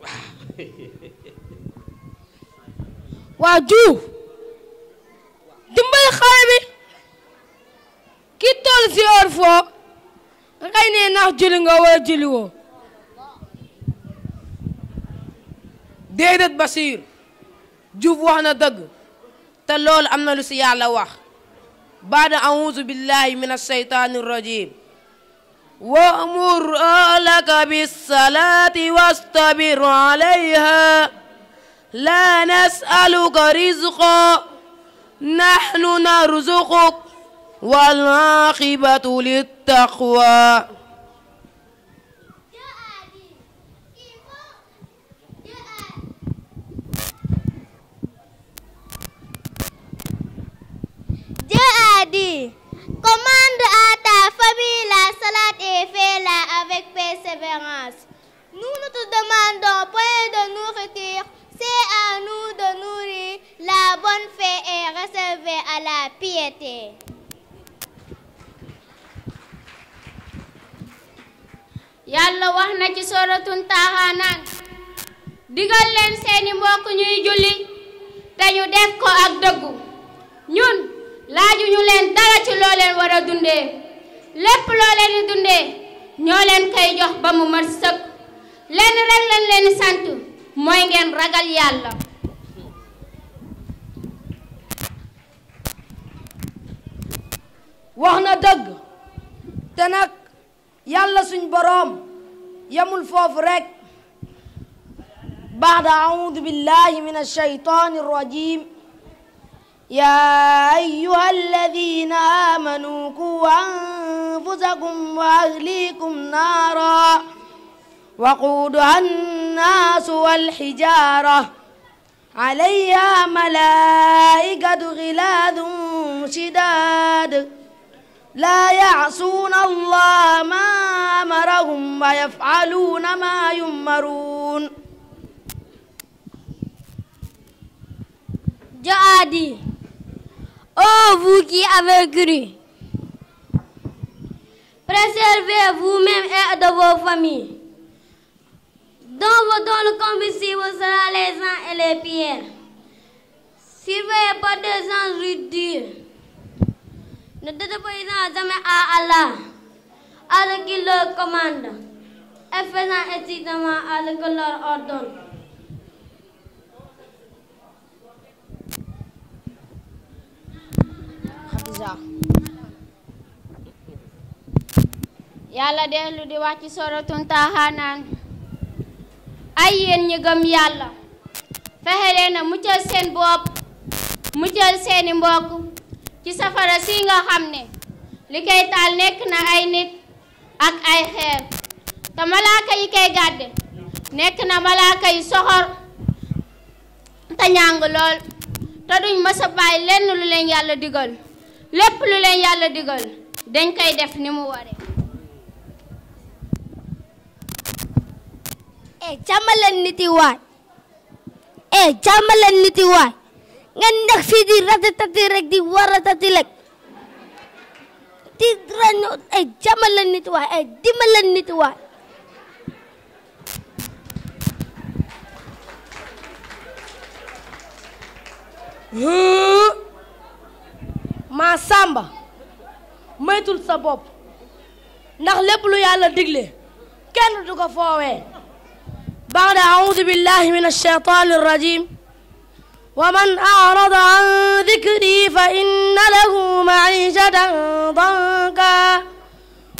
waa Diouf dimbali xale bi ki toll si heure ngay ne ndax julli nga wala julli woo déedéet Basiir Diouf wax na dëgg te loolu am na lu si yàlla wax baada auzu billahi min alsheytani irrajim وأمر أهلك بالصلاة واصطبر عليها لا نسألك رزقا نحن نرزقك والعاقبة للتقوى جاء دي Commande à ta famille la salade et fais-la avec persévérance. Nous, nous te demandons point de nourriture, c'est à nous de nourrir. La bonne fait est réservée à la piété. yàlla wax na ci sooratun Taaha naan digal leen seeni mbokk ñuy julli te ñu def ko ak dëggu ñun laaju ñu leen dara ci loo leen war a dundee lépp loo leen di dundee ñoo leen koy jox ba mu mat sëkk lenn rek leen sant mooy ngeen ragal yàlla wax na dëgg te nag yàlla suñ boroom yamul foofu rek baada audu billahi min alshaytan irrajim يا أيها الذين آمنوا قوا أنفسكم وأهليكم نارا وقودها الناس والحجارة عليها ملائكة غلاظ شداد لا يعصون الله ما أمرهم ويفعلون ما يؤمرون جاء Oh, vous qui avez cru, préservez vous-même et de vos familles. Dans vos dons, le combustible sera les ans et les pierres. Surveillez pas des gens rudes. Ne désobéissant jamais Allah, à ce leur commande, et faisant exactement à ce que ordonne. sax yàlla dellu di wax ci soratun taaha ay yéen ñi yàlla fexe leen a muccal seen bopp muccal seeni mbokk ci safara si nga xam ne li koy taal nekk na ay nit ak ay xeer te malaaka yi koy gàdde nekk na malaaka yi soxor te ñàng lool te duñ mës a bàyyi lenn lu leen yàlla digal lépp lu leen yàlla digal dañ koy def ni mu waree. eh jàmmaleen nit yi waay eh jàmmaleen nit waay ngeen nekk fii di ratatati rek di waratati rek di rañu eh jàmmaleen nit yi waay eh dimbaleen nit waay. maa sàmba moytul sa bopp ndax lépp lu yàlla digle kenn du ko foowee بعد أعوذ بالله من الشيطان الرجيم ومن أعرض عن ذكري فإن له معيشة ضنكا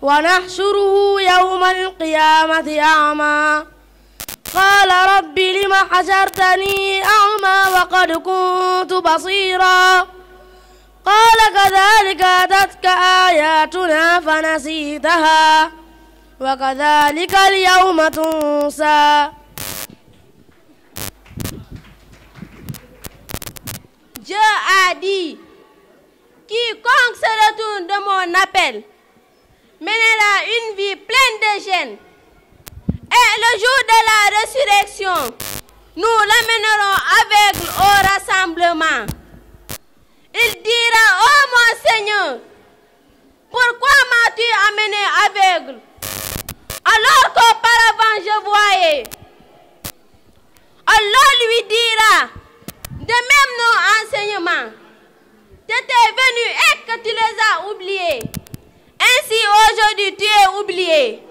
ونحشره يوم القيامة أعمى قال رب لم حشرتني أعمى وقد كنت بصيرا qaala kadaalika atatka aayaatunaa fanasiitahaa a dit, quiconque se retourne de mon appel mènera une vie pleine de gêne. Et le jour de la résurrection, nous l'amènerons aveugle au rassemblement. Il dira, oh mon Seigneur, pourquoi m'as-tu amené aveugle alors qu'auparavant je voyais Allah lui dira, de même nos enseignements, tu étais venu et que tu les as oubliés. Ainsi aujourd'hui tu es oublié.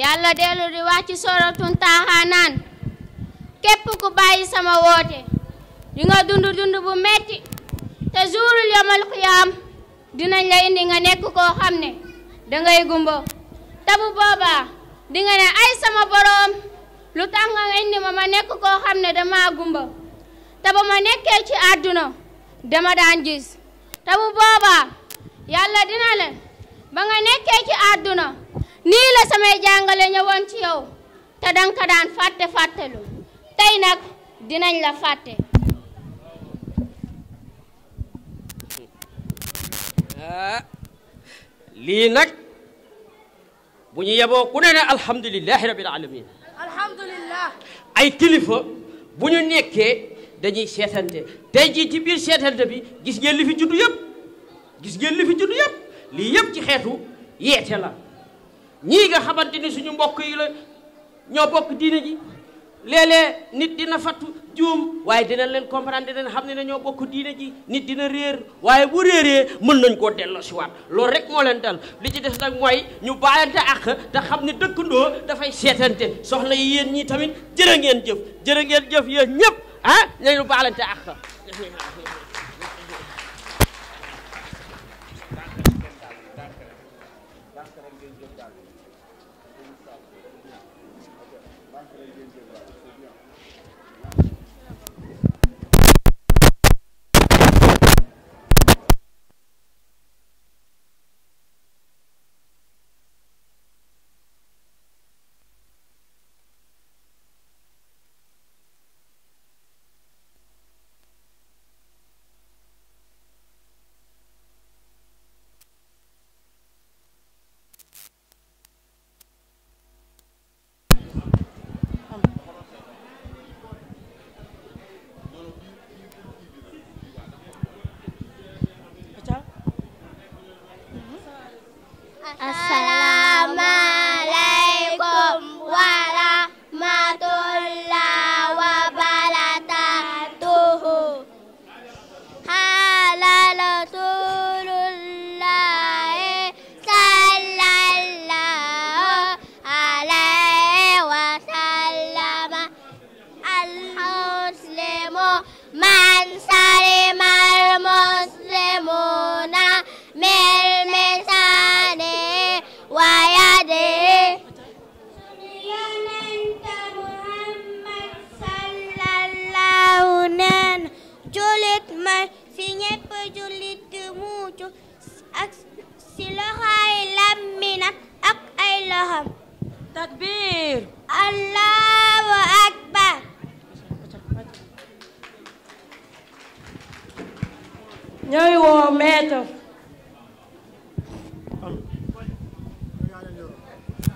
yàlla dellu di wax ci soratun taaxaa naan ku bàyyi sama woote di nga dund dund bu metti te jourul yomal xiyaam dinañ la indi nga nekk ko xam ne dangay gumba te bu boobaa di nga ne ay sama boroom lu tax indi ma ma nekk koo xam ne dama gumba te ba ma nekkee ci àdduna dama daan gis te bu boobaa yàlla dina la ba nga nekkee ci àdduna nii la samay jàngale ñëwoon ci yow te danga ko daan fàtte fàttelu tey nag dinañ la fàtte ah, lii nag bu ñu yeboo ku ne ne alhamdulilahi alamin alhamdulilah ay kilifa bu ñu nekkee dañuy seetante tey jii ci biir seetante bi gis ngeen li fi juddu gis ngeen li lii yëpp ci xeetu yeete la ñii nga xamante ni suñu mbokk yi la ñoo bokk diine ji léeg-léeg nit dina fattu juum waaye dina leen comprendre dina xam ne ne ñoo bokk diine ji nit dina réer waaye bu réeree mën nañ koo delloo si waat loolu rek moo leen dal li ci def nag mooy ñu bàyyante ak te xam ne dëkkandoo dafay seetante soxna yi yéen ñii tamit jërë ngeen jëf jërë ngeen jëf yéen ñëpp ah nañu balante ak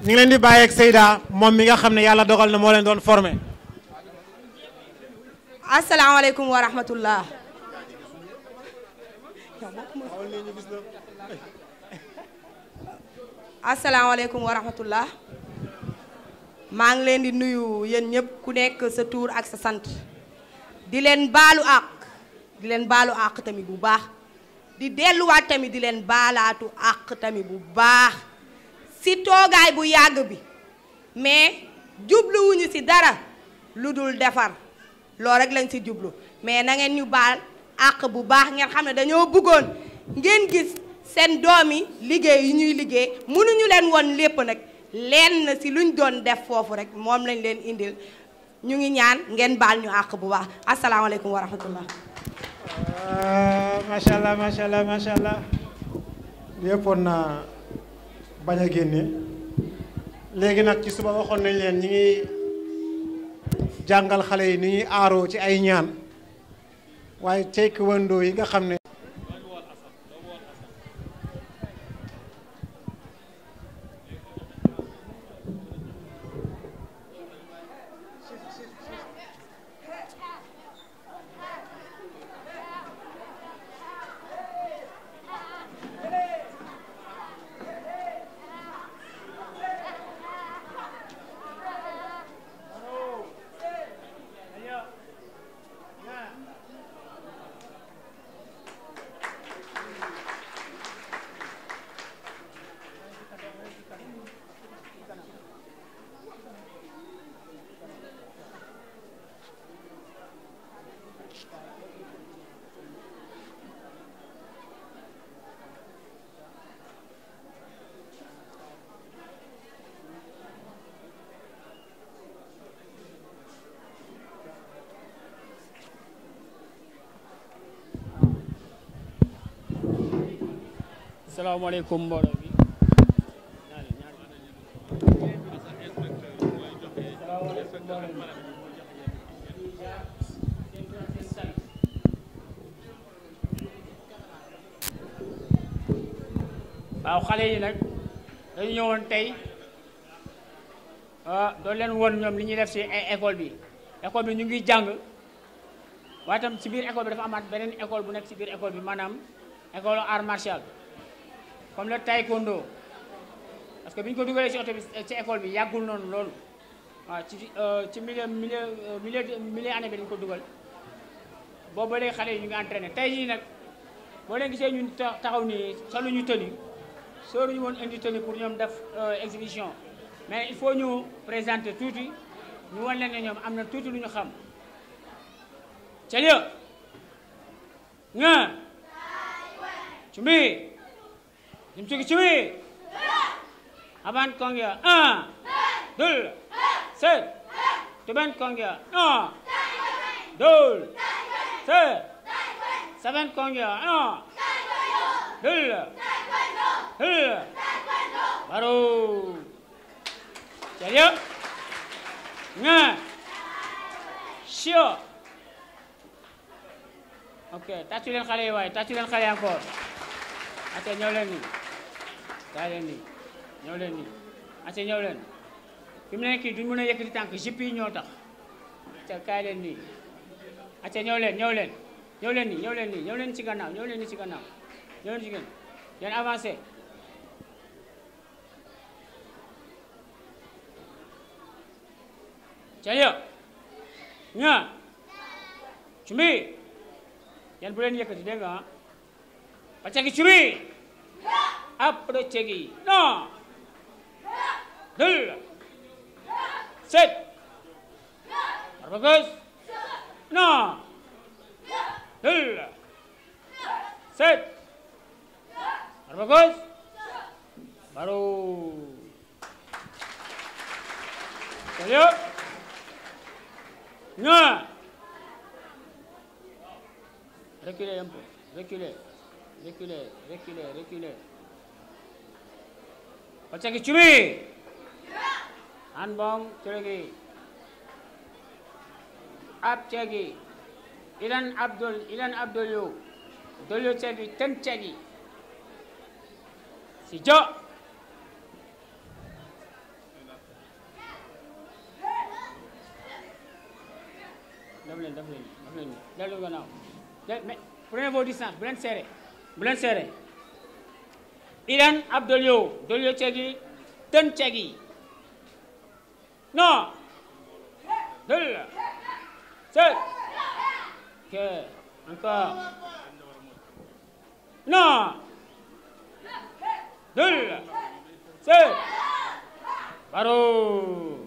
ñu ngi leen di bàyyeeg Seyda moom mi nga xam ne yàlla dogal na moo leen doon forme asalaamaaleykum wa rahmatullah. asalaamaaleykum maa ngi leen di nuyu yéen ñëpp ku nekk sa tur ak sa sant. di leen baalu àq di leen baalu àq tamit bu baax. di delluwaat tamit di leen baalaatu àq tamit bu baax. si toogaay bu yàgg bi mais jubluwuñu ci dara lu dul defar lool rek lañ ci jublu mais na ngeen ñu baal àq bu baax ngeen xam ne dañoo buggoon ngeen gis seen doom yi liggéey yu ñuy liggéey ñu leen woon lépp nag leen na si luñ doon def foofu rek moom lañ leen indil ñu ngi ñaan ngeen baal ñu àq bu baax asalaamaaleykum wa rahmatullah ah, macha allah macha allah macha allah naa bañ a génne léegi nag ci suba waxoon nañ leen ñi ngi jàngal xale yi ni ñuy aaroo ci ay ñaan waaye tekki yi nga xam ne asalaamaaleykum waaw xale yi nag dañu ñëwoon tey ah, doon leen woon ñoom li ñuy def ci école bi école bi ñu ngi jàng waaye tam ci biir école bi dafa amaat beneen école bu nekk ci biir école bi maanaam école art martial comme le taekwondo parce que bi ñu ko dugalee ci oto bi ci école bi yàggul noonu loolu waaw ci euh, ci milieu milieu euh, milieu milieu année bi dañu ko dugal boobu ba léegi xale yi ñu ngi entraîné tey jii nag boo leen gisee ñun taxaw nii solu ñu tenue sóoruñu woon indi tenue pour ñoom def euh, exhibition mais il faut ñu présenter tuuti ñu ne ñoom am na tuuti lu ñu xam ca nga ci 김치기 치위 아반 꽝이야 하나 둘셋 두번 꽝이야 하나 둘셋 세번 꽝이야 하나 둘둘 바로 자려 네 쉬어 ok tàccu leen xale yi waaye tàccu leen xale yi encore ate ñëw leen kaa leen nii ñëw leen nii ase ñëw leen fi mu nekk duñ mën a yëkkati tànk jipp yi ñoo tax ca kaa leen nii ase ñëw leen ñëw leen ñëw leen nii ñëw leen nii ñëw leen ci gannaaw ñëw leen nii ci gannaaw ñëw leen ci gannaaw yéen avancé cayo ña cumbi yan bu leen yëkkati dégg nga pacaki cumbi 앞부러치기 하나 둘셋 바라바스 하나 둘셋 바라바스 바로 달려 하나 reculer un peu reculer reculer reculer reculer 갑자기 준비 한봉 들기 앞자기 이런 압돌 이런 압돌류 돌려짜기 뜸짜기 시작 def leen def leen def leen dellu gannaaw bu leen boo distance bu leen seere bu leen seere Iran ab dolyo dolyo cegi ten cegi no dol set ke encore no dol set 바로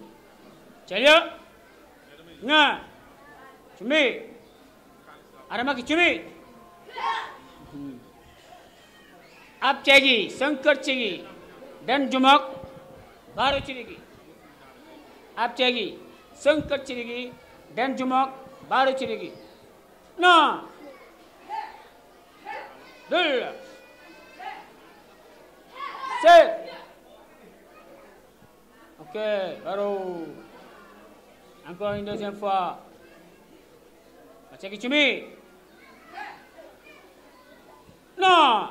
전력 나 준비 아라마키 준비 आपच्यागी संकटच्यागी दन जुमक बारो चिरिगी आपच्यागी संकट चिरिगी दन जुमक बारो चिरिगी ना दुल से ओके बारो encore une deuxième fois Achaki Chumi Non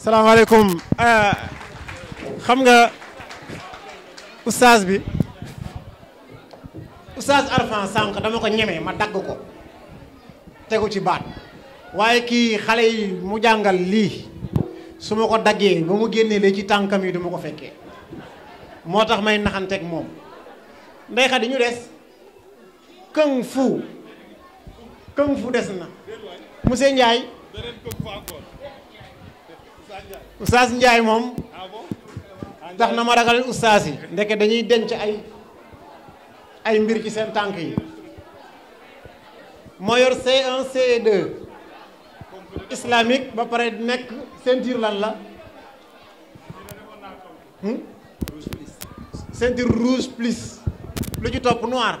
salaamaaleykum ah, xam nga oustaz bi oustaz Arfan sànq dama ko ñeme ma dagg ko tegu ci baat waaye kii xale yi mu jàngal lii su ma ko daggee ba mu génnee léegi ci tànkam yi du ko fekkee moo tax may naxanteeg moom ndey di ñu des këng fu këng fu des na monsieur Ndiaye oustaz Ndiaye moom ah tax na ma ragal oustaz yi ndeke dañuy denc ay ay mbir ci seen tànk yi moo yor C1 C2 islamique ba pare nekk ceinture lan la hmm? ceinture rouge plus lu ci topp noir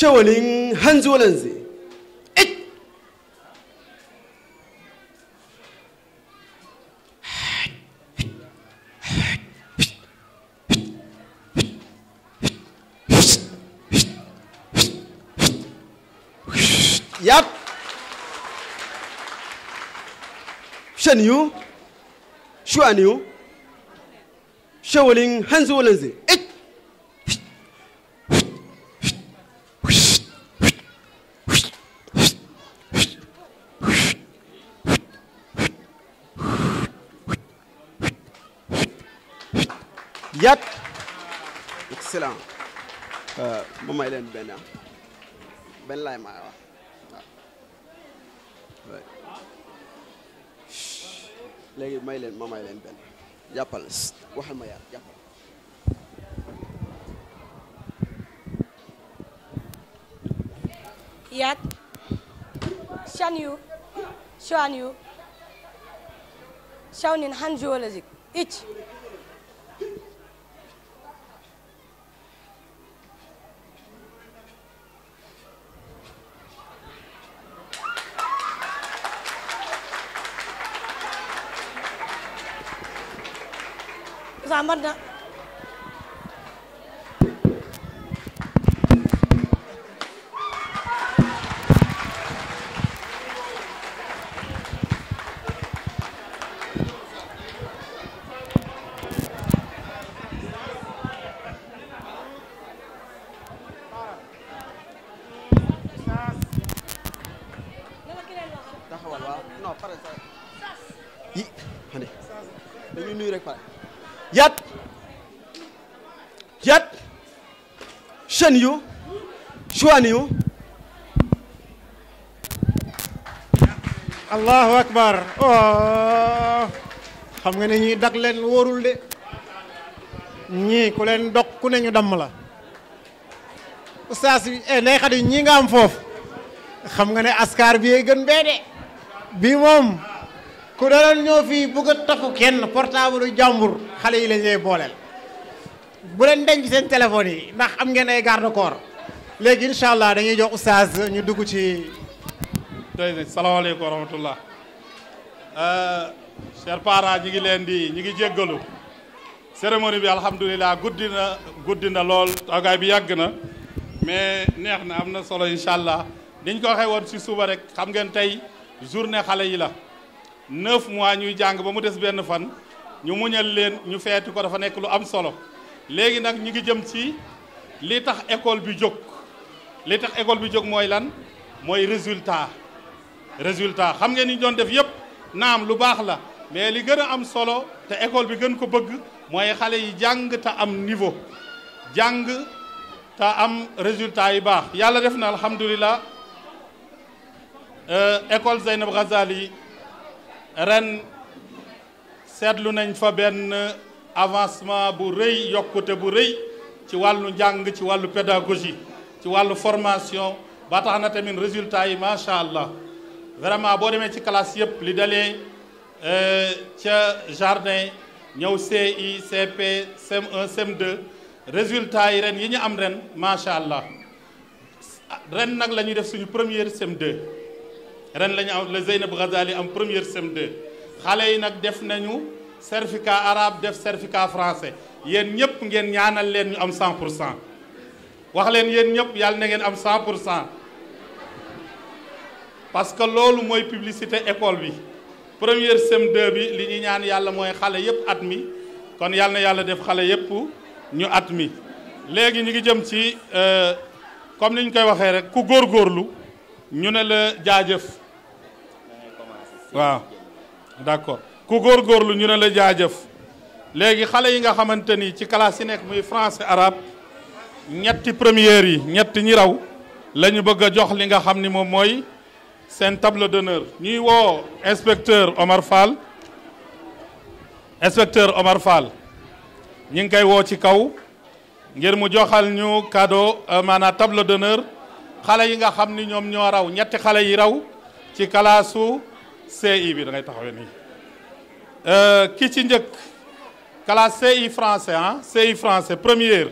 shawalin hanzolanze ik yàpp shaniyu shuaniyu shawalin hanzolanze Diat excellent euh, ma may leen benn benn laay maa wax waaw léegi may leen ma may leen benn jàppal waxal ma yaar jàppal Yaat Shan Yu Shan Yu Shaunin Han Zoologique ich আমার Kichwani allahu akbar oh. xam nga ne ñii dag leen wóorul de ñii ku leen dog ku ne ñu damm la ustaas bi eh ndey xadi ñii nga am foofu xam nga ne askar bi gën bee de bii moom ku daloon ñoo fii bëgg a kenn portable jàmbur xale yi lañ booleel bu leen denc seen téléphone yi ndax am ngeen ay garde léegi incha allah dañuy jox oustaz ñu dugg ci. jërëjëf salaamaaleykum wa rahmatullah. Euh, chers parents ñi ngi leen di ñi ngi jéggalu. cérémonie bi alhamdulilah guddi na guddi na lool toogaay bi yàgg na. mais neex na am na solo incha allah niñ ko waxee woon si suba rek xam ngeen tey journée xale yi la. neuf mois ñuy jàng ba mu des benn fan ñu muñal leen ñu feeti ko dafa nekk lu am solo léegi nag ñu ngi jëm ci li tax école bi jóg li tax école bi jóg mooy lan mooy résultat résultat xam ngeen ni doon def yëpp naam lu baax la mais li gën a am solo te école bi gën ko bëgg mooy xale yi jàng te am niveau jàng te am résultat yu baax yàlla def na alhamdulilah euh, école Zeynab Ghazali ren seetlu nañ fa benn avancement bu rëy yokkute bu rëy ci wàllu jàng ci wàllu pédagogie ci wàllu formation ba tax na tamit résultat yi macha allah vraiment boo demee ci classe yëpp li dalee euh, ca jardin ñëw CI CP CM1 résultat yi ren yi ñu am ren macha allah ren nag la ñuy def suñu première sem de ren la ñu am le Zeynab Ghazali am première CM2 xale yi nag def nañu certificat arabe def certificat français yéen ñëpp ngeen ñaanal leen ñu am 100 pour cent wax leen yéen ñëpp yàlla na ngeen am 100 pour cent parce que loolu mooy publicité école bi première CM2 bi li ñu ñaan yàlla mooy xale yëpp at mi kon yàlla na yàlla def xale yëpp ñu at mi. léegi ñu ngi jëm ci euh, comme ni ñu koy waxee rek ku góor góorlu ñu ne la jaajëf waaw d'accord ku góor góorlu ñu ne la jaajëf léegi xale yi nga xamante ni ci classe yi nekk muy français arabe. ñetti première yi ñetti ñi raw la ñu bëgg a jox li nga xam ni moom mooy seen table d'honneur ñuy woo inspecteur Omar Fall inspecteur Omar Fall ñi ngi koy woo ci kaw ngir mu joxal ñu cadeau euh, maanaam table d'honneur xale yi nga xam ni ñoom ñoo raw ñetti xale yi raw ci kalaasu CI bi da ngay taxawee nii euh, ki ci njëkk classe CI français ah CI français première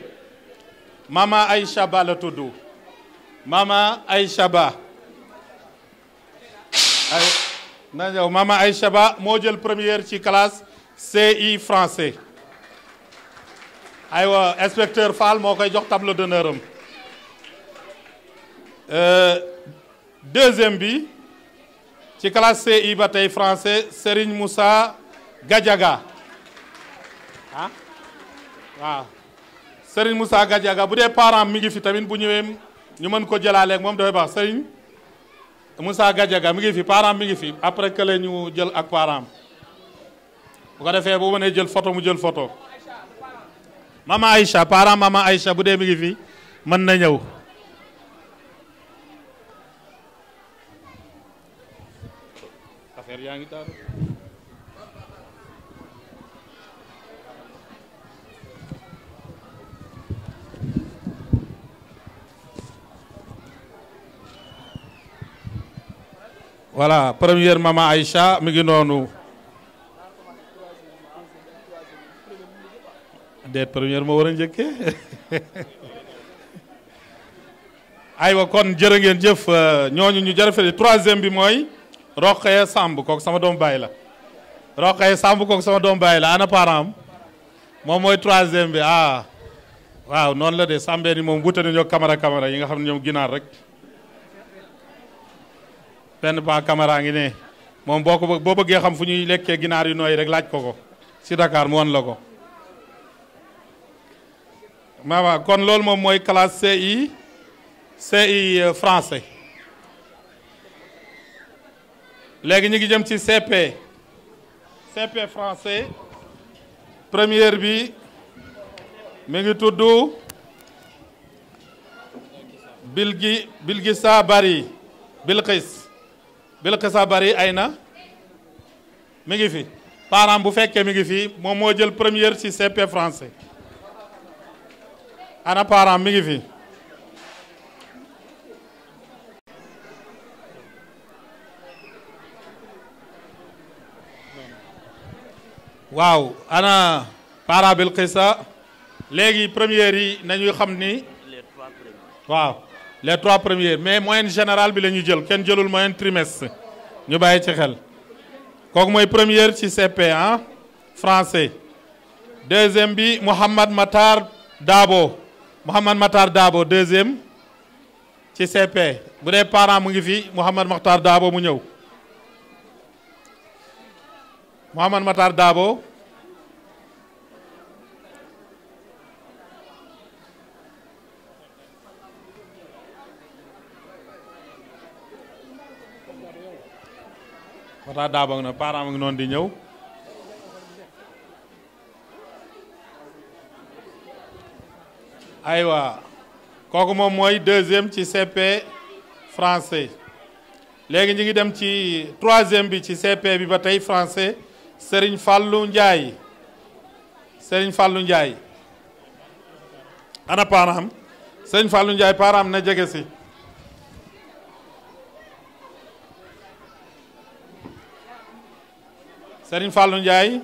mama ay Ba la tudd mama Aïcha Ba ay na ñëw mama ay Ba moo jël première ci classe CI français aywa inspecteur Fall moo koy jox tableau d'honneur am euh, deuxième bi ci classe CI ba tey français Serigne Moussa Gadiaga ah waaw Serigne Moussa Gadiaga bu dee parent mi ngi fi tamit bu ñëwee ñu mën ko jëlaaleeg moom dafay baax Serigne Moussa Gadiaga mi ngi fi parent mi ngi fi après kële la ñu jël ak parent bu ko defee bu mënee jël photo mu jël photo mama Aïcha parent mama Aïcha bu dee mi ngi fi mën na ñëw. affaire yaa ngi voilà première maman Aïcha mi ngi noonu déet première moo war a njëkkee aywa kon jërë ngeen jëf euh, ñooñu ñu jërëfee troisième bi mooy Roqaya Samb kooku sama doom baay la Roqaya Samb kook sama doom baay la ana parent moom mooy troisième bi ah waaw noonu la de Sambeen yi moom wute nañoo kamara kamara yi nga xam ne ñoom ginaar rek. benn ba caméra ngi ne moom boo ko boo bëggee xam fu ñuy lekkee ginaar yu nooy rek laaj ko ko si Dakar mu won la ko maawaa kon loolu moom mooy classe CI CI euh, français léegi ñu ngi jëm ci CP CP français première bi mi ngi tudd Bilgi Bilgisa Bari Bilqis bil xisabari ay na mi ngi fi parent bu fekkee mi ngi fi moom moo jël première ci CP français ana parent mi ngi fi waaw ana parent bil xisa léegi première yi nañuy xam ni waaw les trois premiers mais moyenne générale bi la ñu jël kenn jëlul moyenne trimestre ñu bàyyi ci xel kook mooy première ci CP1 ah, français deuxième bi Mouhamad Matar Dabo Mouhamad Matar daabo deuxième ci CP bu dee parent mu ngi fi Mouhamad Matar daabo mu ñëw Mouhamad Matar daabo tata daaba na noonu parent ma ngi noonu di ñëw aywa kooku moom mooy deuxième ci CP français léegi ñu ngi dem ci troisième bi ci CP bi ba tey français Serigne Fallou Ndiaye Serigne fallu njaay ana parent am Serigne Fallou Ndiaye parent am na jege si Serigne Fallou Ndiaye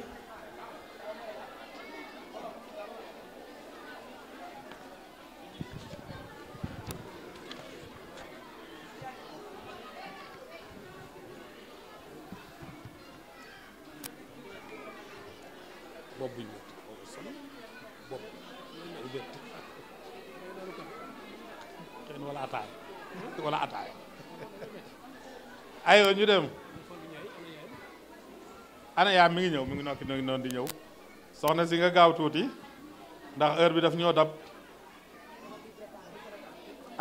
wala ataay wala ataay aywa ñu dem ana yaa mi ngi ñëw mu ngi nokki noonu di ñëw soxna si nga gaaw tuuti ndax heure bi dafa ñoo dab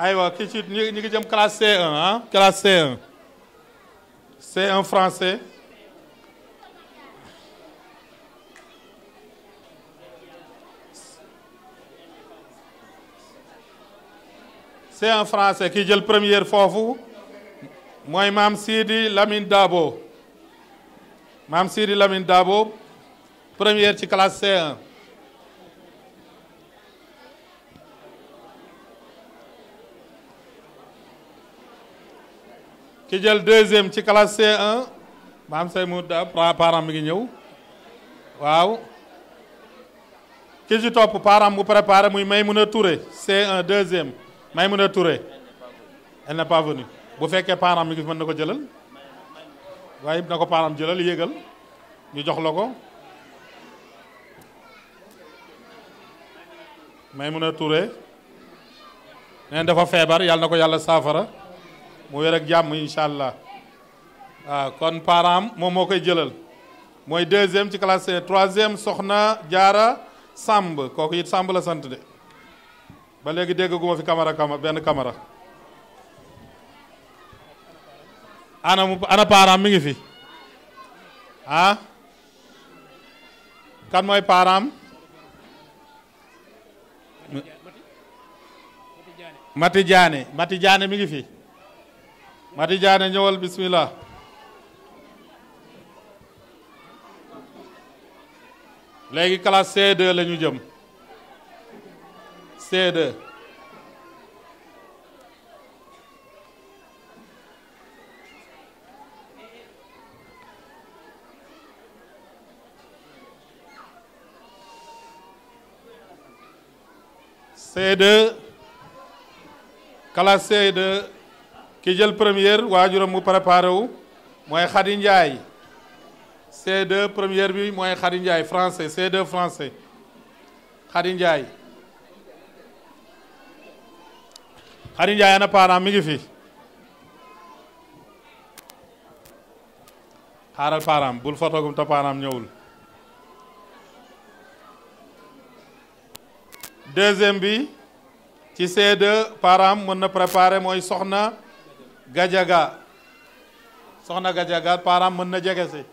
aywa ki ci ñu ngi jëm classe C1 ah classe C1 français c ki jël première foofu mooy maam Sidi Lamine daabo maam Sidi Lamine Dabo première ci classe ci 1 ki jël deuxième ci classe C1 maam Seymou Dabo parent mi ngi ñëw waaw ki ci topp parent bu préparé muy Maymouna Touré C1 deuxième Maymouna Touré elle n'est pas venue bu fekkee parent mi ngi mën na ko jëlal waaye na ko paanam jëlal yéegal ñu jox la ko Maymuna Touré neen dafa feebar yàlla na ko yàlla saafara mu wér ak jàmm incha allah waaw ah, kon param moom moo koy jëlal mooy deuxième ci classe troisième soxna jaara Samb kooku it Samb la sant de ba léegi dégg guma fi kamara kama benn kamara ana mu ana parent mi ngi fi ah kan mooy parent Mati Diané Mati jaane mi ngi fi Mati jaane ñëwal bismillah léegi classe c lañu jëm c ce de classe CE2 ki jël première waajuram mu préparé wu mooy Khady Ndiaye CE2 première bi mooy Khady Ndiaye français CE2 français Khady Ndiaye Khady Ndiaye ana parent mi ngi fi xaaral parent bul fotogum te parent ñëwul deuxième bi ci C2 parent mën na préparer mooy soxna Gajaga soxna Gajaga parent mën na jege si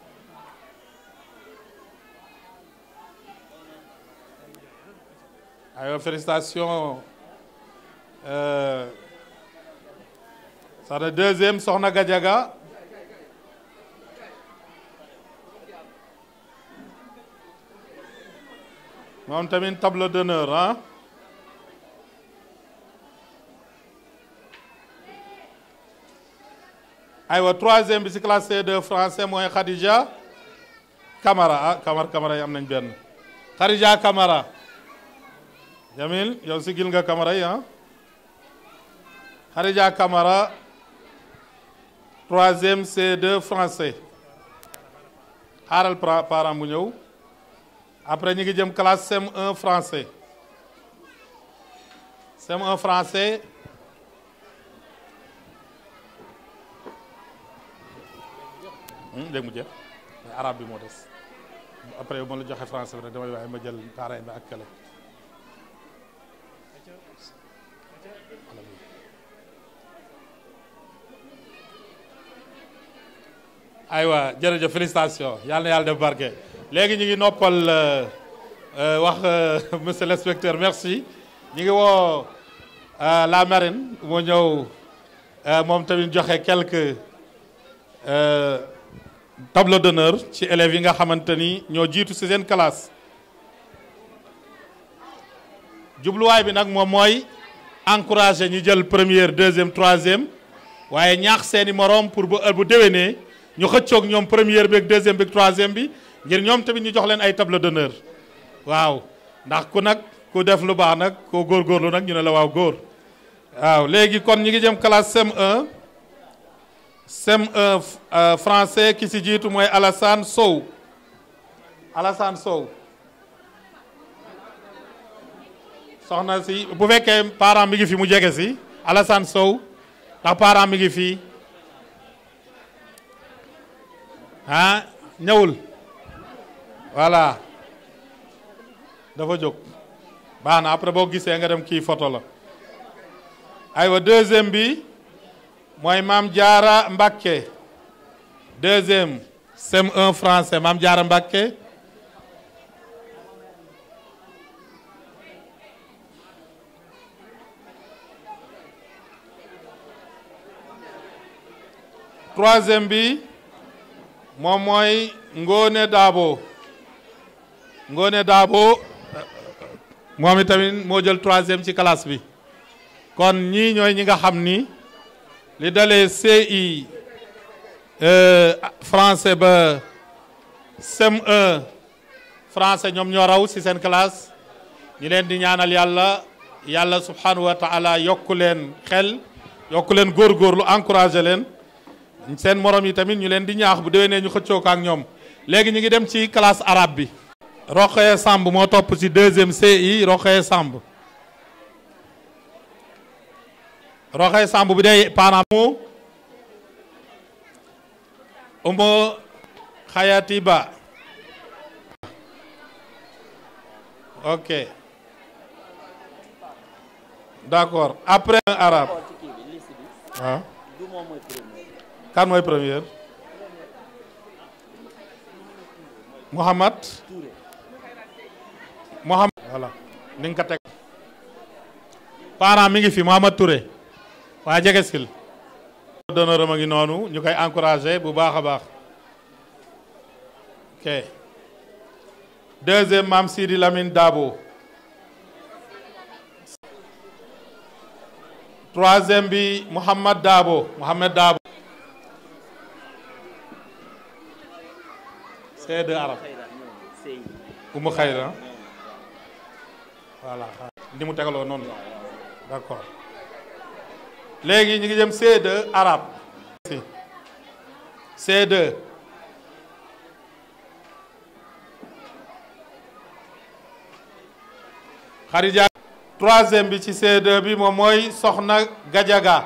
aywa euh, deuxième soxna Gajaga moom tamit table d'honneur ah aywa troisième bi ci classe c de français mooy Khadija Camara ah Camara Camara yi am nañ benn Khadija kamara Jamil yow ci gil nga Camara yi ah Khadija Camara troisième C2 français xaaral parent bu ñëw après ñu ngi jëm classe CM1 français CM1 français léegi hmm, mu jeex arabe bi moo des après bu ma la joxe français bi rek damay ma jël parrain bi ak kale aywa jërëjëf félicitation yàlla na yàlla def barke léegi ñu ngi noppal euh, euh, wax euh, monsieur l'inspecteur merci ñu ngi woo la marine moo ñëw moom tamit joxe quelques tableau d'honneur ci élèves yi nga xamante ni ñoo jiitu ci seen kalaas jubluwaay bi nag moom mooy encourager ñu jël première deuxième troisième waaye ñaax seeni moroom pour bu bu déwénee ñu xëccoog ñoom première beeg deuxième beeg troisième bi ngir ñoom tamit ñu jox leen ay table d'honneur waaw ndax ku nag ku def lu baax nag koo góorgóorlu nag ñu ne la waaw góor waaw léegi kon ñu ngi jëm classe sem 1 CM1 euh, français ki si jiitu mooy Alassane Sow Alassane Sow soxna si bu fekkee parent mi ngi fi mu jege si Alassane Sow ndax parent mi ngi fii ah ñëwul voilà dafa jóg baax na après boo gisee nga dem kii photo la aywa deuxième bi mooy maam jaara Mbakke deuxième sem un français maam jaara Mbakke troisième bi moom mooy Ngone Dabo Ngoone Daabo moom itamit moo jël troisième ci classe bi kon ñii ñooy ñi nga xam ni li dalee CI euh, français ba CM1 français ñoom ñoo raw ci seen classe ñu leen di ñaanal yàlla yàlla subhanahu wa taala yokku leen xel yokku leen góor góor lu encouragé leen seen morom yi tamit ñu leen di ñaax bu nee ñu xëccoo ko ak ñoom léegi ñu ngi dem ci classe arabe bi Rokhaya Samb moo topp ci deuxième CI Rokhaya Samb Rokhaya Samb bu dee Panamu Umo Hayati Ba ok d'accord après arabe waaw kan mooy première Mouhamad la ni nga ko teg parent mi ngi fi Mohamed Touré waa jegesil donneur ma ngi noonu ñu koy encouragé bu baax a baax ok deuxième maam Sidi Lamine Dabo troisième bi Mouhamad daabo Mouhamad Dabo c'est de arab voilà li mu tegaloo noonu la d'accord léegi ñu ngi jëm C2 arabe. C2. troisième bi ci c bi moom mooy Soxna Gajaga.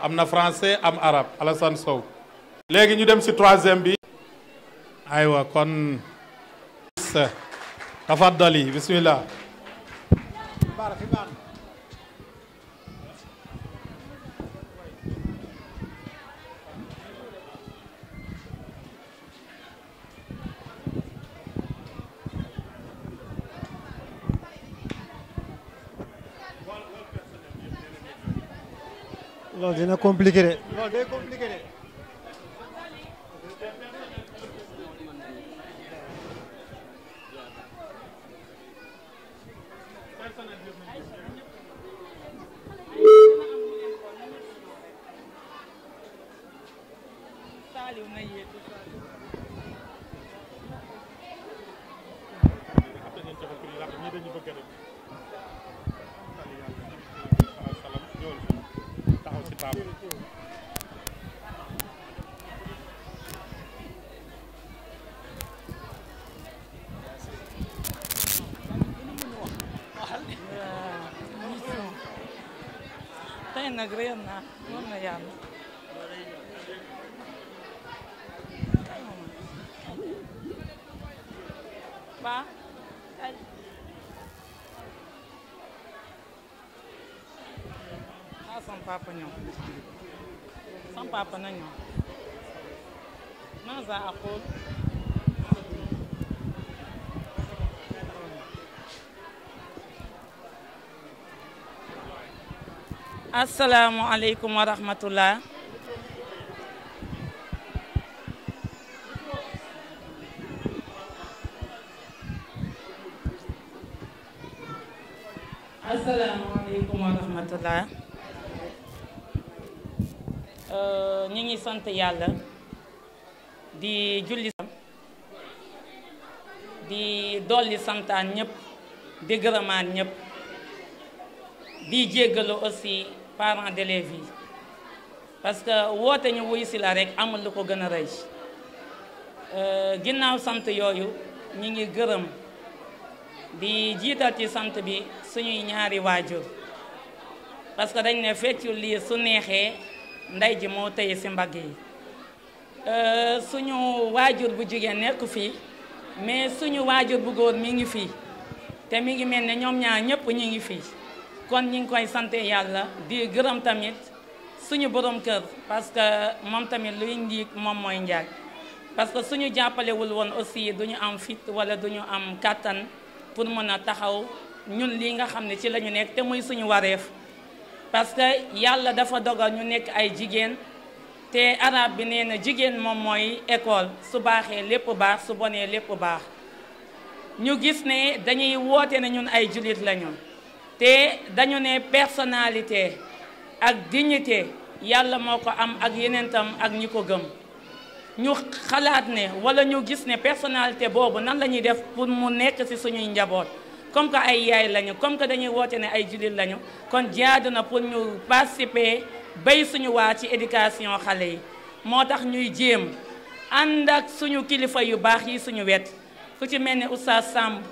am na français am arabe Alassane Sow. léegi ñu dem ci troisième bi aywa kon tafaddali bismillah table. Та й на гривна, ну наявно. Ба? sama papa ñëw na ñëw ماذا أقول asalaamualeykum wa rahmatullah asalaamualeykum Euh, ñi ngi sant yàlla di julli di dolli santaan ñëpp di gërëmaan ñëpp di jéggalu aussi parents d'élèves yi parce que woote ñu wuy si la rek amul lu ko gën a rëy euh, ginnaaw sant yooyu ñi ngi gërëm di jiital ci sant bi suñuy ñaari waajur parce dañ ne feccu lii su neexee ndey ji moo tëye si mbagg yi euh, suñu waajur bu jigéen nekku fii mais suñu waajur bu góor mi ngi fii te mi ngi mel ne ñoom ñaar ñëpp ñu ngi fii kon ñu ngi koy sante yàlla di gërëm tamit suñu borom kër parce que moom tamit luy ndiig moom mooy njaag parce que suñu jàppalewul woon aussi duñu am fit wala duñu am kàttan pour mën a taxaw ñun lii nga xam ne ci la ñu nekk te muy suñu wareef parce que yàlla dafa dogal ñu nekk ay jigéen te arab bi nee na jigéen moom mooy école su baaxee lépp baax su bonee lépp baax ñu gis ne dañuy woote ne ñun ay jullit lañu te dañu ne personnalité ak dignité yàlla moo ko am ak yeneentam ak ñi ko gëm ñu xalaat ne wala ñu gis ne personnalité boobu nan la ñuy def pour mu nekk ci suñuy njaboot comme que ay yaay lañu comme que dañuy woote ne ay jullit lañu kon jaadu na pour ñu participer bay suñu waa ci éducation xale yi moo tax ñuy jéem ànd ak suñu kilifa yu baax yi suñu wet ku ci mel ni Oustaz Samb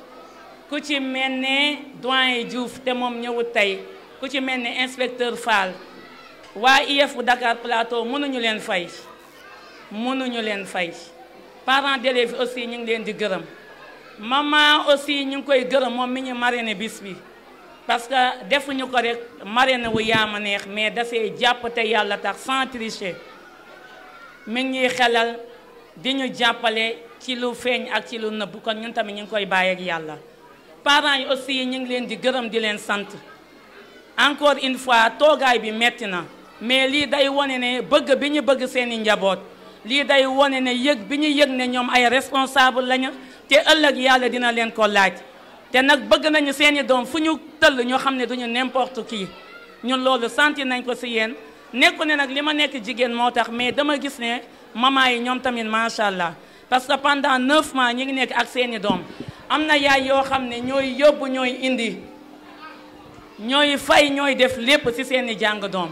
ku ci mel ne doyen Diouf te moom ñëwut tey ku ci mel ni inspecteur Fall waa IEF bu Dakar Plateau mënuñu leen fay mënuñu leen fay parents d'élèves aussi ñu ngi leen di gërëm maman aussi ñu ngi koy gërëm moom mi ñu marraine bis bi parce que defuñu ko rek marraine wu yaama neex mais dasee jàpp te yàlla tax sans tricher mi ngi ñuy xelal di ñu jàppale ci lu feeñ ak ci lu nëbb kon ñun tamit ñu ngi koy bàyyi ak yàlla. parent yi aussi ñu ngi leen di gërëm di leen sant encore une fois toogaay bi metti na mais lii day wane ne bëgg bi ñu bëgg seeni njaboot lii day wane ne yëg bi ñu yëg ne ñoom ay responsable lañu. te ëllëg yàlla dina leen ko laaj te nag bëgg nañu seeni doom fu ñu tëll ñoo xam ne duñu n'importe qui ñun loolu sentir nañ ko si yéen nekku ne nag li ma nekk jigéen moo tax mais dama gis ne maman yi ñoom tamit macha allah parce que pendant neuf mois ñu ngi nekk ak seeni doom am na yaay yoo xam ne ñooy yóbbu ñooy indi ñooy fay ñooy def lépp si seeni jàng doom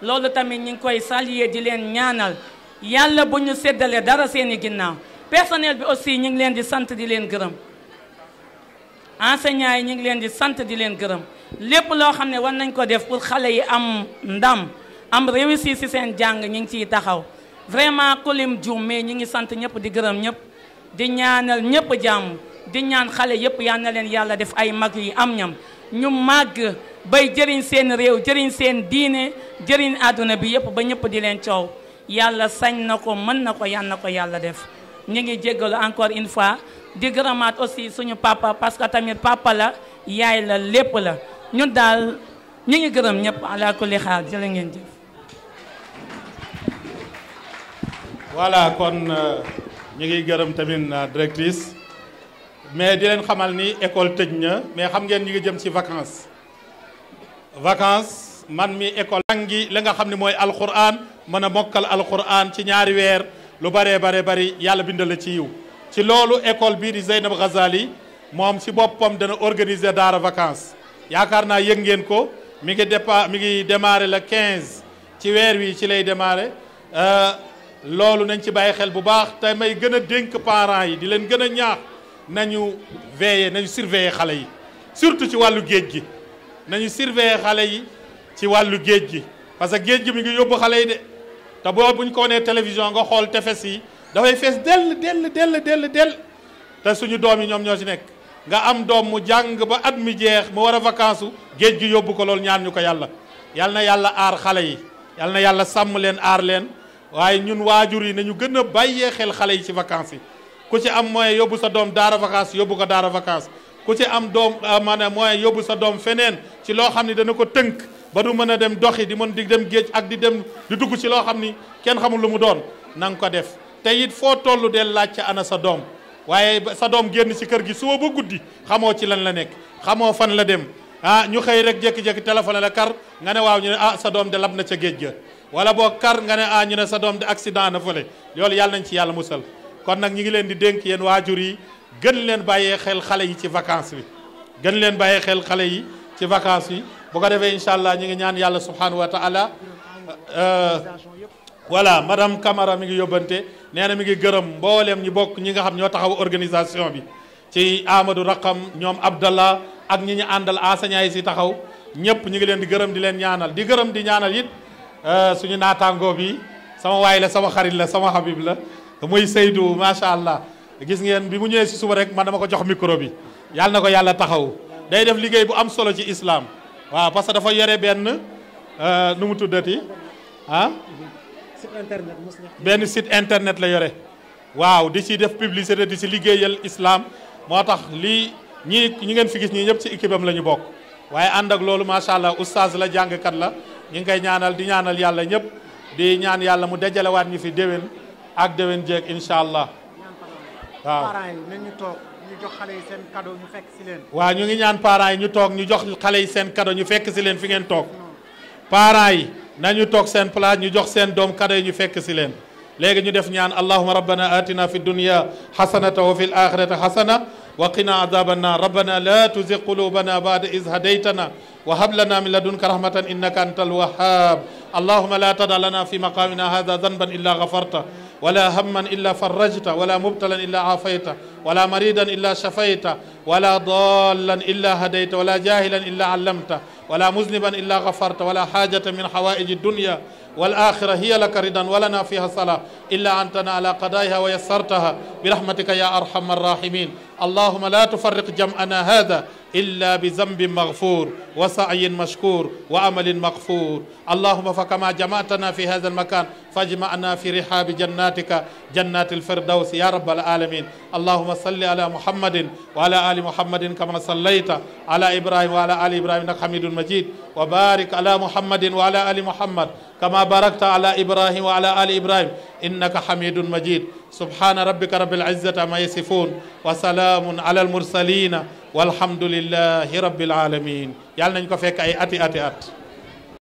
loolu tamit ñu ngi koy saluer di leen ñaanal yàlla bu ñu séddale dara seeni ginnaaw personnel bi aussi ñu ngi leen di sant di leen gërëm enseignants yi ñu ngi leen di sant di leen gërëm lépp loo xam ne war nañ ko def pour xale yi am ndam am réussir si seen jàng ñu ngi ciy taxaw vraiment kulim juum mais ñu ngi sant ñëpp di gërëm ñëpp di ñaanal ñëpp jàmm di ñaan xale yëpp yal na leen yàlla def ay mag yi am ñam ñu màgg bay jëriñ seen réew jëriñ seen diine jëriñ àdduna bi yëpp ba ñëpp di leen coow yàlla sañ na ko mën na ko yal na ko yàlla def ñu ngi jéggalu encore une fois di gërëmaat aussi suñu papa parce que tamit papa yaay la lépp la ñun daal ñu ngi gërëm ñëpp ala kulli xaal jërë ngeen jëf. voilà kon euh, ñu ngi gërëm tamit euh, directrice mais di leen xamal ni école tëj na mais xam ngeen ñu ngi jëm ci vacances vacance man mi école. jàngi la nga xam ne mooy alquran mën a mokkal alquran ci ñaari weer. lu baree bare bari yàlla bind la ci yiw ci loolu école bii di Zeynab Ghazali moom ci boppam dana organiser daara vacances yaakaar naa yëg ngeen ko mi ngi dépa mi ngi démarrer la 15 ci weer wi ci lay démarrer euh, loolu nañ ci bàyyi xel bu baax te may gën a dénk parents yi di leen gën a ñaax nañu veiller nañu surveiller xale yi surtout ci wàllu géej gi nañu surveiller xale yi ci wàllu géej gi parce que géej gi mi ngi yóbbu xale yi de. te boo buñ ko nee télévision nga xool tefes yi dafay fees dell dell dell dell dell te suñu doom yi ñoom ñoo ci nekk nga am doom mu jàng ba at mi jeex mu war a vacance géej gi yóbbu ko loolu ñaar ñu ko yàlla yal na yàlla aar xale yi yal na yàlla sàmm leen aar leen waaye ñun waajur yi ñu gën a bàyyee xel xale yi ci vacance yi ku ci am moyen yóbbu sa doom daara vacance yóbbu ko daara vacance ku ci am doom euh, maanaam moyen yóbbu sa doom feneen ci loo xam ne dana ko tënk ba du mën a dem doxi di mën di dem géej ak di dem di dugg ci loo xam ni kenn xamul lu mu doon na nga ko def te it foo toll del laaj ca ana sa doom waaye sa doom génn ci kër gi suba ba guddi xamoo ci lan la nekk xamoo fan la dem ah ñu xëy rek jékki-jékki téléphone la kar nga ne waaw ñu ne ah sa doom de lab na ca géej ga wala boo kar nga ne ah ñu ne sa doom de accident na fële loolu yàlla nañ ci yàlla musal kon nag ñi ngi leen di dénk yéen waajur yi gën leen bàyyee xel xale yi ci vacances bi gën leen bàyyee xel xale yi ci vacances yi bu ko defee incha allah ñu ngi ñaan yàlla subhanahu wa taala euh, voilà madame Camara mi ngi yóbbante nee mi ngi gërëm mboolem ñi bokk ñi nga xam ñoo taxaw organisation bi ci Amadou Rakam ñoom Abdallah ak ñi ñu àndal enseignants yi si taxaw ñëpp ñu ngi leen di gërëm di leen ñaanal di gërëm di ñaanal it euh, suñu naataangoo bi sama waay la sama xarit la sama habib la muy Seydou macha allah gis ngeen bi mu ñëwee si suba rek man dama ko jox micro bi yàlla na ko yàlla taxaw bu am solo ci islam. waaw parce que dafa yore benn euh, nu mu tuddati ah. site internet benn site internet la yore. waaw di ci def publicité di ci liggéeyal islaam moo tax lii ñii ñi ngeen fi gis ñii ñëpp ci équipe am la ñu bokk. waaye ànd ak loolu macha allah oustaz la jàngkat la ñu ngi koy ñaanal di ñaanal yàlla ñëpp di ñaan yàlla mu dajalewaat ñu fi déwén ak déwén jéeg incha allah waaw. jox xale yi seen cadeau ñu fekk si leen. waaw ñu ngi ñaan parents ñu toog ñu jox xale yi seen cadeau ñu fekk si leen fi ngeen toog parents yi ñu toog seen place ñu jox seen doom cadeau yi ñu fekk si leen. léegi ñu def ñaan allahuma rabbana atina fi dunya xasanata wa fi laxirati xasana wa qina adaba annar rabbana la tuzig qulubana bada is hadaytana wa hab lana min ladunka rahmatan innaka anta alwahab allahuma la tada lana fi maqamina hada danban illa gafarta ولا هما إلا فرجت ولا مبتلا إلا عافيت ولا مريدا إلا شفيت ولا ضالا إلا هديت ولا جاهلا إلا علمت ولا مذنبا إلا غفرت ولا حاجة من حوائج الدنيا والآخرة هي لك رضا ولنا فيها صلاة إلا أنتنا على قضائها ويسرتها برحمتك يا أرحم الراحمين اللهم لا تفرق جمعنا هذا إلا بذنب مغفور وسعي مشكور وأمل مغفور اللهم فكما جمعتنا في هذا المكان فاجمعنا في رحاب جناتك جنات الفردوس يا رب العالمين اللهم صل على محمد وعلى آل محمد كما صليت على إبراهيم وعلى آل إبراهيم إنك حميد المجيد وبارك على محمد وعلى آل محمد كما باركت على إبراهيم وعلى آل إبراهيم إنك حميد مجيد سبحان ربك رب العزة عما يصفون وسلام على المرسلين والحمد لله رب العالمين yàlla nañ ko fekk ay ati ati at